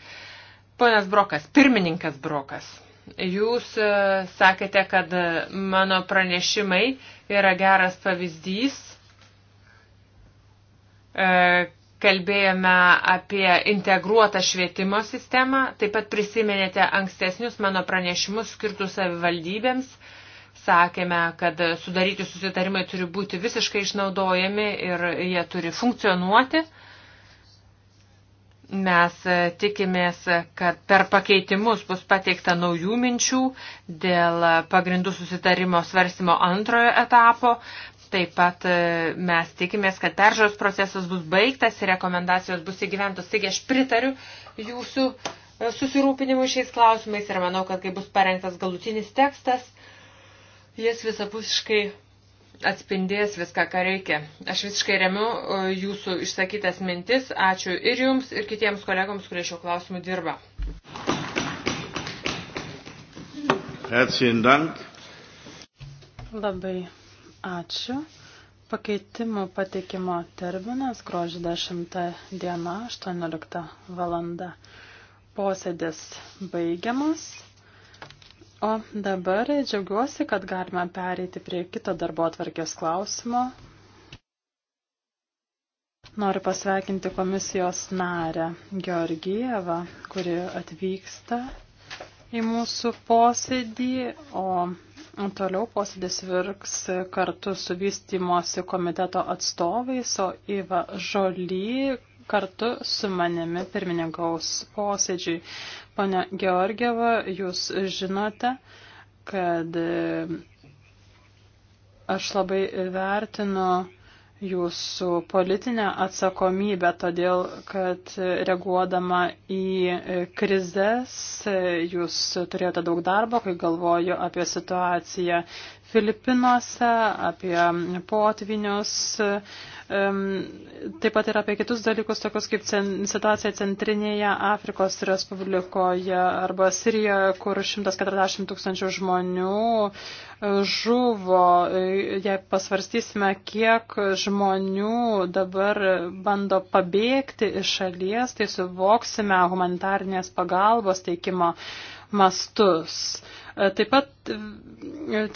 Ponas Brokas, pirmininkas Brokas. Jūs e, sakėte, kad mano pranešimai yra geras pavyzdys. E, kalbėjome apie integruotą švietimo sistemą, taip pat prisiminėte ankstesnius mano pranešimus skirtus savivaldybėms. Sakėme, kad sudaryti susitarimai turi būti visiškai išnaudojami ir jie turi funkcionuoti. Uh, Mes e, tikimės, kad per pakeitimus bus pateikta naujų minčių dėl e, pagrindų susitarimo svarstymo antrojo etapo. Taip pat e, mes tikimės, kad peržiūros procesas bus baigtas ir rekomendacijos bus įgyventos. Taigi aš pritariu jūsų susirūpinimu šiais klausimais ir manau, kad kai bus parengtas galutinis tekstas, jis visapusiškai atspindės viską, ką reikia. Aš visiškai remiu e, jūsų išsakytas mintis. Ačiū ir jums, ir kitiems kolegoms, kurie šiuo klausimu dirba. Labai ačiū. Pakeitimo pateikimo terminas gruodžio 10 diena 18 valanda. Posėdis baigiamas. O dabar džiaugiuosi, kad galime pereiti prie kito darbo atvarkės klausimo. Noriu pasveikinti komisijos narę Georgievą, kuri atvyksta į mūsų posėdį, o toliau posėdis virks kartu su vystimosi komiteto atstovais, o Iva Žoly kartu su manimi pirmininkaus posėdžiui. Pane Georgieva, jūs žinote, kad e, aš labai vertinu jūsų politinę atsakomybę, todėl kad reaguodama į e, krizės e, jūs turėjote daug darbo, kai galvoju apie situaciją Filipinuose, apie potvinius, Taip pat ir apie kitus dalykus, tokius kaip situacija Centrinėje Afrikos Respublikoje arba Sirijoje, kur 140 tūkstančių žmonių e, žuvo. E, jei pasvarstysime, kiek žmonių dabar bando pabėgti iš šalies, tai suvoksime humanitarnės pagalbos teikimo mastus. Taip pat e,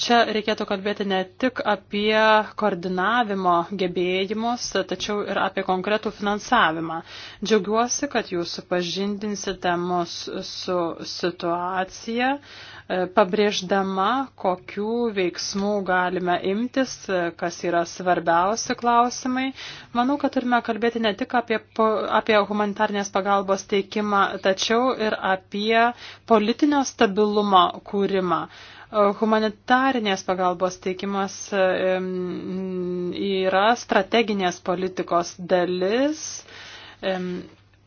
čia reikėtų kalbėti ne tik apie koordinavimo gebėjimus, tačiau ir apie konkretų finansavimą. Džiaugiuosi, kad jūs supažindinsite mus su situacija. E, pabrėždama, kokių veiksmų galime imtis, e, kas yra svarbiausi klausimai. Manau, kad turime kalbėti ne tik apie, apie humanitarnės pagalbos teikimą, tačiau ir apie politinio stabilumo kūrimą. E, humanitarinės pagalbos teikimas yra strateginės politikos dalis.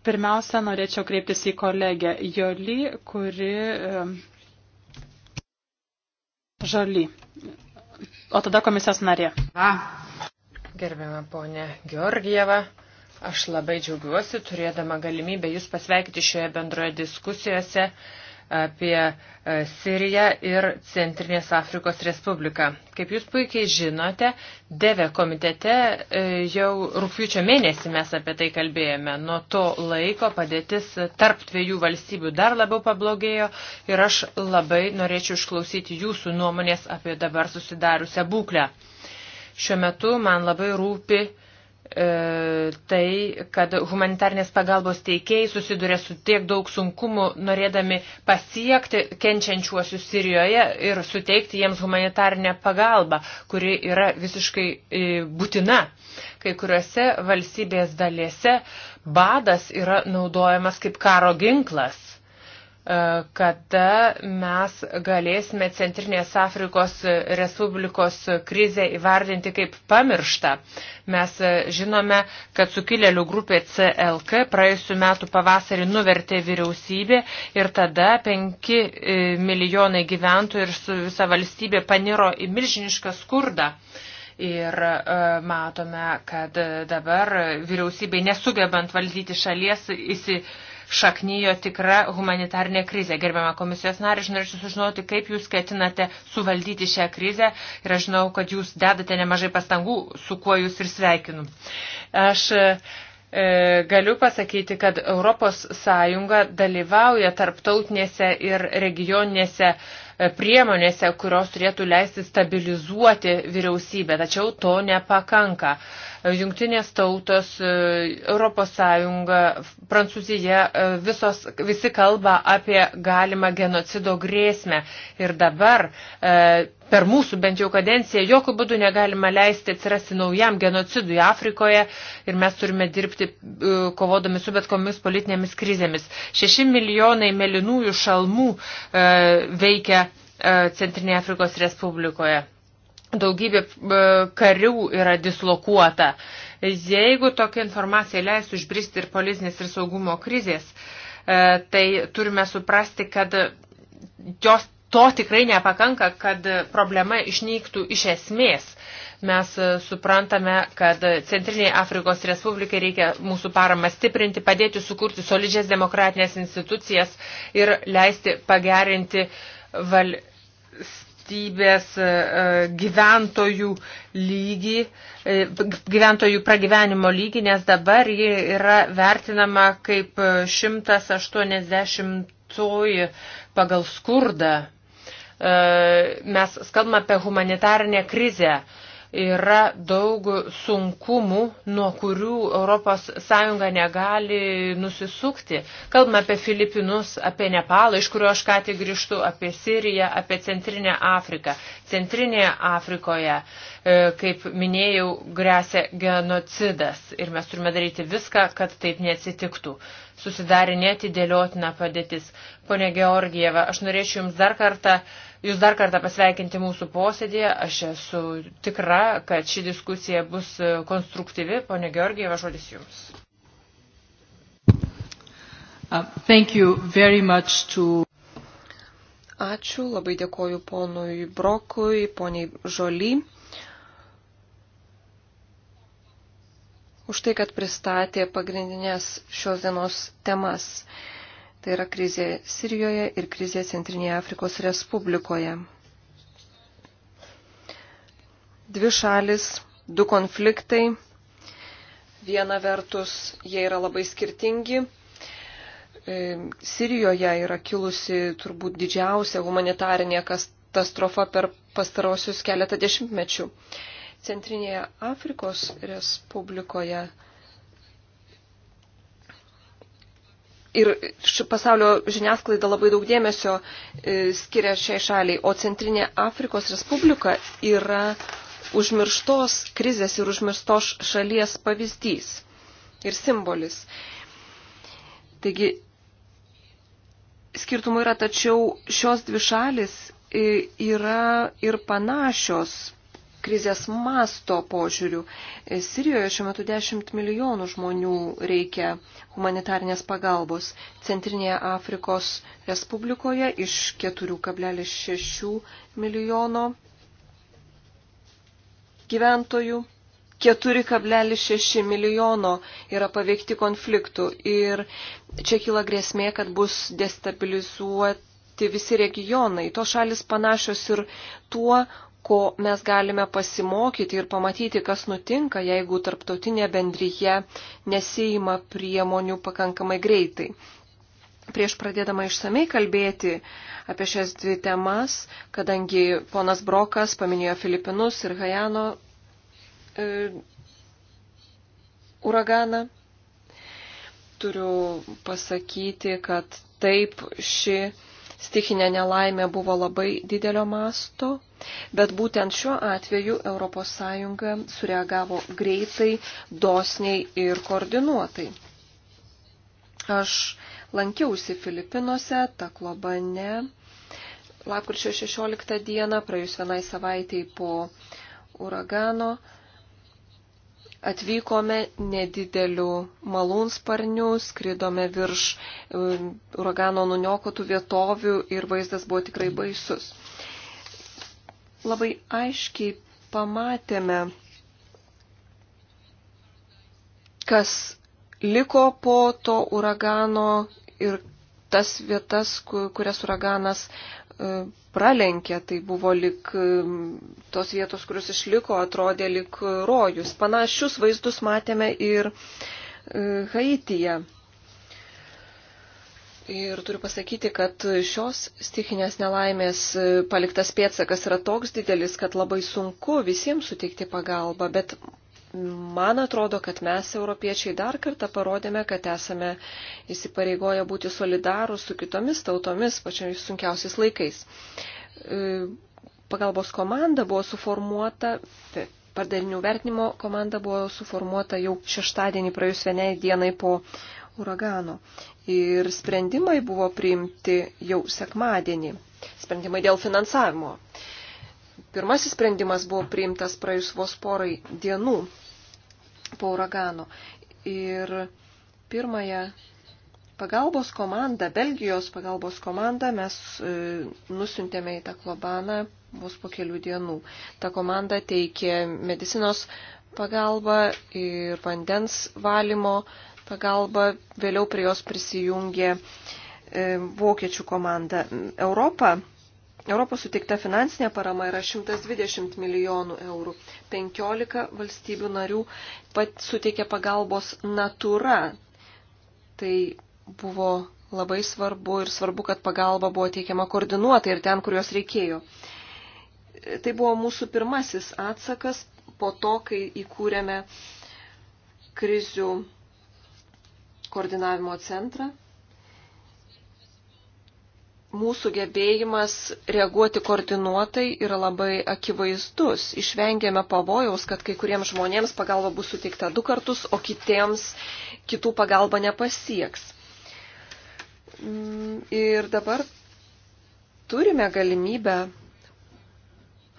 Pirmiausia, norėčiau kreiptis į kolegę Joli, kuri Žaly. O tada komisijos narė. A. Gerbiama ponė Georgieva, aš labai džiaugiuosi turėdama galimybę Jūs pasveikti šioje bendroje diskusijose apie e, Siriją ir Centrinės Afrikos Respubliką. Kaip jūs puikiai žinote, Deve komitete e, jau rūpiučio mėnesį mes apie tai kalbėjome. Nuo to laiko padėtis tarp dviejų valstybių dar labiau pablogėjo ir aš labai norėčiau išklausyti jūsų nuomonės apie dabar susidariusią būklę. Šiuo metu man labai rūpi uh, E, tai, kad humanitarnės pagalbos teikėjai susiduria su tiek daug sunkumų, norėdami pasiekti kenčiančiuosius Sirijoje ir suteikti jiems humanitarnę pagalbą, kuri yra visiškai e, būtina. Kai kuriuose valstybės dalėse badas yra naudojamas kaip karo ginklas kada mes galėsime Centrinės Afrikos Respublikos krizę įvardinti kaip pamirštą. Mes žinome, kad sukilėlių grupė CLK praėjusiu metu pavasarį nuvertė vyriausybė ir tada 5 e, milijonai gyventojų ir su visa valstybė paniro į milžinišką skurdą. Ir e, matome, kad dabar vyriausybė nesugebant valdyti šalies įsitikti šaknyjo tikra humanitarnė krizė. Gerbiama komisijos narė, aš norėčiau sužinoti, kaip jūs ketinate suvaldyti šią krizę ir aš žinau, kad jūs dedate nemažai pastangų, su kuo jūs ir sveikinu. Aš e, galiu pasakyti, kad Europos Sąjunga dalyvauja tarptautinėse ir regioninėse E, priemonėse, kurios turėtų leisti stabilizuoti vyriausybę. Tačiau to nepakanka. E, jungtinės tautos, ES, Prancūzija, e, visos, visi kalba apie galimą genocido grėsmę. Ir dabar per mūsų bent jau kadenciją jokių būdų negalima leisti atsirasti naujam genocidui Afrikoje ir mes turime dirbti e, kovodami su bet komis politinėmis krizėmis. Šeši milijonai melinųjų šalmų e, veikia e, Centrinėje Afrikos Respublikoje. Daugybė karių yra dislokuota. Jeigu tokia informacija leis užbristi ir politinės ir saugumo krizės, tai turime suprasti, kad jos to tikrai nepakanka, kad problema išnyktų iš esmės. Mes e, suprantame, kad Centrinėje Afrikos Respublikai reikia mūsų paramą stiprinti, padėti sukurti solidžias demokratinės institucijas ir leisti pagerinti valstybės e, gyventojų lygį, e, gyventojų pragyvenimo lygį, nes dabar ji yra vertinama kaip 180 pagal skurdą E, mes kalbame apie humanitarinę krizę. Yra daug sunkumų, nuo kurių ES negali nusisukti. Kalbame apie Filipinus, apie Nepalą, iš kurio aš ką tik grįžtu, apie Siriją, apie Centrinę Afriką. Centrinėje Afrikoje, e, kaip minėjau, grėsia genocidas ir mes turime daryti viską, kad taip neatsitiktų susidarė netidėliotina padėtis. Pone Georgieva, aš norėčiau Jums dar kartą uh, Jūs dar kartą pasveikinti mūsų posėdėje. Aš esu tikra, kad ši diskusija bus konstruktyvi. Pone Georgijeva, žodis Jums. Uh, to... Ačiū, labai dėkoju ponui Brokui, poniai Žoly. Už tai, kad pristatė pagrindinės šios dienos temas. Uh, Tai yra krizė Sirijoje ir krizė Centrinėje Afrikos Respublikoje. Dvi šalis, du konfliktai. Viena vertus, jie yra labai skirtingi. E, Sirijoje yra kilusi turbūt didžiausia humanitarinė katastrofa per pastarosius keletą dešimtmečių. Centrinėje Afrikos Respublikoje ir pasaulio žiniasklaida labai daug dėmesio e, skiria šiai šaliai, o Centrinė Afrikos Respublika yra užmirštos krizės ir užmirštos šalies pavyzdys ir simbolis. Taigi, skirtumų yra, tačiau šios dvi šalis e, yra ir panašios krizės masto požiūrių. Sirijoje šiuo metu 10 milijonų žmonių reikia humanitarnės pagalbos. Centrinėje Afrikos Respublikoje iš 4,6 milijono gyventojų 4,6 milijono yra paveikti konfliktų ir čia kyla grėsmė, kad bus destabilizuoti visi regionai. To šalis panašios ir tuo, ko mes galime pasimokyti ir pamatyti, kas nutinka, jeigu tarptautinė bendryje nesijima priemonių pakankamai greitai. Prieš pradėdama išsamei kalbėti apie šias dvi temas, kadangi ponas Brokas paminėjo Filipinus ir Hajano e, uraganą, turiu pasakyti, kad taip ši stichinė nelaimė buvo labai didelio masto, bet būtent šiuo atveju ES sureagavo greitai, dosniai ir koordinuotai. Aš lankiausi Filipinuose, Taklobane, lapkričio 16 dieną, praėjus vienai savaitėjai po uragano. Atvykome nedideliu malūnsparniu, skridome virš e, uragano nuniokotų vietovių ir vaizdas buvo tikrai baisus. Labai aiškiai pamatėme, kas liko po to uragano ir tas vietas, kurias uraganas E, pralenkė, tai buvo lik e, tos vietos, kurios išliko, atrodė lik rojus. Panašius vaizdus matėme ir e, Haityje. Ir turiu pasakyti, kad šios stichinės nelaimės paliktas pėtsakas yra toks didelis, kad labai sunku visiems suteikti pagalbą, bet Man atrodo, kad mes, europiečiai, dar kartą parodėme, kad esame įsipareigoję būti solidarūs su kitomis tautomis pačiais sunkiausiais laikais. E, pagalbos komanda buvo suformuota, pardarinių vertinimo komanda buvo suformuota jau šeštadienį praėjus vieniai dienai po uragano. Ir sprendimai buvo priimti jau sekmadienį. Sprendimai dėl finansavimo. Pirmasis sprendimas buvo priimtas praėjus vos porai dienų po uragano. Ir pirmąją pagalbos komandą, Belgijos pagalbos komandą mes e, nusintėme į tą klobaną vos po kelių dienų. Ta komanda teikė medicinos pagalbą ir vandens valymo pagalbą, vėliau prie jos prisijungė e, vokiečių komanda. Europa Europos suteikta finansinė parama yra 120 milijonų eurų. 15 valstybių narių pat suteikė pagalbos natūra. Tai buvo labai svarbu ir svarbu, kad pagalba buvo teikiama koordinuotai ir ten, kur jos reikėjo. Tai buvo mūsų pirmasis atsakas po to, kai įkūrėme krizių koordinavimo centrą mūsų gebėjimas reaguoti koordinuotai yra labai akivaizdus. Išvengėme pavojaus, kad kai kuriems žmonėms pagalba bus suteikta du kartus, o kitiems kitų pagalba nepasieks. Mm, ir dabar turime galimybę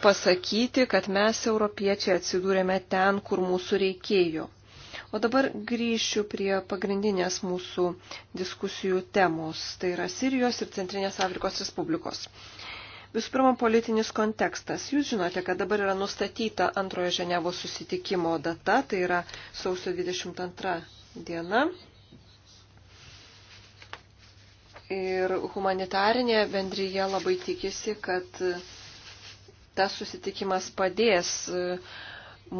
pasakyti, kad mes, europiečiai, atsidūrėme ten, kur mūsų reikėjo. O dabar grįšiu prie pagrindinės mūsų diskusijų temos. Tai yra Sirijos ir Centrinės Afrikos Respublikos. Visų pirma, politinis kontekstas. Jūs žinote, kad dabar yra nustatyta antrojo Ženevos susitikimo data, tai yra sausio 22 diena. Ir humanitarinė bendryje labai tikisi, kad tas susitikimas padės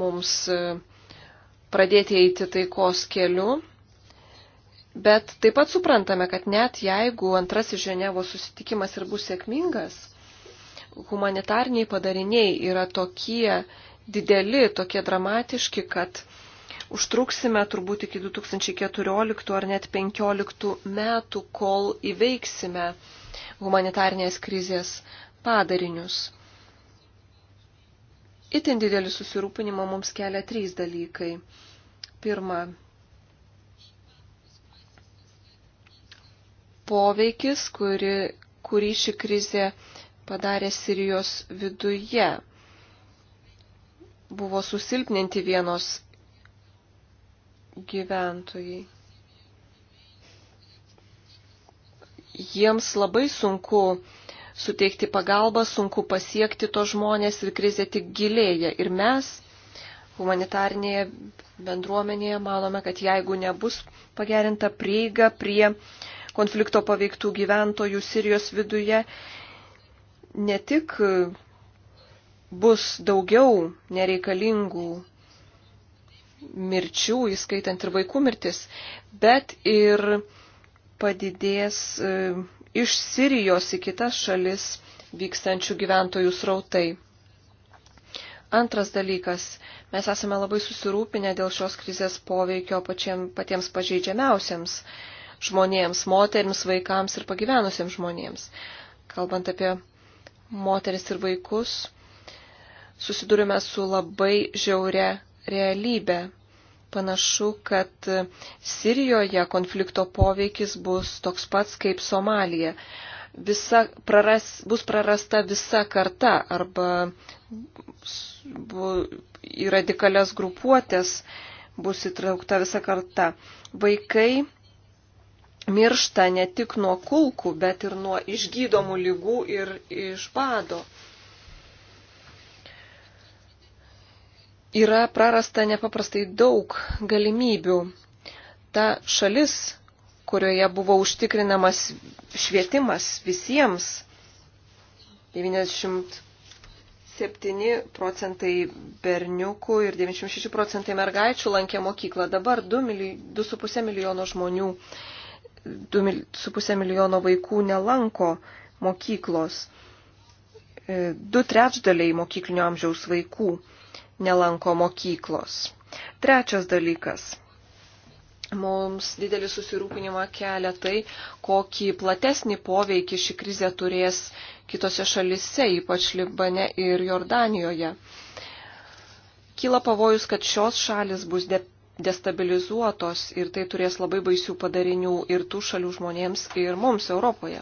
mums pradėti eiti taikos keliu. Bet taip pat suprantame, kad net jeigu antrasis Ženevos susitikimas ir bus sėkmingas, humanitarniai padariniai yra tokie dideli, tokie dramatiški, kad užtruksime turbūt iki 2014 ar net 2015 metų, kol įveiksime humanitarnės krizės padarinius. Itin didelį susirūpinimą mums kelia trys dalykai. Pirma, poveikis, kuri, kurį ši krizė padarė Sirijos viduje. Buvo susilpninti vienos gyventojai. Jiems labai sunku suteikti pagalbą, sunku pasiekti to žmonės ir krizė tik gilėja. Ir mes humanitarnėje bendruomenėje manome, kad jeigu nebus pagerinta prieiga prie konflikto paveiktų gyventojų Sirijos viduje, ne tik bus daugiau nereikalingų mirčių, įskaitant ir vaikų mirtis, bet ir padidės iš Sirijos į kitas šalis vykstančių gyventojų srautai. Antras dalykas, mes esame labai susirūpinę dėl šios krizės poveikio pačiem, patiems pažeidžiamiausiams žmonėms, moterims, vaikams ir pagyvenusiems žmonėms. Kalbant apie moteris ir vaikus, susidurime su labai žiauria realybė. Panašu, kad Sirijoje konflikto poveikis bus toks pats kaip Somalija. Visa, praras, bus prarasta visa karta arba bu, į radikalias grupuotės bus įtraukta visa karta. Vaikai miršta ne tik nuo kulkų, bet ir nuo išgydomų lygų ir iš bado. yra prarasta nepaprastai daug galimybių. Ta šalis, kurioje buvo užtikrinamas švietimas visiems, 97 procentai berniukų ir 96 procentai mergaičių lankė mokyklą. Dabar 2,5 milijono žmonių, 2,5 milijono vaikų nelanko mokyklos. E, du trečdaliai mokyklinio amžiaus vaikų nelanko mokyklos. Trečias dalykas. Mums didelį susirūpinimą kelia tai, kokį platesnį poveikį ši krizė turės kitose šalise, ypač Libane ir Jordanijoje. Kyla pavojus, kad šios šalis bus de destabilizuotos ir tai turės labai baisių padarinių ir tų šalių žmonėms, ir mums Europoje.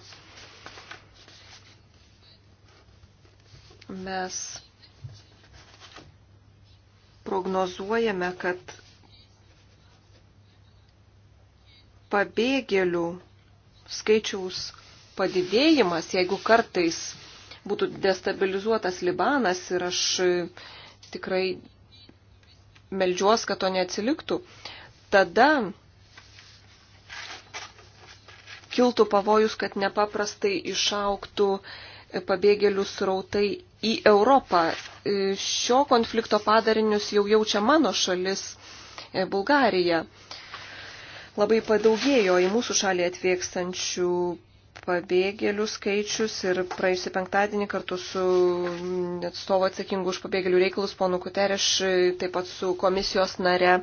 Mes prognozuojame, kad pabėgėlių skaičiaus padidėjimas, jeigu kartais būtų destabilizuotas Libanas ir aš tikrai melžiuos, kad to neatsiliktų, tada kiltų pavojus, kad nepaprastai išauktų pabėgėlių srautai į Europą šio konflikto padarinius jau jaučia mano šalis e, Bulgarija. Labai padaugėjo į mūsų šalį atvykstančių pabėgėlių skaičius ir praėjusį penktadienį kartu su mm, atstovu atsakingu už pabėgėlių reikalus ponu Kutereš, taip pat su komisijos nare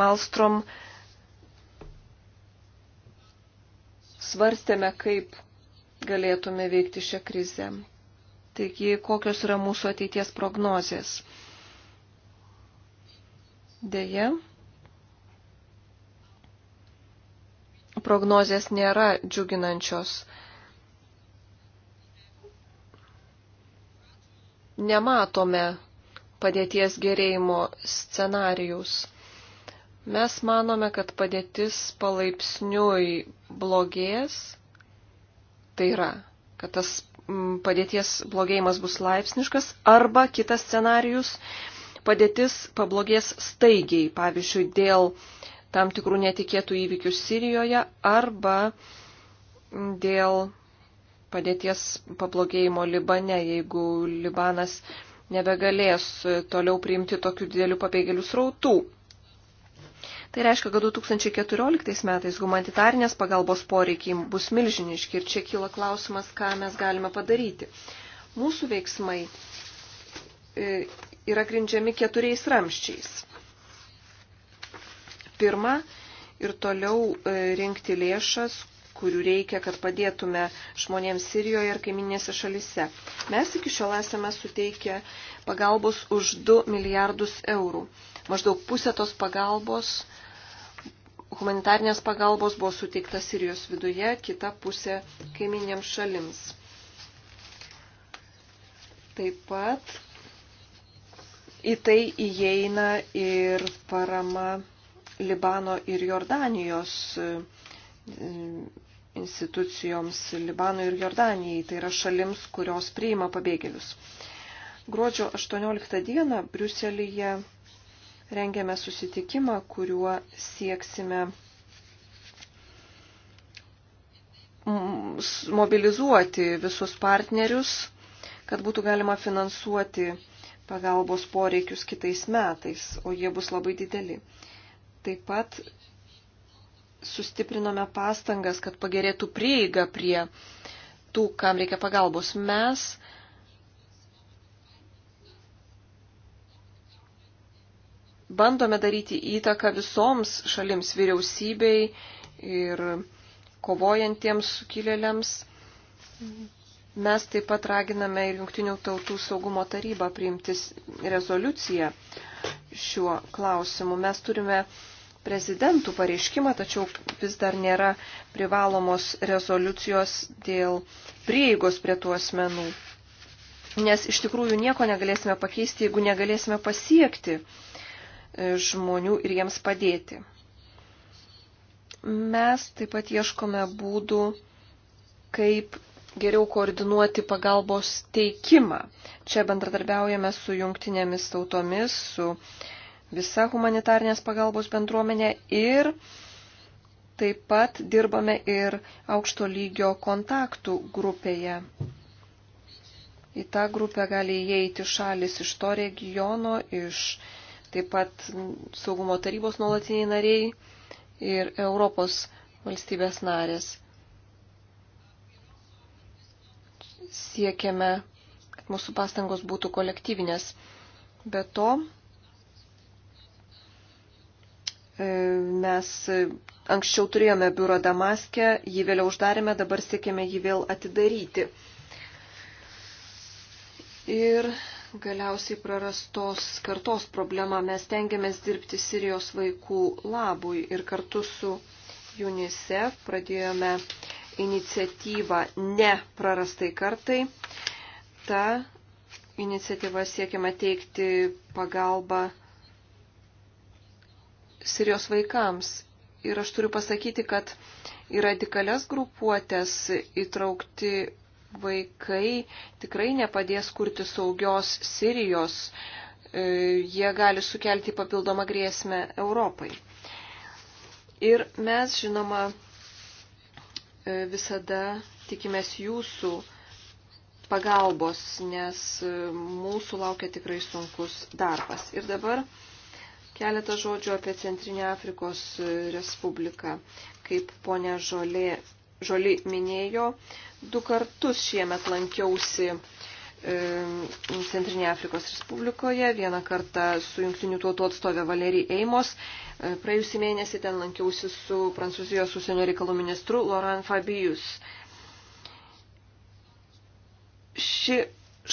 Malstrom svarstėme, kaip galėtume veikti šią krizę. Taigi, kokios yra mūsų ateities prognozijas? Deja, prognozijas nėra džiuginančios. Nematome padėties gerėjimo scenarijus. Mes manome, kad padėtis palaipsniui blogės, tai yra, kad tas padėties blogėjimas bus laipsniškas, arba kitas scenarius padėtis pablogės staigiai, pavyzdžiui, dėl tam tikrų netikėtų įvykių Sirijoje arba dėl padėties pablogėjimo Libane, jeigu Libanas nebegalės toliau priimti tokių didelių pabėgėlių srautų. Tai reiškia, kad 2014 metais humanitarinės pagalbos poreikiai bus milžiniški ir čia kyla klausimas, ką mes galime padaryti. Mūsų veiksmai e, yra grindžiami keturiais ramščiais. Pirma, ir toliau e, rinkti lėšas, kurių reikia, kad padėtume žmonėms Sirijoje ir kaiminėse šalise. Mes iki šiol esame suteikę pagalbos už 2 milijardus eurų. Maždaug pusė tos pagalbos humanitarnės pagalbos buvo suteikta Sirijos viduje, kita pusė kaiminėms šalims. Taip pat į tai įeina ir parama Libano ir Jordanijos mm, institucijoms Libanui ir Jordanijai, tai yra šalims, kurios priima pabėgėlius. Gruodžio 18 dieną Briuselyje rengiame susitikimą, kuriuo sieksime mobilizuoti visus partnerius, kad būtų galima finansuoti pagalbos poreikius kitais metais, o jie bus labai dideli. Taip pat sustiprinome pastangas, kad pagerėtų prieiga prie tų, kam reikia pagalbos. Mes bandome daryti įtaką visoms šalims vyriausybei ir kovojantiems sukilėliams. Mes taip pat raginame ir Junktinių tautų saugumo tarybą priimtis rezoliuciją šiuo klausimu. Mes turime prezidentų pareiškimą, tačiau vis dar nėra privalomos rezoliucijos dėl prieigos prie tų asmenų. Nes iš tikrųjų nieko negalėsime pakeisti, jeigu negalėsime pasiekti žmonių ir jiems padėti. Mes taip pat ieškome būdų, kaip geriau koordinuoti pagalbos teikimą. Čia bendradarbiaujame su jungtinėmis tautomis, su visa humanitarnės pagalbos bendruomenė ir taip pat dirbame ir aukšto lygio kontaktų grupėje. Į tą grupę gali įeiti šalis iš to regiono, iš taip pat saugumo tarybos nuolatiniai nariai ir Europos valstybės narės. Siekiame, kad mūsų pastangos būtų kolektyvinės. Be to, e, mes anksčiau turėjome biurą Damaskė, jį vėliau uždarėme, dabar siekiame jį vėl atidaryti. Ir galiausiai prarastos kartos problemą. Mes tengiamės dirbti Sirijos vaikų labui ir kartu su UNICEF pradėjome iniciatyvą Ne prarastai kartai. Ta iniciatyva siekiama teikti pagalbą Sirijos vaikams. Ir aš turiu pasakyti, kad į radikalias grupuotės įtraukti vaikai tikrai nepadės kurti saugios Sirijos. E, jie gali sukelti papildomą grėsmę Europai. Ir mes, žinoma, e, visada tikimės jūsų pagalbos, nes e, mūsų laukia tikrai sunkus darbas. Ir dabar keletą žodžių apie Centrinę Afrikos Respubliką. Kaip ponia Žolė, Žoli minėjo, Du kartus šiemet lankiausi e, Centrinėje Afrikos Respublikoje, vieną kartą su jungtinių tautų atstovė Valerija Eimos. E, praėjusį mėnesį ten lankiausi su Prancūzijos užsienio reikalų ministru Laurent Fabius. Ši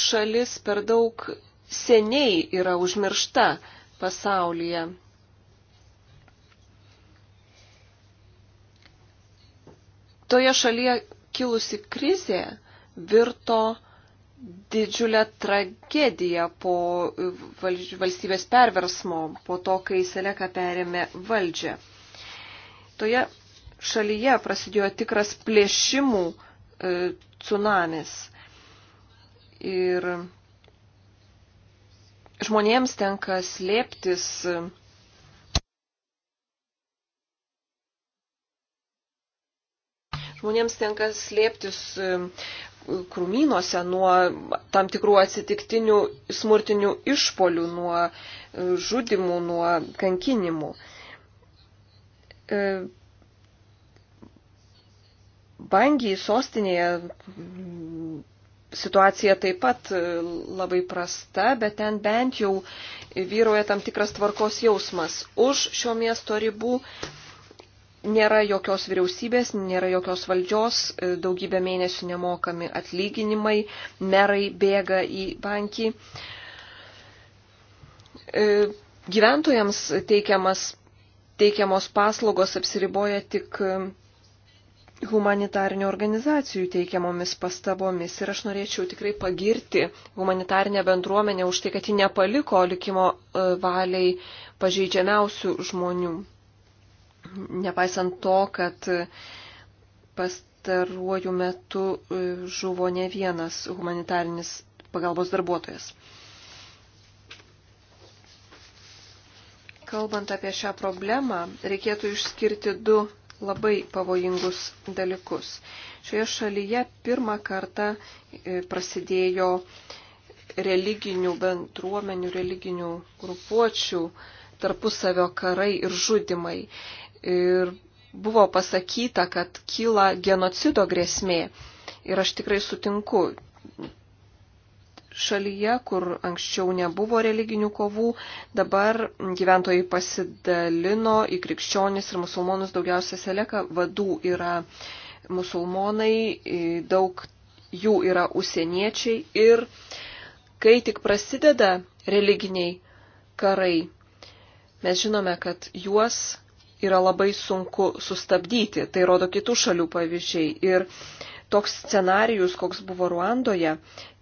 šalis per daug seniai yra užmiršta pasaulyje. Toje šalyje kilusi krizė virto didžiulę tragediją po e, valstybės perversmo, po to, kai Seleka perėmė valdžią. Toje šalyje prasidėjo tikras plėšimų e, tsunamis. Ir žmonėms tenka slėptis e, Žmonėms tenka slėptis e, krūmynuose nuo tam tikrų atsitiktinių smurtinių išpolių, nuo e, žudimų, nuo kankinimų. E, Bangiai sostinėje situacija taip pat labai prasta, bet ten bent jau vyroja tam tikras tvarkos jausmas. Už šio miesto ribų nėra jokios vyriausybės, nėra jokios valdžios, e, daugybę mėnesių nemokami atlyginimai, merai bėga į bankį. E, gyventojams teikiamas, teikiamos paslaugos apsiriboja tik e, humanitarinių organizacijų teikiamomis pastabomis. Ir aš norėčiau tikrai pagirti humanitarinę bendruomenę už tai, kad ji nepaliko likimo valiai pažeidžiamiausių žmonių nepaisant to, kad pastaruoju metu e, žuvo ne vienas humanitarinis pagalbos darbuotojas. Kalbant apie šią problemą, reikėtų išskirti du labai pavojingus dalykus. Šioje šalyje pirmą kartą e, prasidėjo religinių bendruomenių, religinių grupuočių tarpusavio karai ir žudimai ir buvo pasakyta, kad kyla genocido grėsmė. Ir aš tikrai sutinku. Šalyje, kur anksčiau nebuvo religinių kovų, dabar gyventojai pasidalino į krikščionis ir musulmonus daugiausia seleka vadų yra musulmonai, daug jų yra užsieniečiai ir kai tik prasideda religiniai karai, mes žinome, kad juos yra labai sunku sustabdyti. Tai rodo kitų šalių pavyzdžiai. Ir toks scenarijus, koks buvo Ruandoje,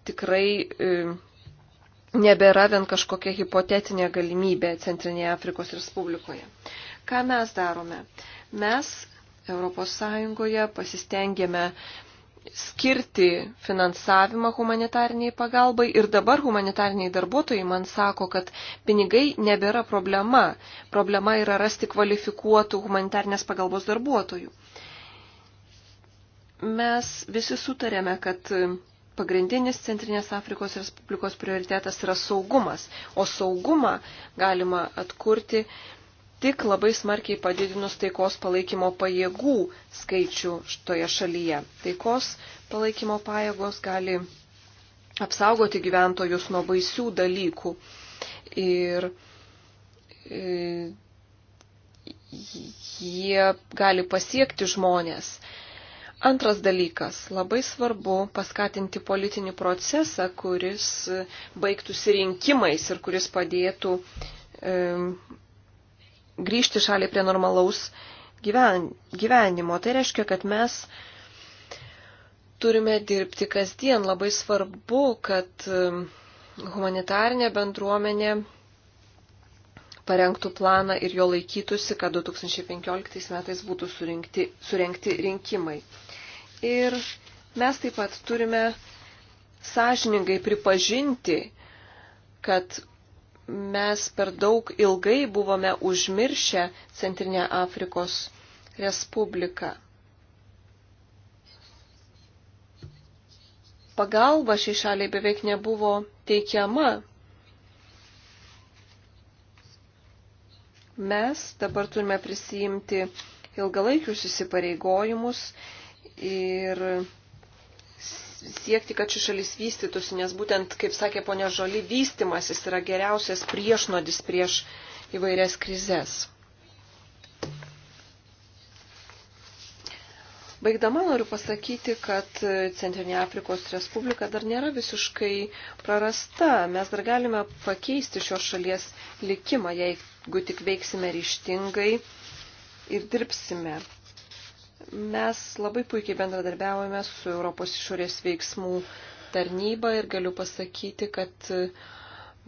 tikrai e, nebėra vien kažkokia hipotetinė galimybė Centrinėje Afrikos Respublikoje. Ką mes darome? Mes ES pasistengėme skirti finansavimą humanitarniai pagalbai ir dabar humanitarniai darbuotojai man sako, kad pinigai nebėra problema. Problema yra rasti kvalifikuotų humanitarnės pagalbos darbuotojų. Mes visi sutarėme, kad pagrindinis Centrinės Afrikos Respublikos prioritetas yra saugumas, o saugumą galima atkurti tik labai smarkiai padidinus taikos palaikymo pajėgų skaičių šitoje šalyje. Taikos palaikymo pajėgos gali apsaugoti gyventojus nuo baisių dalykų. Ir, ir e, jie gali pasiekti žmonės. Antras dalykas. Labai svarbu paskatinti politinį procesą, kuris baigtųsi rinkimais ir kuris padėtų e, grįžti šaliai prie normalaus gyven, gyvenimo. Tai reiškia, kad mes turime dirbti kasdien. Labai svarbu, kad um, humanitarinė bendruomenė parengtų planą ir jo laikytųsi, kad 2015 metais būtų surinkti, surinkti rinkimai. Ir mes taip pat turime sąžiningai pripažinti, kad mes per daug ilgai buvome užmiršę Centrinę Afrikos Respubliką. Pagalba šiai šaliai beveik nebuvo teikiama. Mes dabar turime prisijimti ilgalaikius įsipareigojimus ir siekti, kad ši šalis vystytųsi, nes būtent, kaip sakė ponia Žoli, vystimasis yra geriausias priešnodis prieš įvairias krizės. Baigdama noriu pasakyti, kad Centrinė Afrikos Respublika dar nėra visiškai prarasta. Mes dar galime pakeisti šios šalies likimą, jeigu tik veiksime ryštingai ir dirbsime. Mes labai puikiai bendradarbiavome su Europos išorės veiksmų tarnyba ir galiu pasakyti, kad e,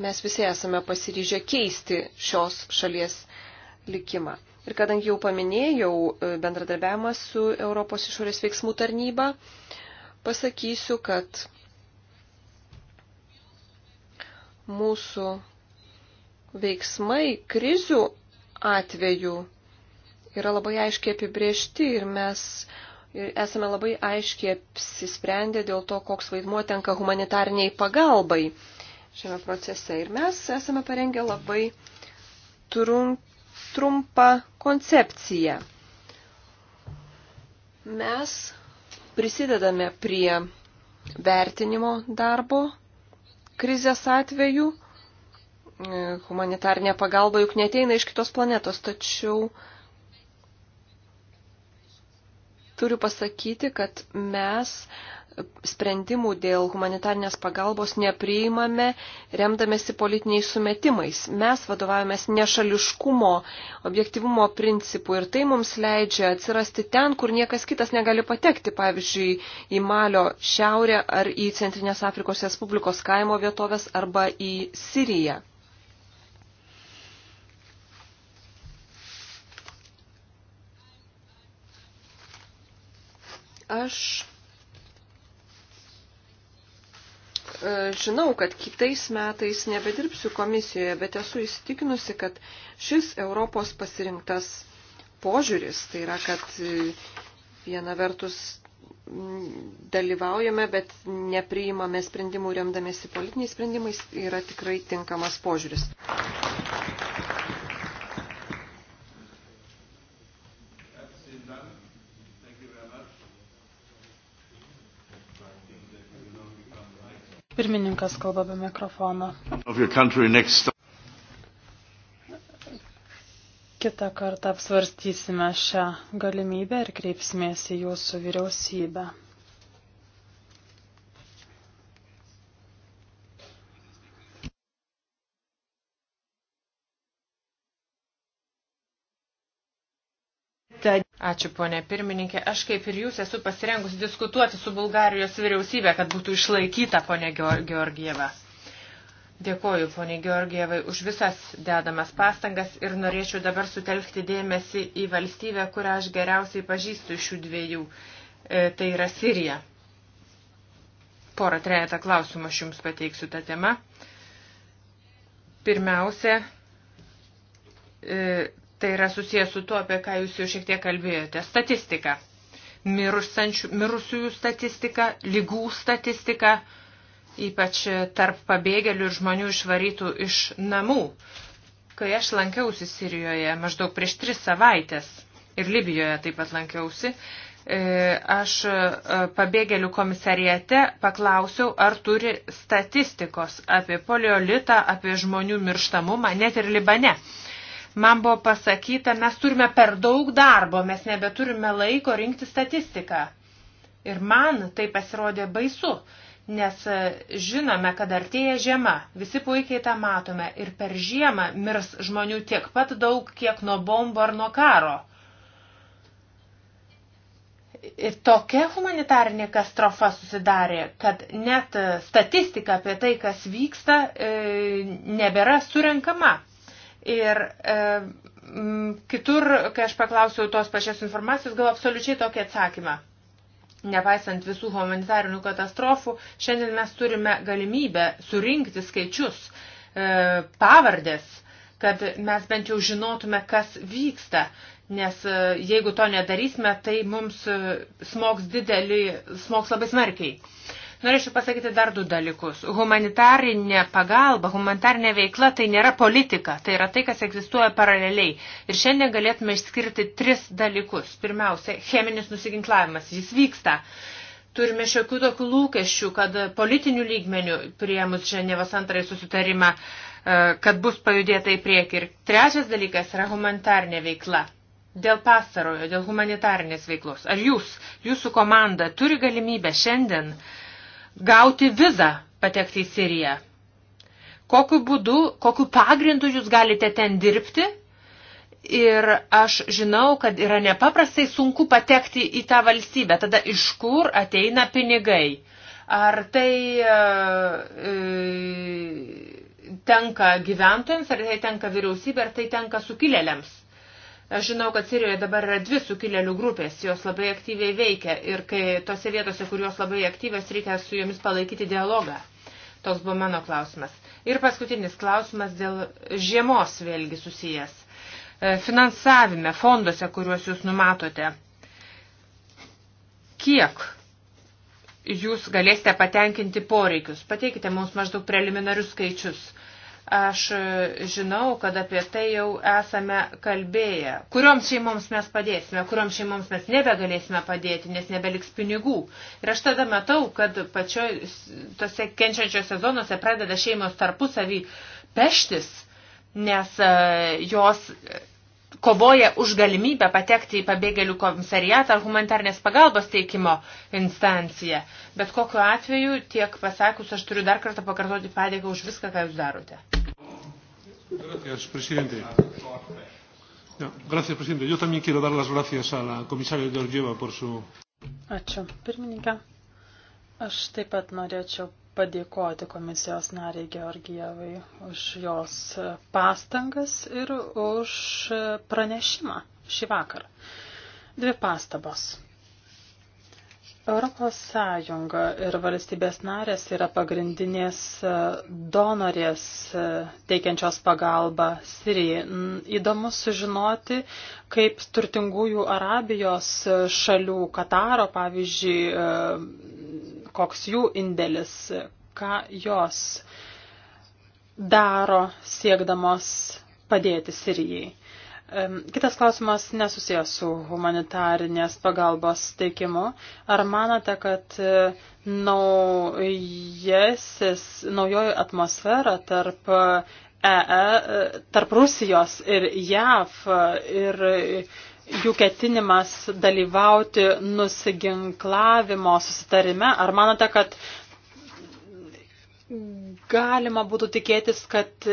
mes visi esame pasiryžę keisti šios šalies likimą. Ir kadangi jau paminėjau e, bendradarbiavimą su Europos išorės veiksmų tarnyba, pasakysiu, kad mūsų veiksmai krizių atveju yra labai aiškiai apibriešti ir mes esame labai aiškiai apsisprendę dėl to, koks vaidmuo tenka humanitarniai pagalbai šiame procese. Ir mes esame parengę labai trum, trumpą koncepciją. Mes prisidedame prie vertinimo darbo krizės atveju. Humanitarnė pagalba juk neteina iš kitos planetos, tačiau turiu pasakyti, kad mes sprendimų dėl humanitarnės pagalbos nepriimame, remdamėsi politiniais sumetimais. Mes vadovavomės nešališkumo, objektivumo principų ir tai mums leidžia atsirasti ten, kur niekas kitas negali patekti, pavyzdžiui, į Malio šiaurę ar į Centrinės Afrikos Respublikos kaimo vietovės arba į Siriją. Aš e, žinau, kad kitais metais nebedirbsiu komisijoje, bet esu įsitikinusi, kad šis Europos pasirinktas požiūris, tai yra, kad e, viena vertus dalyvaujame, bet nepriimame sprendimų remdamėsi politiniais sprendimais, yra tikrai tinkamas požiūris. Pirmininkas kalba be mikrofono. Kita kartą apsvarstysime šią galimybę ir kreipsimės į jūsų vyriausybę. Ačiū, ponė pirmininkė. Aš kaip ir jūs esu pasirengusi diskutuoti su Bulgarijos vyriausybė, kad būtų išlaikyta ponė Georgieva. Dėkoju ponė Georgievai už visas dedamas pastangas ir norėčiau dabar sutelkti dėmesį į valstybę, kurią aš geriausiai pažįstu iš šių dviejų. E, tai yra Sirija. Porą trejata klausimų aš jums pateiksiu tą temą. Pirmiausia, e, Tai yra susijęs su tuo, apie ką jūs jau šiek tiek kalbėjote. Statistika. Mirusiųjų statistika, lygų statistika, ypač tarp pabėgėlių ir žmonių išvarytų iš namų. Kai aš lankiausi Sirijoje maždaug prieš tris savaitės ir Libijoje taip pat lankiausi, e, aš e, pabėgėlių komisariate paklausiau, ar turi statistikos apie poliolitą, apie žmonių mirštamumą, net ir Libane man buvo pasakyta, mes turime per daug darbo, mes nebeturime laiko rinkti statistiką. Ir man tai pasirodė baisu, nes e, žinome, kad artėja žiema, visi puikiai tą matome ir per žiemą mirs žmonių tiek pat daug, kiek nuo bombų ar nuo karo. Ir tokia humanitarinė katastrofa susidarė, kad net e, statistika apie tai, kas vyksta, e, nebėra surenkama. Ir e, m, kitur, kai aš paklausiau tos pačios informacijos, gavau absoliučiai tokį atsakymą. Nepaisant visų humanitarinių katastrofų, šiandien mes turime galimybę surinkti skaičius, e, pavardės, kad mes bent jau žinotume, kas vyksta, nes e, jeigu to nedarysime, tai mums e, smoks didelį, smoks labai smarkiai. E, Norėčiau pasakyti dar du dalykus. Humanitarinė pagalba, humanitarinė veikla tai nėra politika, tai yra tai, kas egzistuoja paraleliai. Ir šiandien galėtume išskirti tris dalykus. Pirmiausia, cheminis nusiginklavimas, jis vyksta. Turime šiokių tokių lūkesčių, kad politinių lygmenių prieimus Ženevos antrąjį susitarimą, e, kad bus pajudėta į priekį. Ir trečias dalykas yra humanitarinė veikla. Dėl pastarojo, dėl humanitarinės veiklos. Ar jūs, jūsų komanda turi galimybę šiandien uh, gauti vizą patekti į Siriją. Kokiu būdu, kokiu pagrindu jūs galite ten dirbti? Ir aš žinau, kad yra nepaprastai sunku patekti į tą valstybę. Tada iš kur ateina pinigai? Ar tai e, e tenka gyventojams, ar tai tenka vyriausybė, ar tai tenka sukilėliams? Aš žinau, kad Sirijoje dabar yra dvi sukilėlių grupės, jos labai aktyviai veikia ir kai tose vietose, kur jos labai aktyvios, reikia su jomis palaikyti dialogą. Toks buvo mano klausimas. Ir paskutinis klausimas dėl žiemos vėlgi susijęs. E, finansavime, fonduose, kuriuos jūs numatote, kiek jūs galėsite patenkinti poreikius? Pateikite mums maždaug preliminarius skaičius Aš žinau, kad apie tai jau esame kalbėję. Kurioms šeimoms mes padėsime, kurioms šeimoms mes nebegalėsime padėti, nes nebeliks pinigų. Ir aš tada matau, kad pačio tose kenčiančiose zonose pradeda šeimos tarpusavį peštis, nes e, jos kovoja už galimybę patekti į pabėgėlių komisariatą ar humanitarnės pagalbos teikimo instanciją. Bet kokiu atveju, tiek pasakus, aš turiu dar kartą pakartoti padėką už viską, ką jūs darote. Gracias, presidente. Ja, gracias, presidente. Yo también quiero dar las gracias a la comisaria Georgieva por su. Ačiū, pirmininkė. Aš taip pat norėčiau padėkoti komisijos nariai Georgievai už jos pastangas ir už pranešimą šį vakarą. Dvi pastabos. Europos Sąjunga ir valstybės narės yra pagrindinės donorės teikiančios pagalbą Sirijai. Įdomu sužinoti, kaip turtingųjų Arabijos šalių Kataro, pavyzdžiui, koks jų indėlis, ką jos daro siekdamos padėti Sirijai. Kitas klausimas nesusijęs su humanitarinės pagalbos teikimu. Ar manote, kad e, naujasis, naujoji atmosfera tarp, EE, e, tarp Rusijos ir JAV ir jų ketinimas dalyvauti nusiginklavimo susitarime? Ar manote, kad galima būtų tikėtis, kad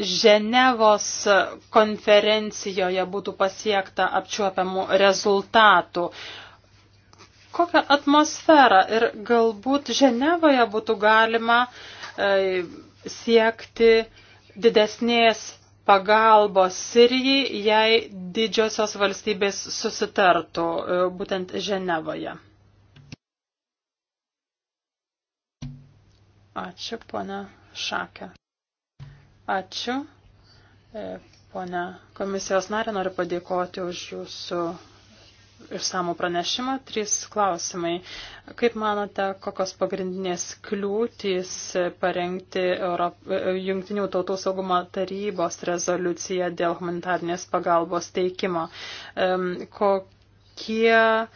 Ženevos konferencijoje būtų pasiekta apčiuopiamų rezultatų? Kokią atmosferą ir galbūt Ženevoje būtų galima e, siekti didesnės pagalbos Sirijai, jei didžiosios valstybės susitartų e, būtent Ženevoje. Ačiū, ponia Šakė. Ačiū, e, ponia komisijos narė, noriu padėkoti už jūsų išsamų pranešimą. Trys klausimai. Kaip manote, kokios pagrindinės kliūtys parengti Europ... Jungtinių tautų saugumo tarybos rezoliuciją dėl humanitarnės pagalbos teikimo? Kokie e,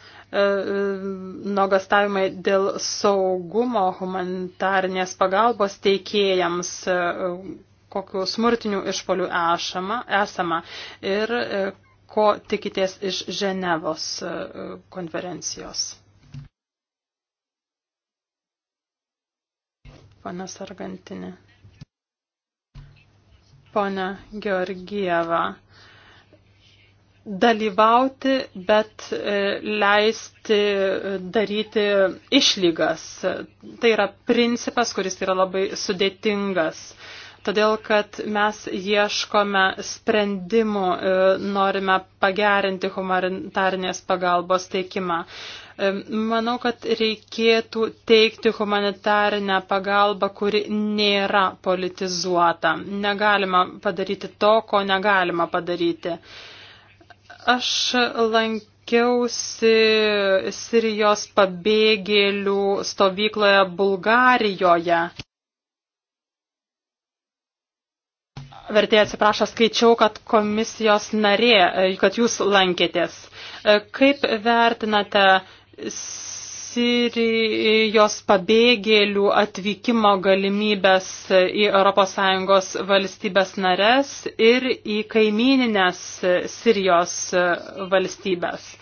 nuogastavimai dėl saugumo humanitarnės pagalbos teikėjams e, kokių smurtinių išpolių esama ir e, ko tikitės iš Ženevos e, konferencijos? Pane Sargantinė. Pone Georgieva. Dalyvauti, bet e, leisti daryti išlygas. Tai yra principas, kuris yra labai sudėtingas todėl kad mes ieškome sprendimų, e, norime pagerinti humanitarnės pagalbos teikimą. E, manau, kad reikėtų teikti humanitarinę pagalbą, kuri nėra politizuota. Negalima padaryti to, ko negalima padaryti. Aš lankiau lankiausi Sirijos pabėgėlių stovykloje Bulgarijoje. Vertėja atsiprašo, skaičiau, kad komisijos narė, e, kad jūs lankėtės. E, kaip vertinate Sirijos pabėgėlių atvykimo galimybės į ES valstybės nares ir į kaimininės Sirijos valstybės. E,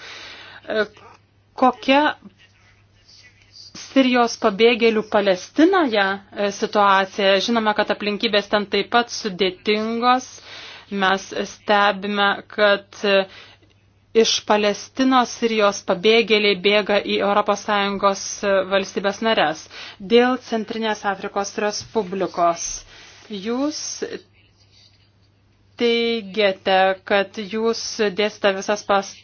kokia Sirijos pabėgėlių Palestinoje e, situacija. Žinome, kad aplinkybės ten taip pat sudėtingos. Mes stebime, kad e, iš Palestinos Sirijos pabėgėliai bėga į ES e, valstybės narės. Dėl Centrinės Afrikos Respublikos jūs teigiate, kad jūs dėsite visas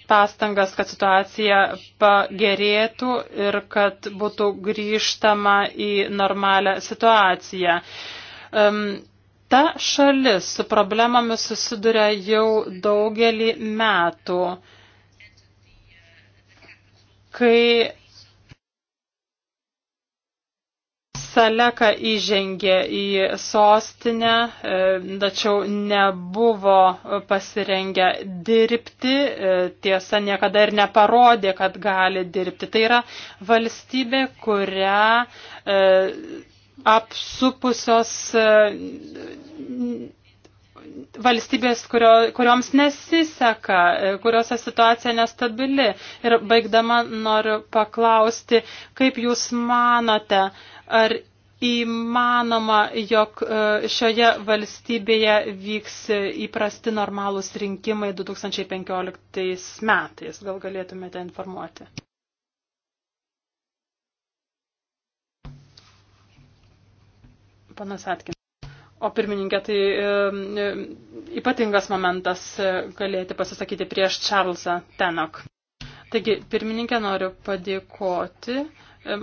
pastangas, kad situacija pagerėtų ir kad būtų grįžtama į normalią situaciją. Um, ta šalis su problemomis susiduria jau daugelį metų, kai Saleka įžengė į sostinę, e, tačiau nebuvo pasirengę dirbti, e, tiesa niekada ir neparodė, kad gali dirbti. Tai yra valstybė, kurią e, apsupusios valstybės, kurio, kurioms nesiseka, kuriuose situacija nestabili. Ir baigdama noriu paklausti, kaip Jūs manote, ar įmanoma, jog e, šioje valstybėje vyks įprasti normalūs rinkimai 2015 metais? Gal galėtumėte informuoti? Panas Atkin. O pirmininkė, tai e, e, ypatingas momentas e, galėti pasisakyti prieš Čarlzą Tenok. Taigi, pirmininkė, noriu padėkoti.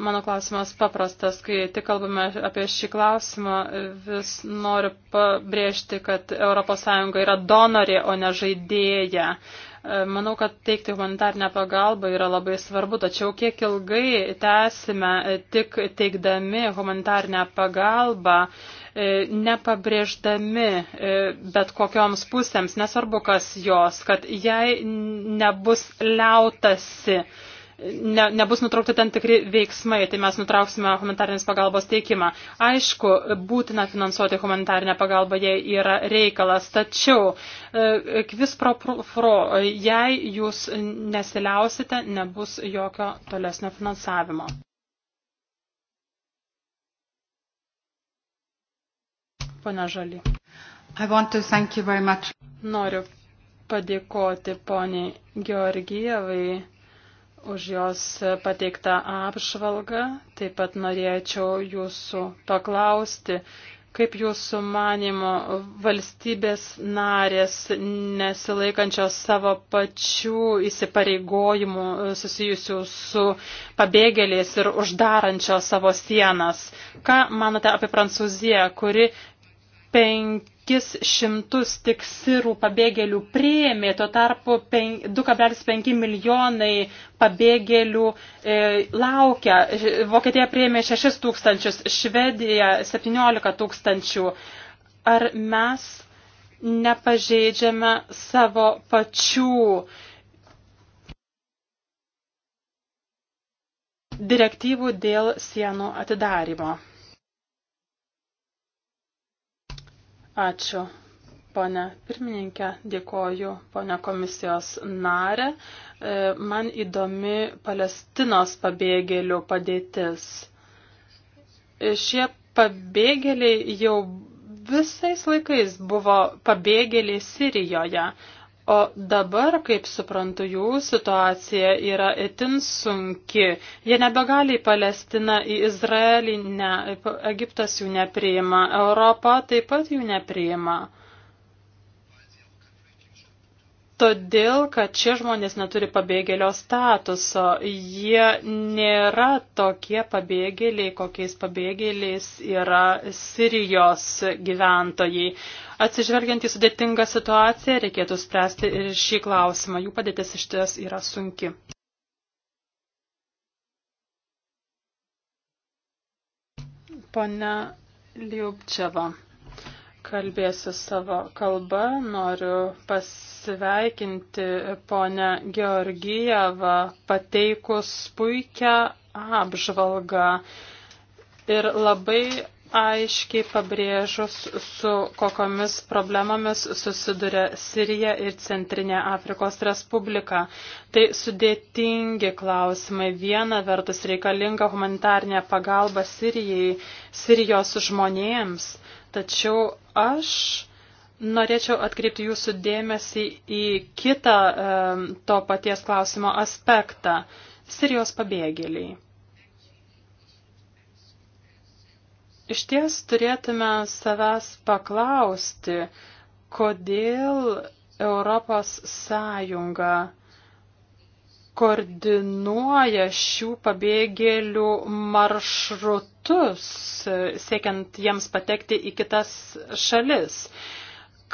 Mano klausimas paprastas, kai tik kalbame apie šį klausimą, vis noriu pabrėžti, kad ES yra donorė, o ne žaidėja. Manau, kad teikti humanitarnę pagalbą yra labai svarbu, tačiau kiek ilgai tęsime tik teikdami humanitarnę pagalbą, E, nepabrėždami e, bet kokioms pusėms, nesvarbu kas jos, kad jei nebus liautasi, ne, nebus nutraukti tam tikri veiksmai, tai mes nutrauksime humanitarinės pagalbos teikimą. Aišku, būtina finansuoti humanitarinę pagalbą, jei yra reikalas, tačiau e, kvis pro, pro, pro jei jūs nesiliausite, nebus jokio tolesnio finansavimo. Pone Žali. Noriu padėkoti poniai Georgijevai už jos pateiktą apžvalgą. Taip pat norėčiau jūsų paklausti, kaip jūsų manimo valstybės narės nesilaikančios savo pačių įsipareigojimų susijusių su pabėgėliais ir uždarančios savo sienas. Ką manote apie Prancūziją, kuri 500 tiksirų pabėgėlių prieėmė, tuo tarpu 2,5 milijonai pabėgėlių e, laukia. Vokietija prieėmė 6 tūkstančius, Švedija 17 tūkstančių. Ar mes nepažeidžiame savo pačių direktyvų dėl sienų atidarymo? Ačiū, ponė pirmininkė, dėkoju, ponė komisijos narė. E, man įdomi Palestinos pabėgėlių padėtis. E, šie pabėgėliai jau visais laikais buvo pabėgėliai Sirijoje. O dabar, kaip suprantu, jų situacija yra itin sunki. Jie nebegali į Palestiną, į Izraelį, ne, Egiptas jų nepriima, Europa taip pat jų nepriima. Todėl, kad šie žmonės neturi pabėgėlio statuso, jie nėra tokie pabėgėliai, kokiais pabėgėliais yra Sirijos gyventojai. Atsižvelgiant į sudėtingą situaciją, reikėtų spręsti ir šį klausimą. Jų padėtis iš ties yra sunki. Pone Liubčeva kalbėsiu savo kalbą. Noriu pasveikinti ponę Georgijevą pateikus puikią apžvalgą ir labai aiškiai pabrėžus, su kokomis problemomis susiduria Sirija ir Centrinė Afrikos Respublika. Tai sudėtingi klausimai. Viena vertus reikalinga humanitarnė pagalba Sirijai, Sirijos žmonėms. Tačiau aš norėčiau atkreipti jūsų dėmesį į kitą e, to paties klausimo aspektą - Sirijos pabėgėliai. Iš ties turėtume savęs paklausti, kodėl Europos Sąjunga koordinuoja šių pabėgėlių maršrutus, siekiant jiems patekti į kitas šalis.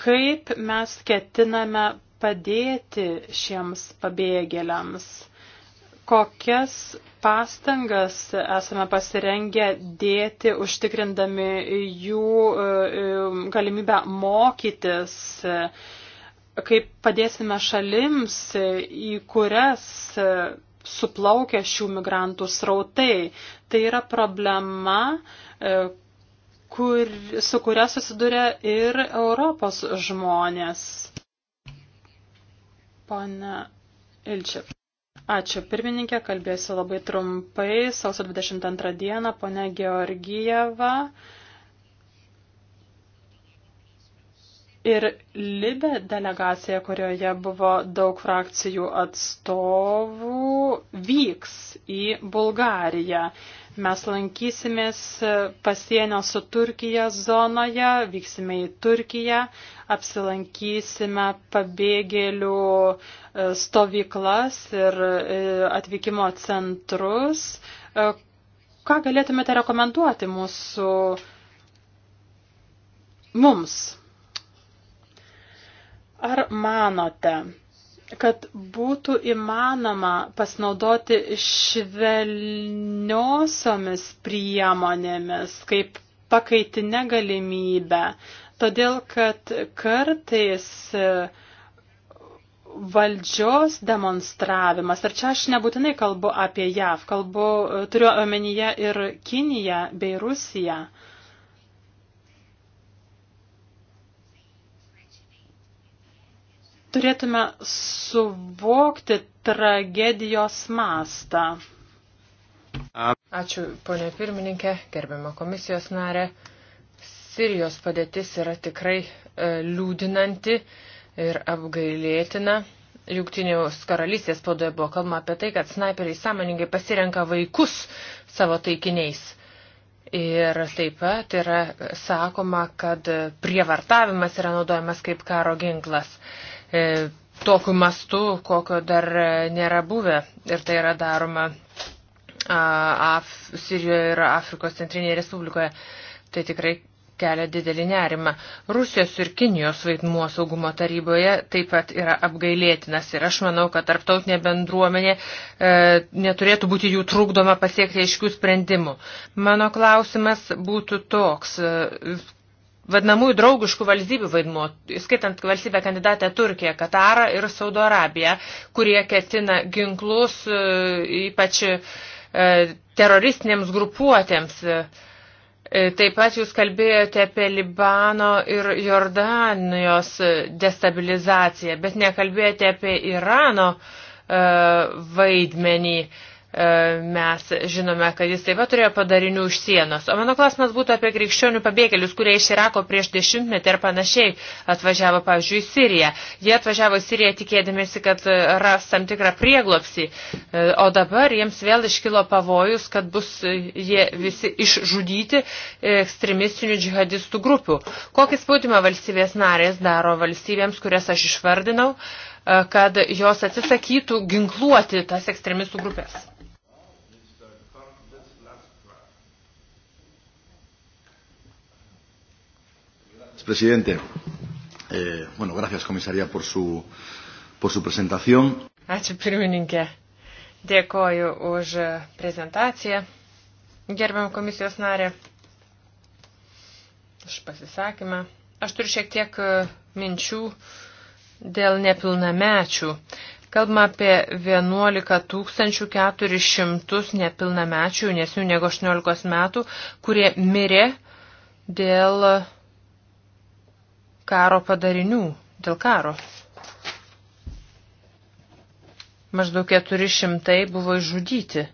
Kaip mes ketiname padėti šiems pabėgėliams? Kokias pastangas esame pasirengę dėti, užtikrindami jų e, e, galimybę mokytis? kaip padėsime šalims, į kurias suplaukia šių migrantų srautai. Tai yra problema, e, kur, su kuria susiduria ir Europos žmonės. Pane Ilčiap. Ačiū pirmininkė, kalbėsiu labai trumpai. Sausio 22 dieną ponia Georgijeva ir Libė delegacija, kurioje buvo daug frakcijų atstovų, vyks į Bulgariją. Mes lankysimės pasienio su Turkija zonoje, vyksime į Turkiją, apsilankysime pabėgėlių e, stovyklas ir e, atvykimo centrus. E, ką galėtumėte rekomenduoti mūsų mums? Ar manote, kad būtų įmanoma pasinaudoti švelniosiomis priemonėmis kaip pakaitinę galimybę, todėl kad kartais e, valdžios demonstravimas, ir čia aš nebūtinai kalbu apie JAV, kalbu, e, turiu omenyje ir Kiniją bei Rusiją, turėtume suvokti tragedijos mastą. Ačiū, ponė pirmininkė, gerbiama komisijos narė. Sirijos padėtis yra tikrai e, liūdinanti ir apgailėtina. Jungtinės karalystės spaudoje buvo kalbama apie tai, kad snaiperiai sąmoningai pasirenka vaikus savo taikiniais. Ir taip pat yra sakoma, kad prievartavimas yra naudojamas kaip karo ginklas. E, E, tokiu mastu, kokio dar e, nėra buvę. Ir tai yra daroma Af Sirijoje ir Afrikos centrinėje respublikoje. Tai tikrai kelia didelį nerimą. Rusijos ir Kinijos vaidmuo saugumo taryboje taip pat yra apgailėtinas ir aš manau, kad tarptautinė bendruomenė e, neturėtų būti jų trukdoma pasiekti aiškių sprendimų. Mano klausimas būtų toks, e, vadinamųjų draugiškų valstybių vaidmuo, skaitant valstybę kandidatę Turkiją, Katarą ir Saudo Arabiją, kurie ketina ginklus e, ypač e, teroristinėms grupuotėms. E, taip pat jūs kalbėjote apie Libano ir Jordanijos destabilizaciją, bet nekalbėjote apie Irano vaidmenį E, mes žinome, kad jis taip pat turėjo padarinių už sienos. O mano klausimas būtų apie krikščionių pabėgėlius, kurie iš Irako prieš dešimtmetį ir panašiai atvažiavo, pavyzdžiui, į Siriją. Jie atvažiavo į Siriją tikėdamėsi, kad ras tam tikrą prieglopsį, e, o dabar jiems vėl iškilo pavojus, kad bus jie visi išžudyti ekstremistinių džihadistų grupių. Kokį spaudimą valstybės narės daro valstybėms, kurias aš išvardinau? E, kad jos atsisakytų ginkluoti tas ekstremistų grupės. Presidente, eh, bueno, gracias comisaria por su, por su presentación. Ačiū pirmininkė. Dėkoju už prezentaciją. Gerbiam komisijos narė. Už pasisakymą. Aš turiu šiek tiek e, minčių, uh, dėl nepilnamečių. Kalbama apie 11 400 nepilnamečių, jaunesnių negu 18 metų, kurie mirė dėl karo padarinių, dėl karo. Maždaug 400 buvo išžudyti.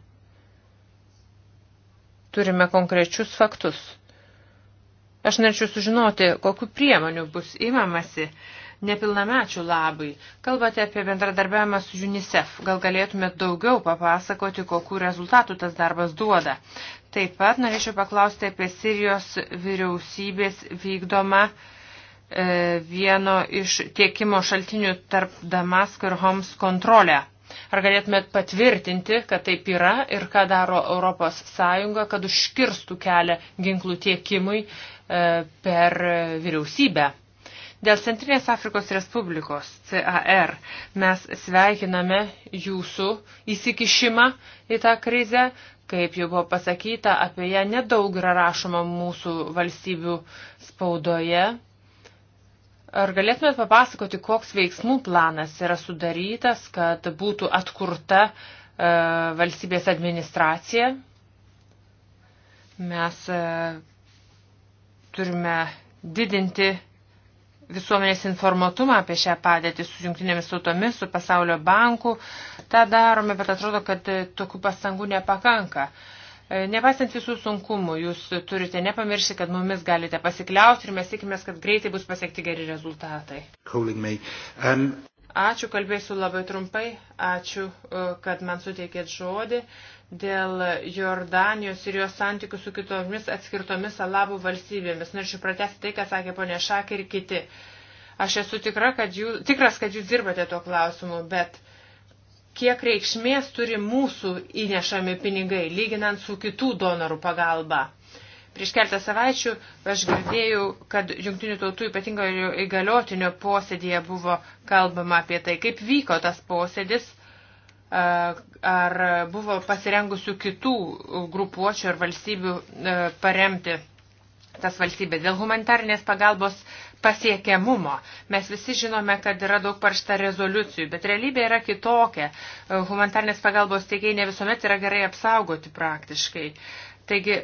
Turime konkrečius faktus. Aš norėčiau sužinoti, kokiu priemoniu bus įmamasi nepilnamečių labai. Kalbate apie bendradarbiavimą su UNICEF. Gal galėtumėt daugiau papasakoti, kokiu rezultatu tas darbas duoda. Taip pat norėčiau paklausti apie Sirijos vyriausybės vykdomą e, vieno iš tiekimo šaltinių tarp Damasko ir Homs kontrolę. Ar galėtumėt patvirtinti, kad taip yra ir ką daro Europos Sąjunga, kad užkirstų kelią ginklų tiekimui e, per vyriausybę? Dėl Centrinės Afrikos Respublikos, CAR, mes sveikiname jūsų įsikišimą į tą krizę. Kaip jau buvo pasakyta, apie ją nedaug yra rašoma mūsų valstybių spaudoje. Ar galėtumėt papasakoti, koks veiksmų planas yra sudarytas, kad būtų atkurta e, valstybės administracija? Mes e, turime didinti visuomenės informatumą apie šią padėtį su jungtinėmis tautomis, su pasaulio banku. Ta darome, bet atrodo, kad e, tokių pastangų nepakanka. E, Nepasant visų sunkumų, jūs turite nepamiršti, kad mumis galite pasikliauti ir mes tikimės, kad greitai bus pasiekti geri rezultatai. Um... Ačiū, kalbėsiu labai trumpai. Ačiū, e, kad man suteikėt žodį dėl Jordanijos ir jos santykių su kitomis atskirtomis alabų valstybėmis. Norėčiau pratesti tai, ką sakė ponė Šak ir kiti. Aš esu tikra, kad jūs, tikras, kad jūs dirbate tuo klausimu, bet kiek reikšmės turi mūsų įnešami pinigai, lyginant su kitų donorų pagalba. Prieš keltą savaičių aš girdėjau, kad Junktinių tautų ypatingojo įgaliotinio posėdėje buvo kalbama apie tai, kaip vyko tas posėdis, ar buvo pasirengusių kitų grupuočių ar valstybių paremti tas valstybės dėl humanitarnės pagalbos pasiekiamumo. Mes visi žinome, kad yra daug paršta rezoliucijų, bet realybė yra kitokia. Humanitarnės pagalbos teikiai ne visuomet yra gerai apsaugoti praktiškai. Taigi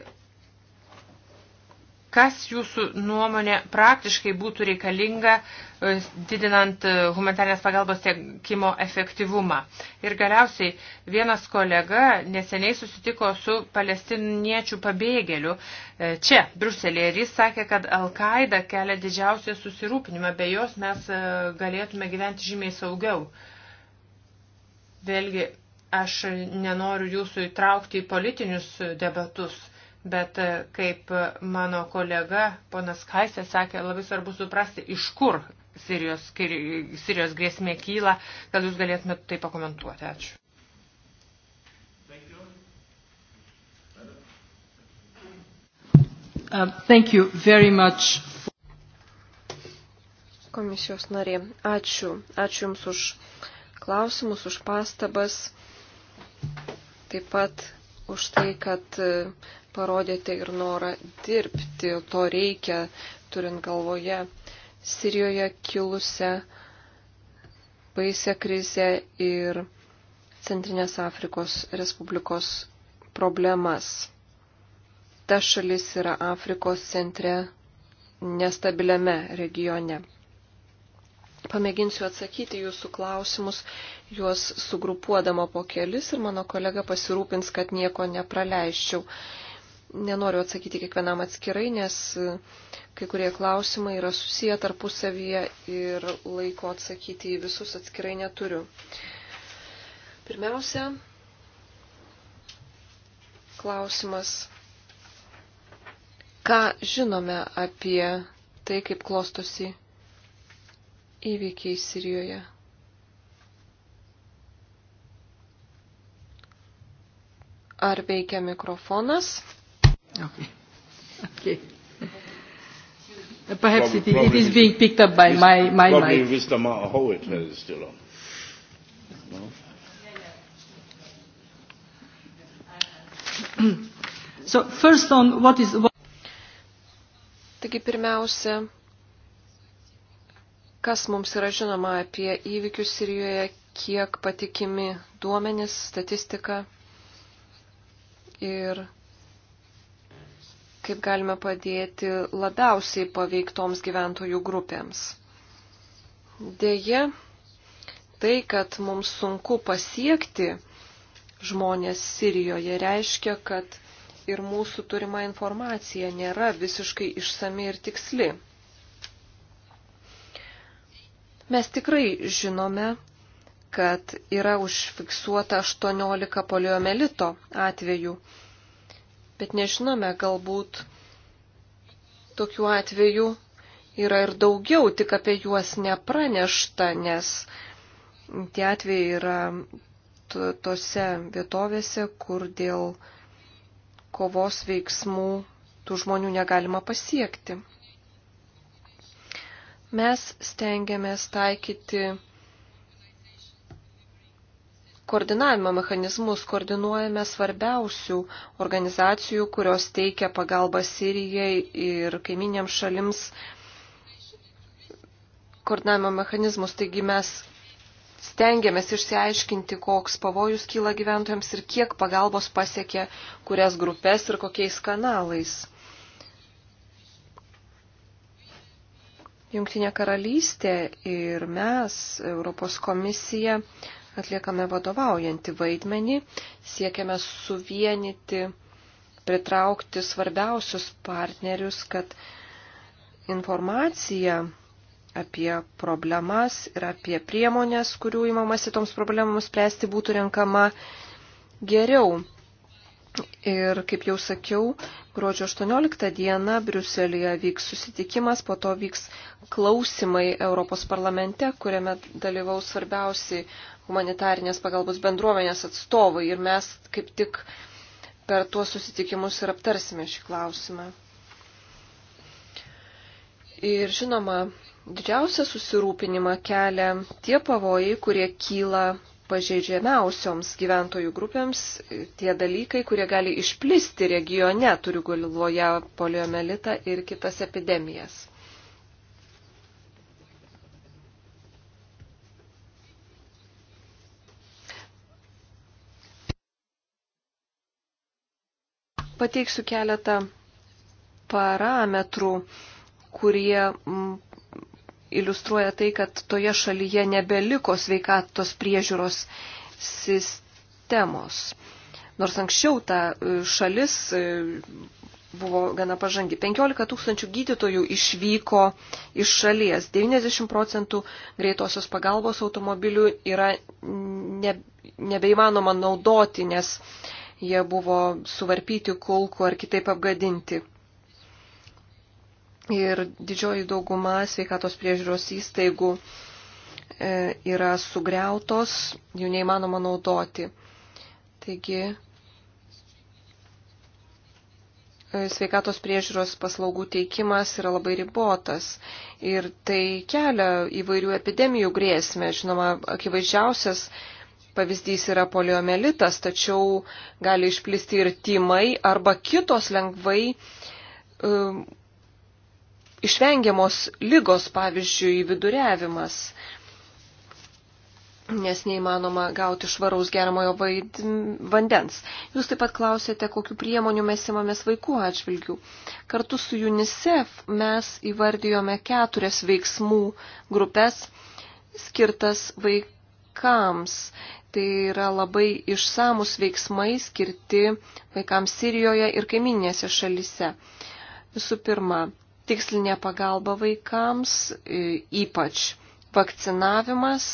Kas jūsų nuomonė praktiškai būtų reikalinga e, didinant e, humanitarnės pagalbos tiekimo efektyvumą? Ir galiausiai vienas kolega neseniai susitiko su palestiniečių pabėgėliu e, čia, Bruselėje, ir jis sakė, kad Al-Qaida kelia didžiausią susirūpinimą, be jos mes galėtume gyventi žymiai saugiau. Vėlgi, aš nenoriu jūsų įtraukti į politinius debatus – Bet e, kaip mano kolega ponas Kaisė sakė, labai svarbu suprasti, iš kur Sirijos, Sirijos grėsmė kyla, kad jūs galėtumėte tai pakomentuoti. Ačiū. Uh, thank you very much komisijos narė. Ačiū. Ačiū Jums už klausimus, už pastabas, taip pat už tai, kad parodėte ir norą dirbti. To reikia, turint galvoje Sirijoje kilusią baisę krizę ir Centrinės Afrikos Respublikos problemas. Ta šalis yra Afrikos centre nestabiliame regione. Pameginsiu atsakyti jūsų klausimus, juos sugrupuodama po kelis ir mano kolega pasirūpins, kad nieko nepraleisčiau nenoriu atsakyti kiekvienam atskirai, nes e, kai kurie klausimai yra susiję tarpusavyje ir laiko atsakyti į visus atskirai neturiu. Pirmiausia, klausimas, ką žinome apie tai, kaip klostosi įvykiai Sirijoje. Ar veikia mikrofonas? Okay. Okay. Uh, perhaps probably, it, probably, it is being picked up by Ms. my, my probably mic. Mr. Howard has it still on. No? So first on what is... What Taigi pirmiausia, kas mums yra žinoma apie įvykius Sirijoje, kiek patikimi duomenys, statistika ir kaip galime padėti labiausiai paveiktoms gyventojų grupėms. Deja, tai, kad mums sunku pasiekti žmonės Sirijoje, reiškia, kad ir mūsų turima informacija nėra visiškai išsami ir tiksli. Mes tikrai žinome, kad yra užfiksuota 18 poliomelito atvejų Bet nežinome, galbūt tokių atvejų yra ir daugiau, tik apie juos nepranešta, nes tie atvejai yra tose vietovėse, kur dėl kovos veiksmų tų žmonių negalima pasiekti. Mes stengiamės taikyti koordinavimo mechanizmus, koordinuojame svarbiausių organizacijų, kurios teikia pagalbą Sirijai ir kaiminėms šalims koordinavimo mechanizmus. Taigi mes stengiamės išsiaiškinti, koks pavojus kyla gyventojams ir kiek pagalbos pasiekia kurias grupės ir kokiais kanalais. Junktinė karalystė ir mes, Europos komisija, atliekame vadovaujantį vaidmenį, siekiame suvienyti, pritraukti svarbiausius partnerius, kad informacija apie problemas ir apie priemonės, kurių įmamasi toms problemams spręsti, būtų renkama geriau. Ir kaip jau sakiau, gruodžio 18 dieną Briuselėje vyks susitikimas, po to vyks klausimai Europos parlamente, kuriame dalyvaus svarbiausi humanitarinės pagalbos bendruomenės atstovai ir mes kaip tik per tuos susitikimus ir aptarsime šį klausimą. Ir žinoma, didžiausia susirūpinimą kelia tie pavojai, kurie kyla pažeidžiamiausioms gyventojų grupėms, tie dalykai, kurie gali išplisti regione, turiu galvoje poliomelitą ir kitas epidemijas. Pateiksiu keletą parametrų, kurie iliustruoja tai, kad toje šalyje nebeliko sveikatos priežiūros sistemos. Nors anksčiau ta e, šalis e, buvo gana pažangi. 15 tūkstančių gydytojų išvyko iš šalies. 90 procentų greitosios pagalbos automobilių yra ne, nebeįmanoma naudoti, nes jie buvo suvarpyti kulkų ar kitaip apgadinti. Ir didžioji dauguma sveikatos priežiūros įstaigų e, yra sugriautos, jų neįmanoma naudoti. Taigi e, sveikatos priežiūros paslaugų teikimas yra labai ribotas ir tai kelia įvairių epidemijų grėsmę. Žinoma, akivaizdžiausias Pavyzdys yra poliomelitas, tačiau gali išplisti ir tymai arba kitos lengvai um, išvengiamos lygos, pavyzdžiui, viduriavimas, nes neįmanoma gauti švaraus geramojo vandens. Jūs taip pat klausėte, kokiu priemoniu mes įmamės vaikų atžvilgių. Kartu su UNICEF mes įvardijome keturias veiksmų grupės skirtas vaikų vaikams. Tai yra labai išsamus veiksmai skirti vaikams Sirijoje ir kaiminėse šalise. Visų pirma, tikslinė pagalba vaikams, e, ypač vakcinavimas,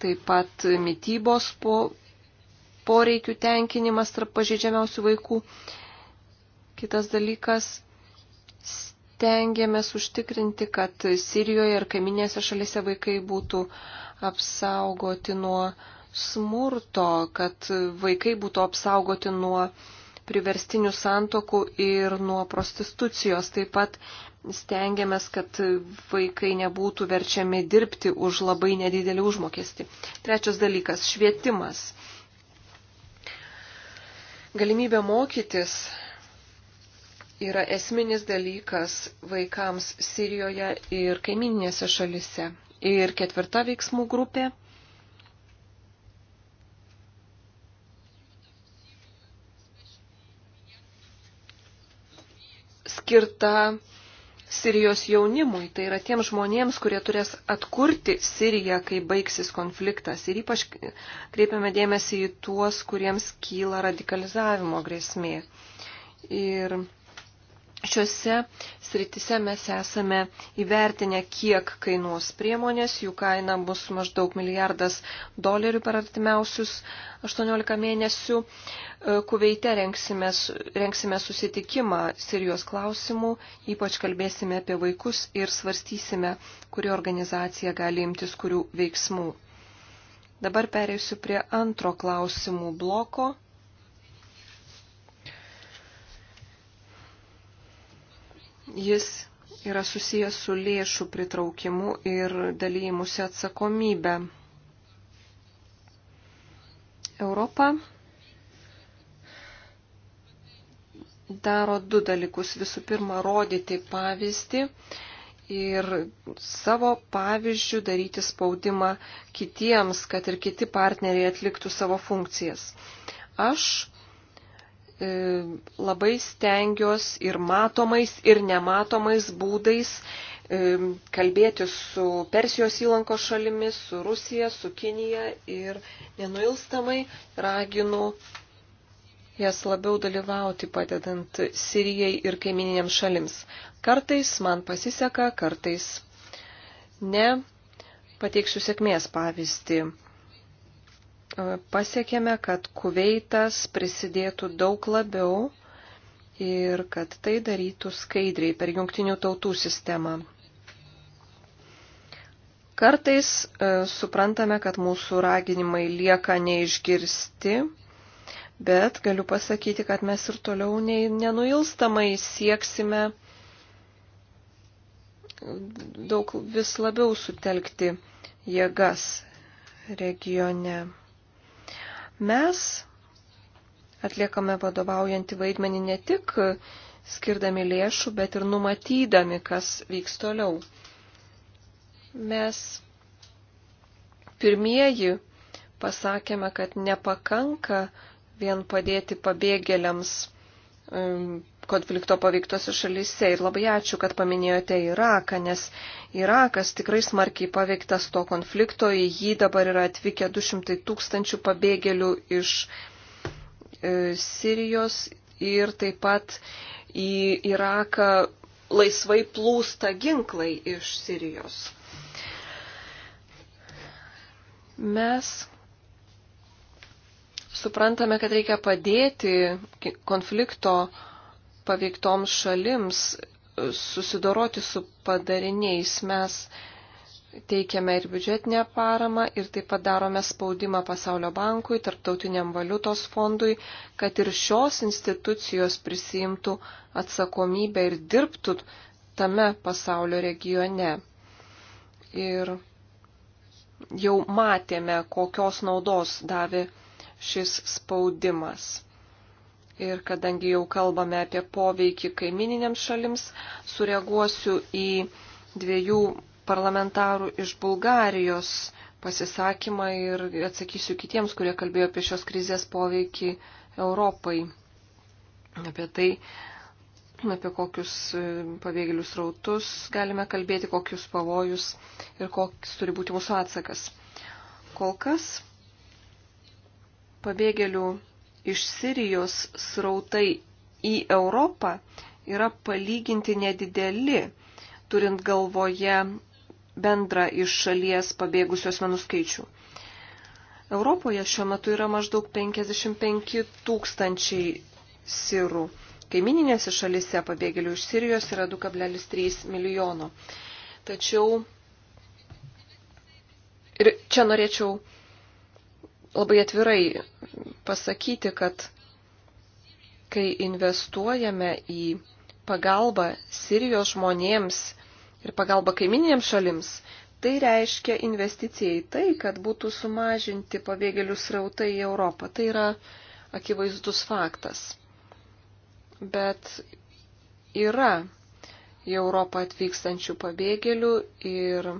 taip pat mytybos po, poreikių tenkinimas tarp pažeidžiamiausių vaikų. Kitas dalykas stengiamės užtikrinti, kad Sirijoje ir kaiminėse šalise vaikai būtų apsaugoti nuo smurto, kad vaikai būtų apsaugoti nuo priverstinių santokų ir nuo prostitucijos. Taip pat stengiamės, kad vaikai nebūtų verčiami dirbti už labai nedidelį užmokestį. Trečias dalykas - švietimas. Galimybė mokytis yra esminis dalykas vaikams Sirijoje ir kaiminėse šalise. Ir ketvirta veiksmų grupė. Skirta Sirijos jaunimui, tai yra tiem žmonėms, kurie turės atkurti Siriją, kai baigsis konfliktas. Ir ypač kreipiame dėmesį į tuos, kuriems kyla radikalizavimo grėsmė. Ir Šiuose sritise mes esame įvertinę, kiek kainuos priemonės, jų kaina bus maždaug milijardas dolerių per artimiausius 18 mėnesių. E, Kuveite renksime, renksime susitikimą Sirijos klausimų, ypač kalbėsime apie vaikus ir svarstysime, kuri organizacija gali imtis kurių veiksmų. Dabar perėsiu prie antro klausimų bloko Jis yra susijęs su lėšų pritraukimu ir dalymusi atsakomybę. Europa daro du dalykus. Visų pirma, rodyti pavyzdį ir savo pavyzdžių daryti spaudimą kitiems, kad ir kiti partneriai atliktų savo funkcijas. Aš E, labai stengiuos ir matomais, ir nematomais būdais e, kalbėti su Persijos įlankos šalimis, su Rusija, su Kinija ir nenuilstamai raginu jas labiau dalyvauti padedant Sirijai ir kaimininėms šalims. Kartais man pasiseka, kartais ne. Pateiksiu sėkmės pavyzdį pasiekėme, kad kuveitas prisidėtų daug labiau ir kad tai darytų skaidriai per jungtinių tautų sistemą. Kartais e, suprantame, kad mūsų raginimai lieka neišgirsti, bet galiu pasakyti, kad mes ir toliau nei, nenuilstamai sieksime daug vis labiau sutelkti jėgas regione. Mes atliekame vadovaujantį vaidmenį ne tik skirdami lėšų, bet ir numatydami, kas vyks toliau. Mes pirmieji pasakėme, kad nepakanka vien padėti pabėgėliams um, konflikto paveiktose šalyse. Ir labai ačiū, kad paminėjote Iraką, nes Irakas tikrai smarkiai paveiktas to konflikto. Į jį dabar yra atvykę 200 tūkstančių pabėgėlių iš e, Sirijos ir taip pat į Iraką laisvai plūsta ginklai iš Sirijos. Mes suprantame, kad reikia padėti konflikto paveiktoms šalims susidoroti su padariniais. Mes teikiame ir biudžetinę paramą ir taip pat darome spaudimą Pasaulio bankui, Tarptautiniam valiutos fondui, kad ir šios institucijos prisijimtų atsakomybę ir dirbtų tame pasaulio regione. Ir jau matėme, kokios naudos davė šis spaudimas ir kadangi jau kalbame apie poveikį kaimininėms šalims, sureaguosiu į dviejų parlamentarų iš Bulgarijos pasisakymą ir atsakysiu kitiems, kurie kalbėjo apie šios krizės poveikį Europai. Apie tai, apie kokius e, pabėgėlius rautus galime kalbėti, kokius pavojus ir koks turi būti mūsų atsakas. Kol kas pabėgėlių iš Sirijos srautai į Europą yra palyginti nedideli, turint galvoje bendrą iš šalies pabėgusių asmenų skaičių. Europoje šiuo metu yra maždaug 55 tūkstančiai sirų. Kaimininėse šalise pabėgėlių iš Sirijos yra 2,3 milijono. Tačiau ir čia norėčiau labai atvirai pasakyti, kad kai investuojame į pagalbą Sirijos žmonėms ir pagalbą kaiminėms šalims, tai reiškia investicija į tai, kad būtų sumažinti pabėgėlių srautai į Europą. Tai yra akivaizdus faktas. Bet yra į Europą atvykstančių pabėgėlių ir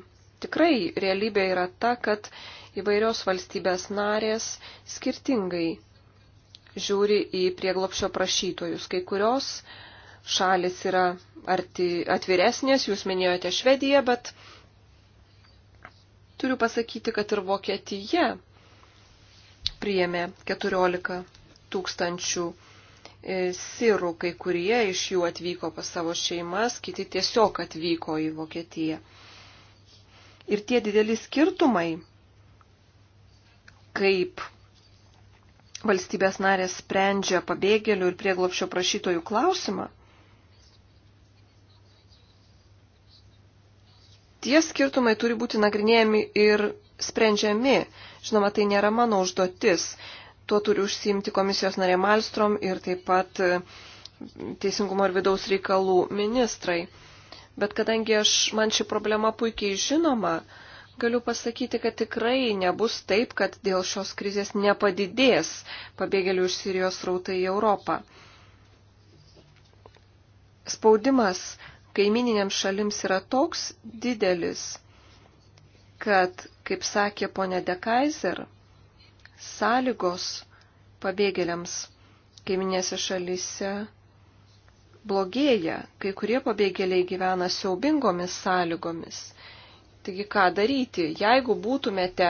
tikrai realybė yra ta, kad įvairios valstybės narės skirtingai žiūri į prieglopšio prašytojus. Kai kurios šalis yra arti, atviresnės, jūs minėjote Švediją, bet turiu pasakyti, kad ir Vokietija priėmė 14 tūkstančių e, sirų, kai kurie iš jų atvyko pas savo šeimas, kiti tiesiog atvyko į Vokietiją. Ir tie dideli skirtumai kaip valstybės narės sprendžia pabėgėlių ir prieglopšio prašytojų klausimą, tie skirtumai turi būti nagrinėjami ir sprendžiami. Žinoma, tai nėra mano užduotis. Tuo turi užsiimti komisijos narė Malstrom ir taip pat e, Teisingumo ir vidaus reikalų ministrai. Bet kadangi aš, man ši problema puikiai žinoma, galiu pasakyti, kad tikrai nebus taip, kad dėl šios krizės nepadidės pabėgėlių iš Sirijos rautai į Europą. Spaudimas kaimininiams šalims yra toks didelis, kad, kaip sakė ponė De Kaiser, sąlygos pabėgėliams kaiminėse šalyse blogėja, kai kurie pabėgėliai gyvena siaubingomis sąlygomis. Taigi ką daryti, jeigu būtumėte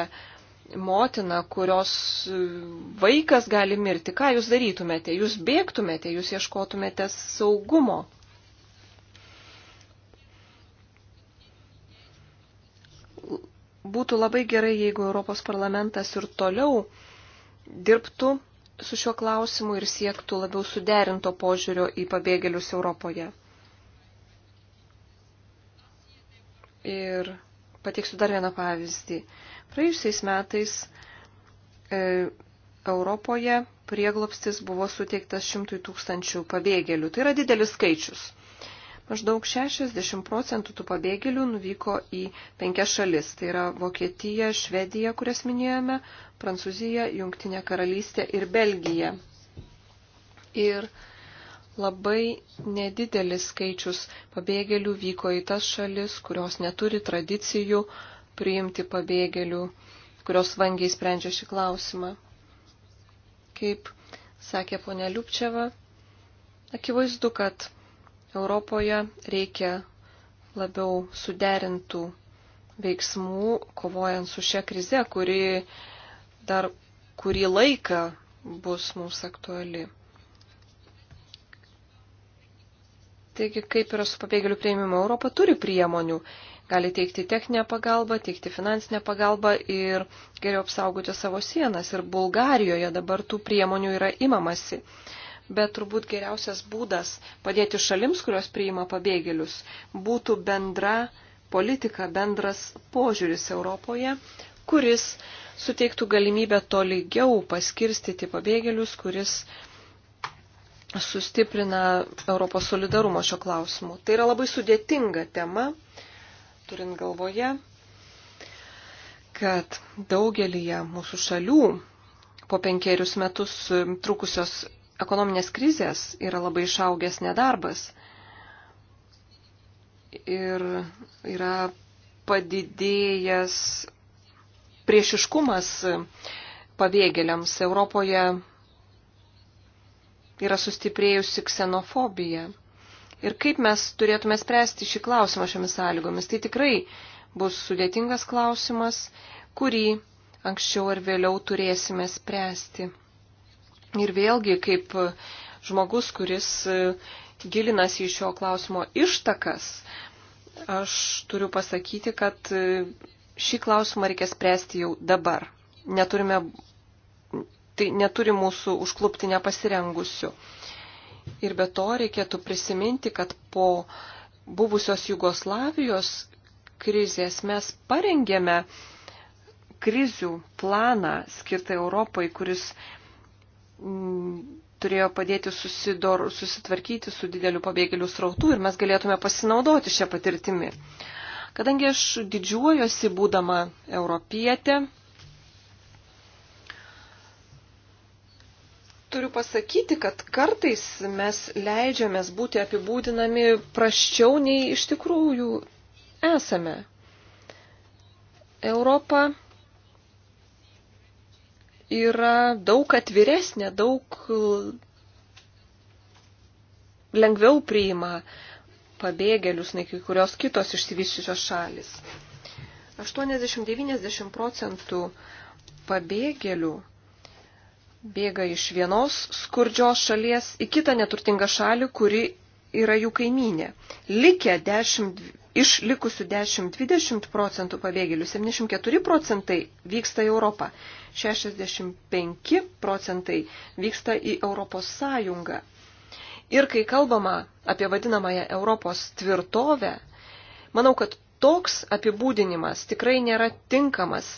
motina, kurios vaikas gali mirti, ką jūs darytumėte? Jūs bėgtumėte, jūs ieškotumėte saugumo. Būtų labai gerai, jeigu Europos parlamentas ir toliau dirbtų su šiuo klausimu ir siektų labiau suderinto požiūrio į pabėgėlius Europoje. Ir Pateiksiu dar vieną pavyzdį. Praėjusiais metais e, Europoje prieglopstis buvo suteiktas šimtui tūkstančių pabėgėlių. Tai yra didelis skaičius. Maždaug 60 procentų tų pabėgėlių nuvyko į penkias šalis. Tai yra Vokietija, Švedija, kurias minėjome, Prancūzija, Junktinė karalystė ir Belgija. Ir e, labai nedidelis skaičius pabėgėlių vyko į tas šalis, kurios neturi tradicijų priimti pabėgėlių, kurios vangiai sprendžia šį klausimą. Kaip sakė ponia Liupčeva, akivaizdu, kad Europoje reikia labiau suderintų veiksmų, kovojant su šia krize, kuri dar kurį laiką bus mums aktuali. Taigi, kaip yra su pabėgėlių prieimimu, Europa turi priemonių. Gali teikti techninę pagalbą, teikti finansinę pagalbą ir geriau apsaugoti savo sienas. Ir Bulgarijoje dabar tų priemonių yra imamasi. Bet turbūt geriausias būdas padėti šalims, kurios priima pabėgėlius, būtų bendra politika, bendras požiūris Europoje, kuris suteiktų galimybę tolygiau paskirstyti pabėgėlius, kuris uh, sustiprina Europos solidarumo šio klausimu. Tai yra labai sudėtinga tema, turint galvoje, kad daugelįje mūsų šalių po penkerius metus trukusios ekonominės krizės yra labai išaugęs nedarbas ir yra padidėjęs priešiškumas pabėgėliams. Europoje yra sustiprėjusi ksenofobija. Ir kaip mes turėtume spręsti šį klausimą šiomis sąlygomis, tai tikrai bus sudėtingas klausimas, kurį anksčiau ar vėliau turėsime spręsti. Ir vėlgi, kaip žmogus, kuris e, gilinasi į šio klausimo ištakas, aš turiu pasakyti, kad e, šį klausimą reikia spręsti jau dabar. Neturime tai neturi mūsų užklupti nepasirengusių. Ir be to reikėtų prisiminti, kad po buvusios Jugoslavijos krizės mes parengėme krizių planą skirtą Europai, kuris mm, turėjo padėti susidor, susitvarkyti su dideliu pabėgėlių srautu ir mes galėtume pasinaudoti šią patirtimį. Kadangi aš didžiuojosi būdama europietė, turiu pasakyti, kad kartais mes leidžiamės būti apibūdinami praščiau nei iš tikrųjų esame. Europa yra daug atviresnė, daug lengviau priima pabėgėlius nei kai kurios kitos išsivyščiusios šalis. 80-90 procentų pabėgėlių bėga iš vienos skurdžios šalies į kitą neturtingą šalį, kuri yra jų kaiminė. Likę 10, iš likusių 10-20 procentų pabėgėlių 74 procentai vyksta į Europą, 65 procentai vyksta į Europos Sąjungą. Ir kai kalbama apie vadinamąją Europos tvirtovę, manau, kad toks apibūdinimas tikrai nėra tinkamas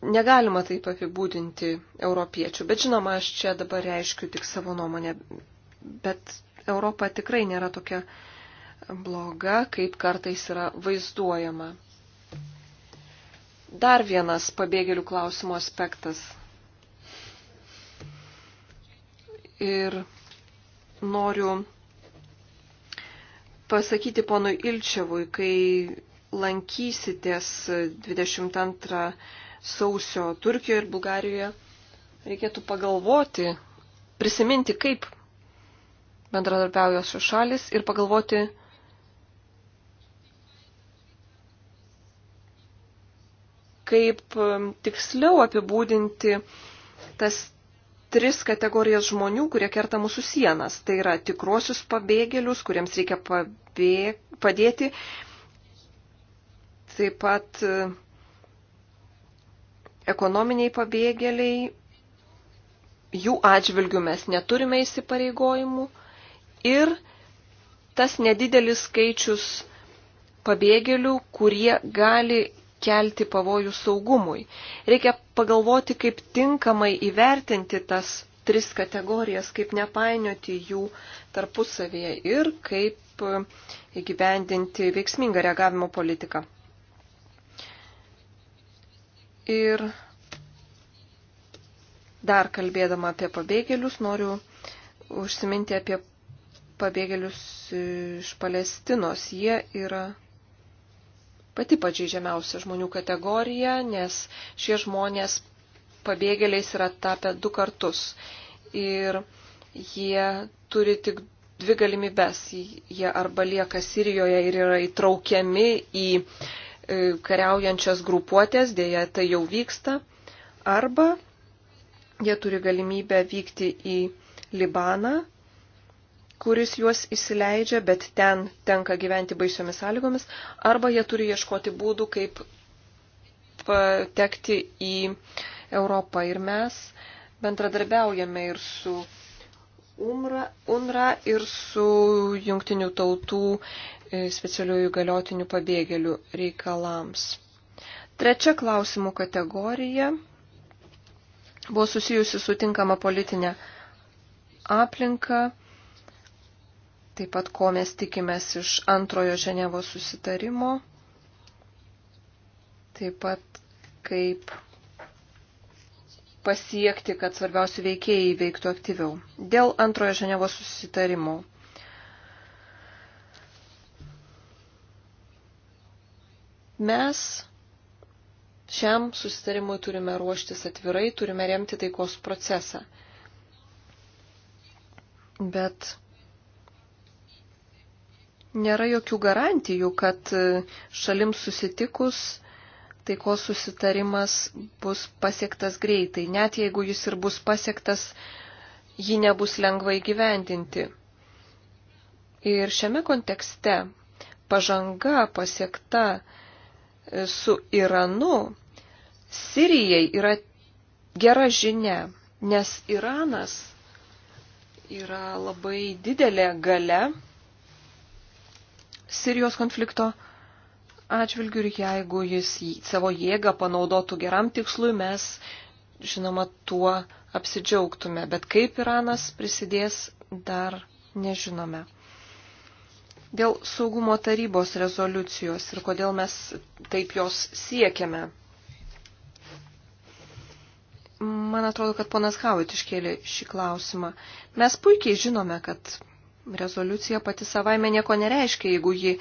Negalima taip apibūdinti europiečių, bet žinoma, aš čia dabar reiškiu tik savo nuomonę, bet Europa tikrai nėra tokia bloga, kaip kartais yra vaizduojama. Dar vienas pabėgėlių klausimo aspektas. Ir noriu pasakyti ponui Ilčiavui, kai lankysitės 22 sausio Turkijoje ir Bulgarijoje, reikėtų pagalvoti, prisiminti, kaip bendradarbiauja su šalis ir pagalvoti, kaip tiksliau apibūdinti tas tris kategorijas žmonių, kurie kerta mūsų sienas. Tai yra tikruosius pabėgėlius, kuriems reikia pabėg... padėti, taip pat ekonominiai pabėgėliai, jų atžvilgių mes neturime įsipareigojimų ir tas nedidelis skaičius pabėgėlių, kurie gali kelti pavojų saugumui. Reikia pagalvoti, kaip tinkamai įvertinti tas tris kategorijas, kaip nepainioti jų tarpusavėje ir kaip įgyvendinti veiksmingą reagavimo politiką. Ir dar kalbėdama apie pabėgėlius, noriu užsiminti apie pabėgėlius iš Palestinos. Jie yra pati pažeidžiamiausia žmonių kategorija, nes šie žmonės pabėgėliais yra tapę du kartus. Ir jie turi tik dvi galimybes. Jie arba lieka Sirijoje ir yra įtraukiami į E, kariaujančias grupuotės, dėja tai jau vyksta, arba jie turi galimybę vykti į Libaną, kuris juos įsileidžia, bet ten tenka gyventi baisiomis sąlygomis, arba jie turi ieškoti būdų, kaip patekti į Europą. Ir mes bendradarbiaujame ir su UNRA, UNRA ir su jungtinių tautų e, specialiųjų galiotinių pabėgėlių reikalams. Trečia klausimų kategorija buvo susijusi su tinkama politinė aplinka, taip pat ko mes tikimės iš antrojo Ženevo susitarimo, taip pat kaip pasiekti, kad svarbiausi veikėjai veiktų aktyviau. Dėl antrojo Ženevos susitarimo. Mes šiam susitarimui turime ruoštis atvirai, turime remti taikos procesą. Bet nėra jokių garantijų, kad šalims susitikus taikos susitarimas bus pasiektas greitai. Net jeigu jis ir bus pasiektas, jį nebus lengva įgyvendinti. Ir šiame kontekste pažanga pasiekta e, su Iranu Sirijai yra gera žinia, nes Iranas yra labai didelė gale Sirijos konflikto atžvilgių ir jeigu jis savo jėgą panaudotų geram tikslui, mes, žinoma, tuo apsidžiaugtume. Bet kaip Iranas prisidės, dar nežinome. Dėl saugumo tarybos rezoliucijos ir kodėl mes taip jos siekiame. Man atrodo, kad ponas Havit iškėlė šį klausimą. Mes puikiai žinome, kad rezoliucija pati savaime nieko nereiškia, jeigu ji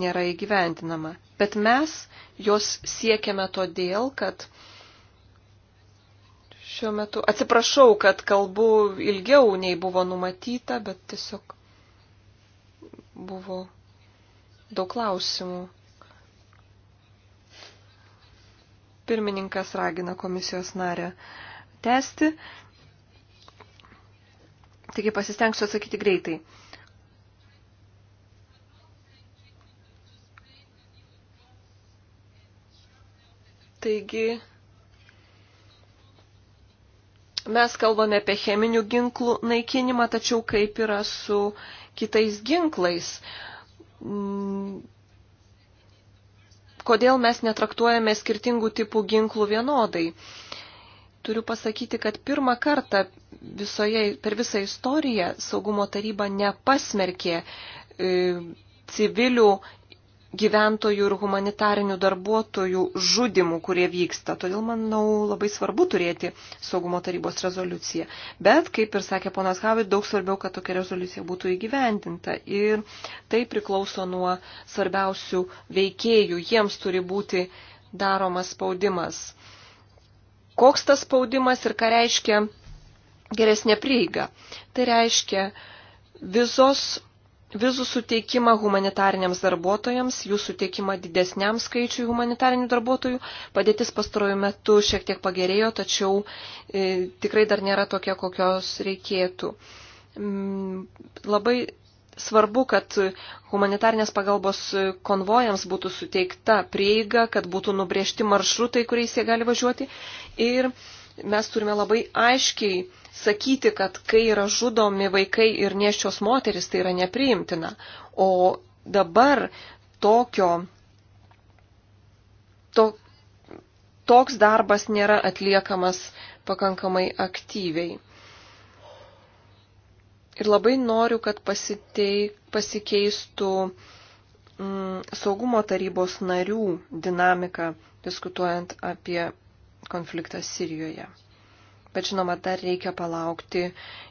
nėra įgyvendinama. Bet mes jos siekiame todėl, kad šiuo metu. Atsiprašau, kad kalbu ilgiau nei buvo numatyta, bet tiesiog buvo daug klausimų. Pirmininkas ragina komisijos narę tęsti. Taigi pasistengsiu atsakyti greitai. Taigi mes kalbame apie cheminių ginklų naikinimą, tačiau kaip yra su kitais ginklais. Mm, kodėl mes netraktuojame skirtingų tipų ginklų vienodai? Turiu pasakyti, kad pirmą kartą visoje, per visą istoriją saugumo taryba nepasmerkė e, civilių gyventojų ir humanitarinių darbuotojų žudimų, kurie vyksta. Todėl, manau, labai svarbu turėti saugumo tarybos rezoliuciją. Bet, kaip ir sakė ponas Havit, daug svarbiau, kad tokia rezoliucija būtų įgyvendinta. Ir tai priklauso nuo svarbiausių veikėjų. Jiems turi būti daromas spaudimas. Koks tas spaudimas ir ką reiškia geresnė prieiga? Tai reiškia vizos vizų suteikimą humanitariniams darbuotojams, jų suteikimą didesniam skaičiui humanitarinių darbuotojų. Padėtis pastarojų metų šiek tiek pagerėjo, tačiau e, tikrai dar nėra tokia, kokios reikėtų. M, mm, labai svarbu, kad humanitarnės pagalbos konvojams būtų suteikta prieiga, kad būtų nubriežti maršrutai, kuriais jie gali važiuoti. Ir mes turime labai aiškiai sakyti, kad kai yra žudomi vaikai ir neščios moteris, tai yra nepriimtina. O dabar tokio, to, toks darbas nėra atliekamas pakankamai aktyviai. Ir labai noriu, kad pasiteik, pasikeistų mm, saugumo tarybos narių dinamika, diskutuojant apie konfliktą Sirijoje bet žinoma, dar reikia palaukti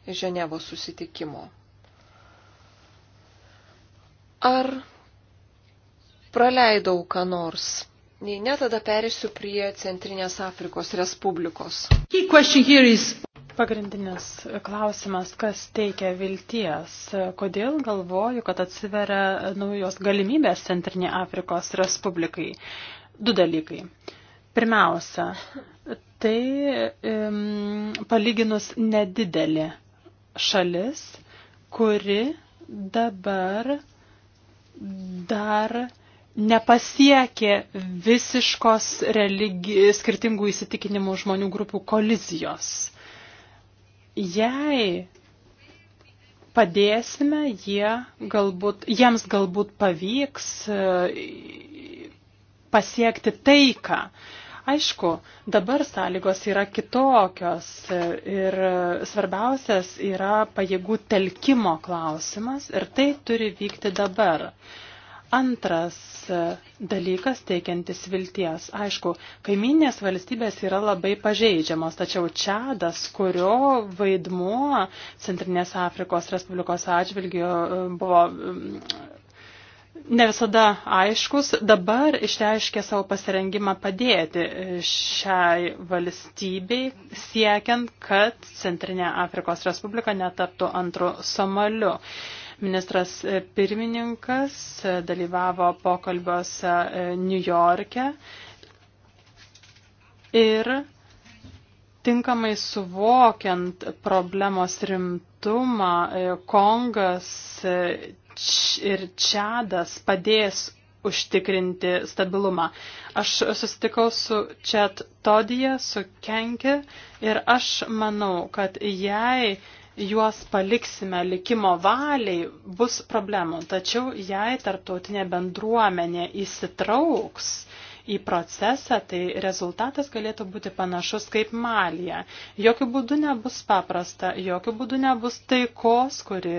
Ženevos susitikimo. Ar praleidau ką nors? Jei ne, tada perėsiu prie Centrinės Afrikos Respublikos. Pagrindinis klausimas, kas teikia vilties? Kodėl galvoju, kad atsiveria naujos galimybės Centrinė Afrikos Respublikai? Du dalykai. Pirmiausia, tai um, palyginus nedidelė šalis, kuri dabar dar nepasiekė visiškos religi... skirtingų įsitikinimų žmonių grupių kolizijos. Jei padėsime, jie galbūt, jiems galbūt pavyks e, pasiekti taiką. Aišku, dabar sąlygos yra kitokios e, ir svarbiausias yra pajėgų telkimo klausimas ir tai turi vykti dabar. Antras e, dalykas teikiantis vilties. Aišku, kaiminės valstybės yra labai pažeidžiamos, tačiau Čadas, kurio vaidmuo Centrinės Afrikos Respublikos atžvilgiu e, buvo ne visada aiškus, dabar išreiškė savo pasirengimą padėti e, šiai valstybei, siekiant, kad Centrinė Afrikos Respublika netaptų antru Somaliu. Ministras e, pirmininkas e, dalyvavo pokalbiuose New York'e ir tinkamai suvokiant problemos rimtumą, Kongas ir Čadas padės užtikrinti stabilumą. Aš susitikau su Čet Todija, su Kenki ir aš manau, kad jei juos paliksime likimo valiai, bus problemų. Tačiau jei tarptautinė bendruomenė įsitrauks į procesą, tai rezultatas galėtų būti panašus kaip Malija. Jokių būdų nebus paprasta, jokių būdų nebus taikos, kuri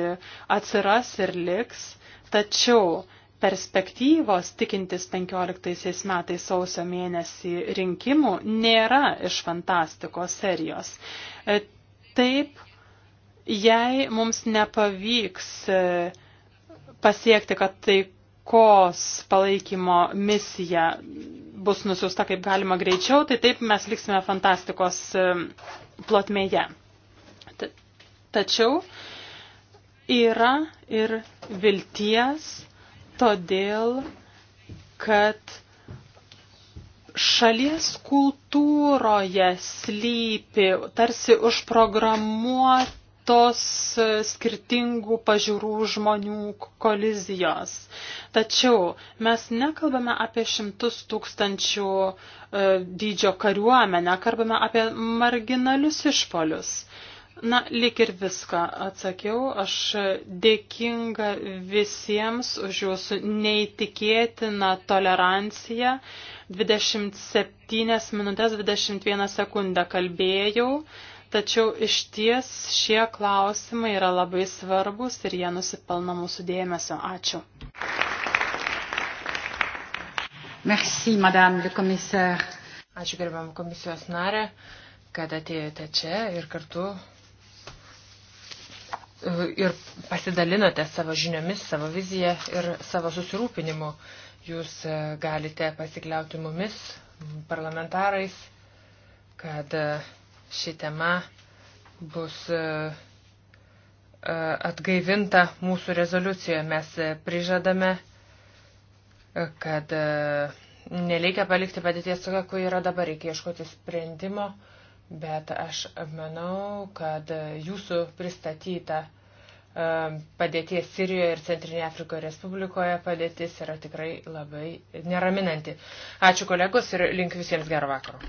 atsiras ir liks, tačiau perspektyvos tikintis 15 metais sausio mėnesį rinkimų nėra iš fantastikos serijos. E, taip, jei mums nepavyks e, pasiekti, kad tai taikos palaikymo misija bus nusiusta kaip galima greičiau, tai taip mes liksime fantastikos plotmėje. Tačiau yra ir vilties, todėl, kad šalies kultūroje slypi tarsi užprogramuoti tos e, skirtingų pažiūrų žmonių kolizijos. Tačiau mes nekalbame apie šimtus tūkstančių e, dydžio kariuomenę, kalbame apie marginalius išpolius. Na, lik ir viską atsakiau. Aš dėkinga visiems už jūsų neįtikėtiną toleranciją. 27 minutės 21 sekundę kalbėjau. Tačiau iš ties šie klausimai yra labai svarbus ir jie nusipelno mūsų dėmesio. Ačiū. Merci, madame le commissaire. Ačiū gerbiam komisijos narė, kad atėjote čia ir kartu ir pasidalinote savo žiniomis, savo viziją ir savo susirūpinimu. Jūs galite pasikliauti mumis, parlamentarais, kad uh, ši tema bus e, e, atgaivinta mūsų rezoliucijoje. Mes e, prižadame, kad nereikia palikti padėties tokia, kur yra dabar, reikia ieškoti sprendimo, bet aš manau, kad jūsų pristatyta padėties Sirijoje ir Centrinėje Afrikoje Respublikoje padėtis yra tikrai labai neraminanti. Ačiū kolegos ir link visiems gerą vakarą.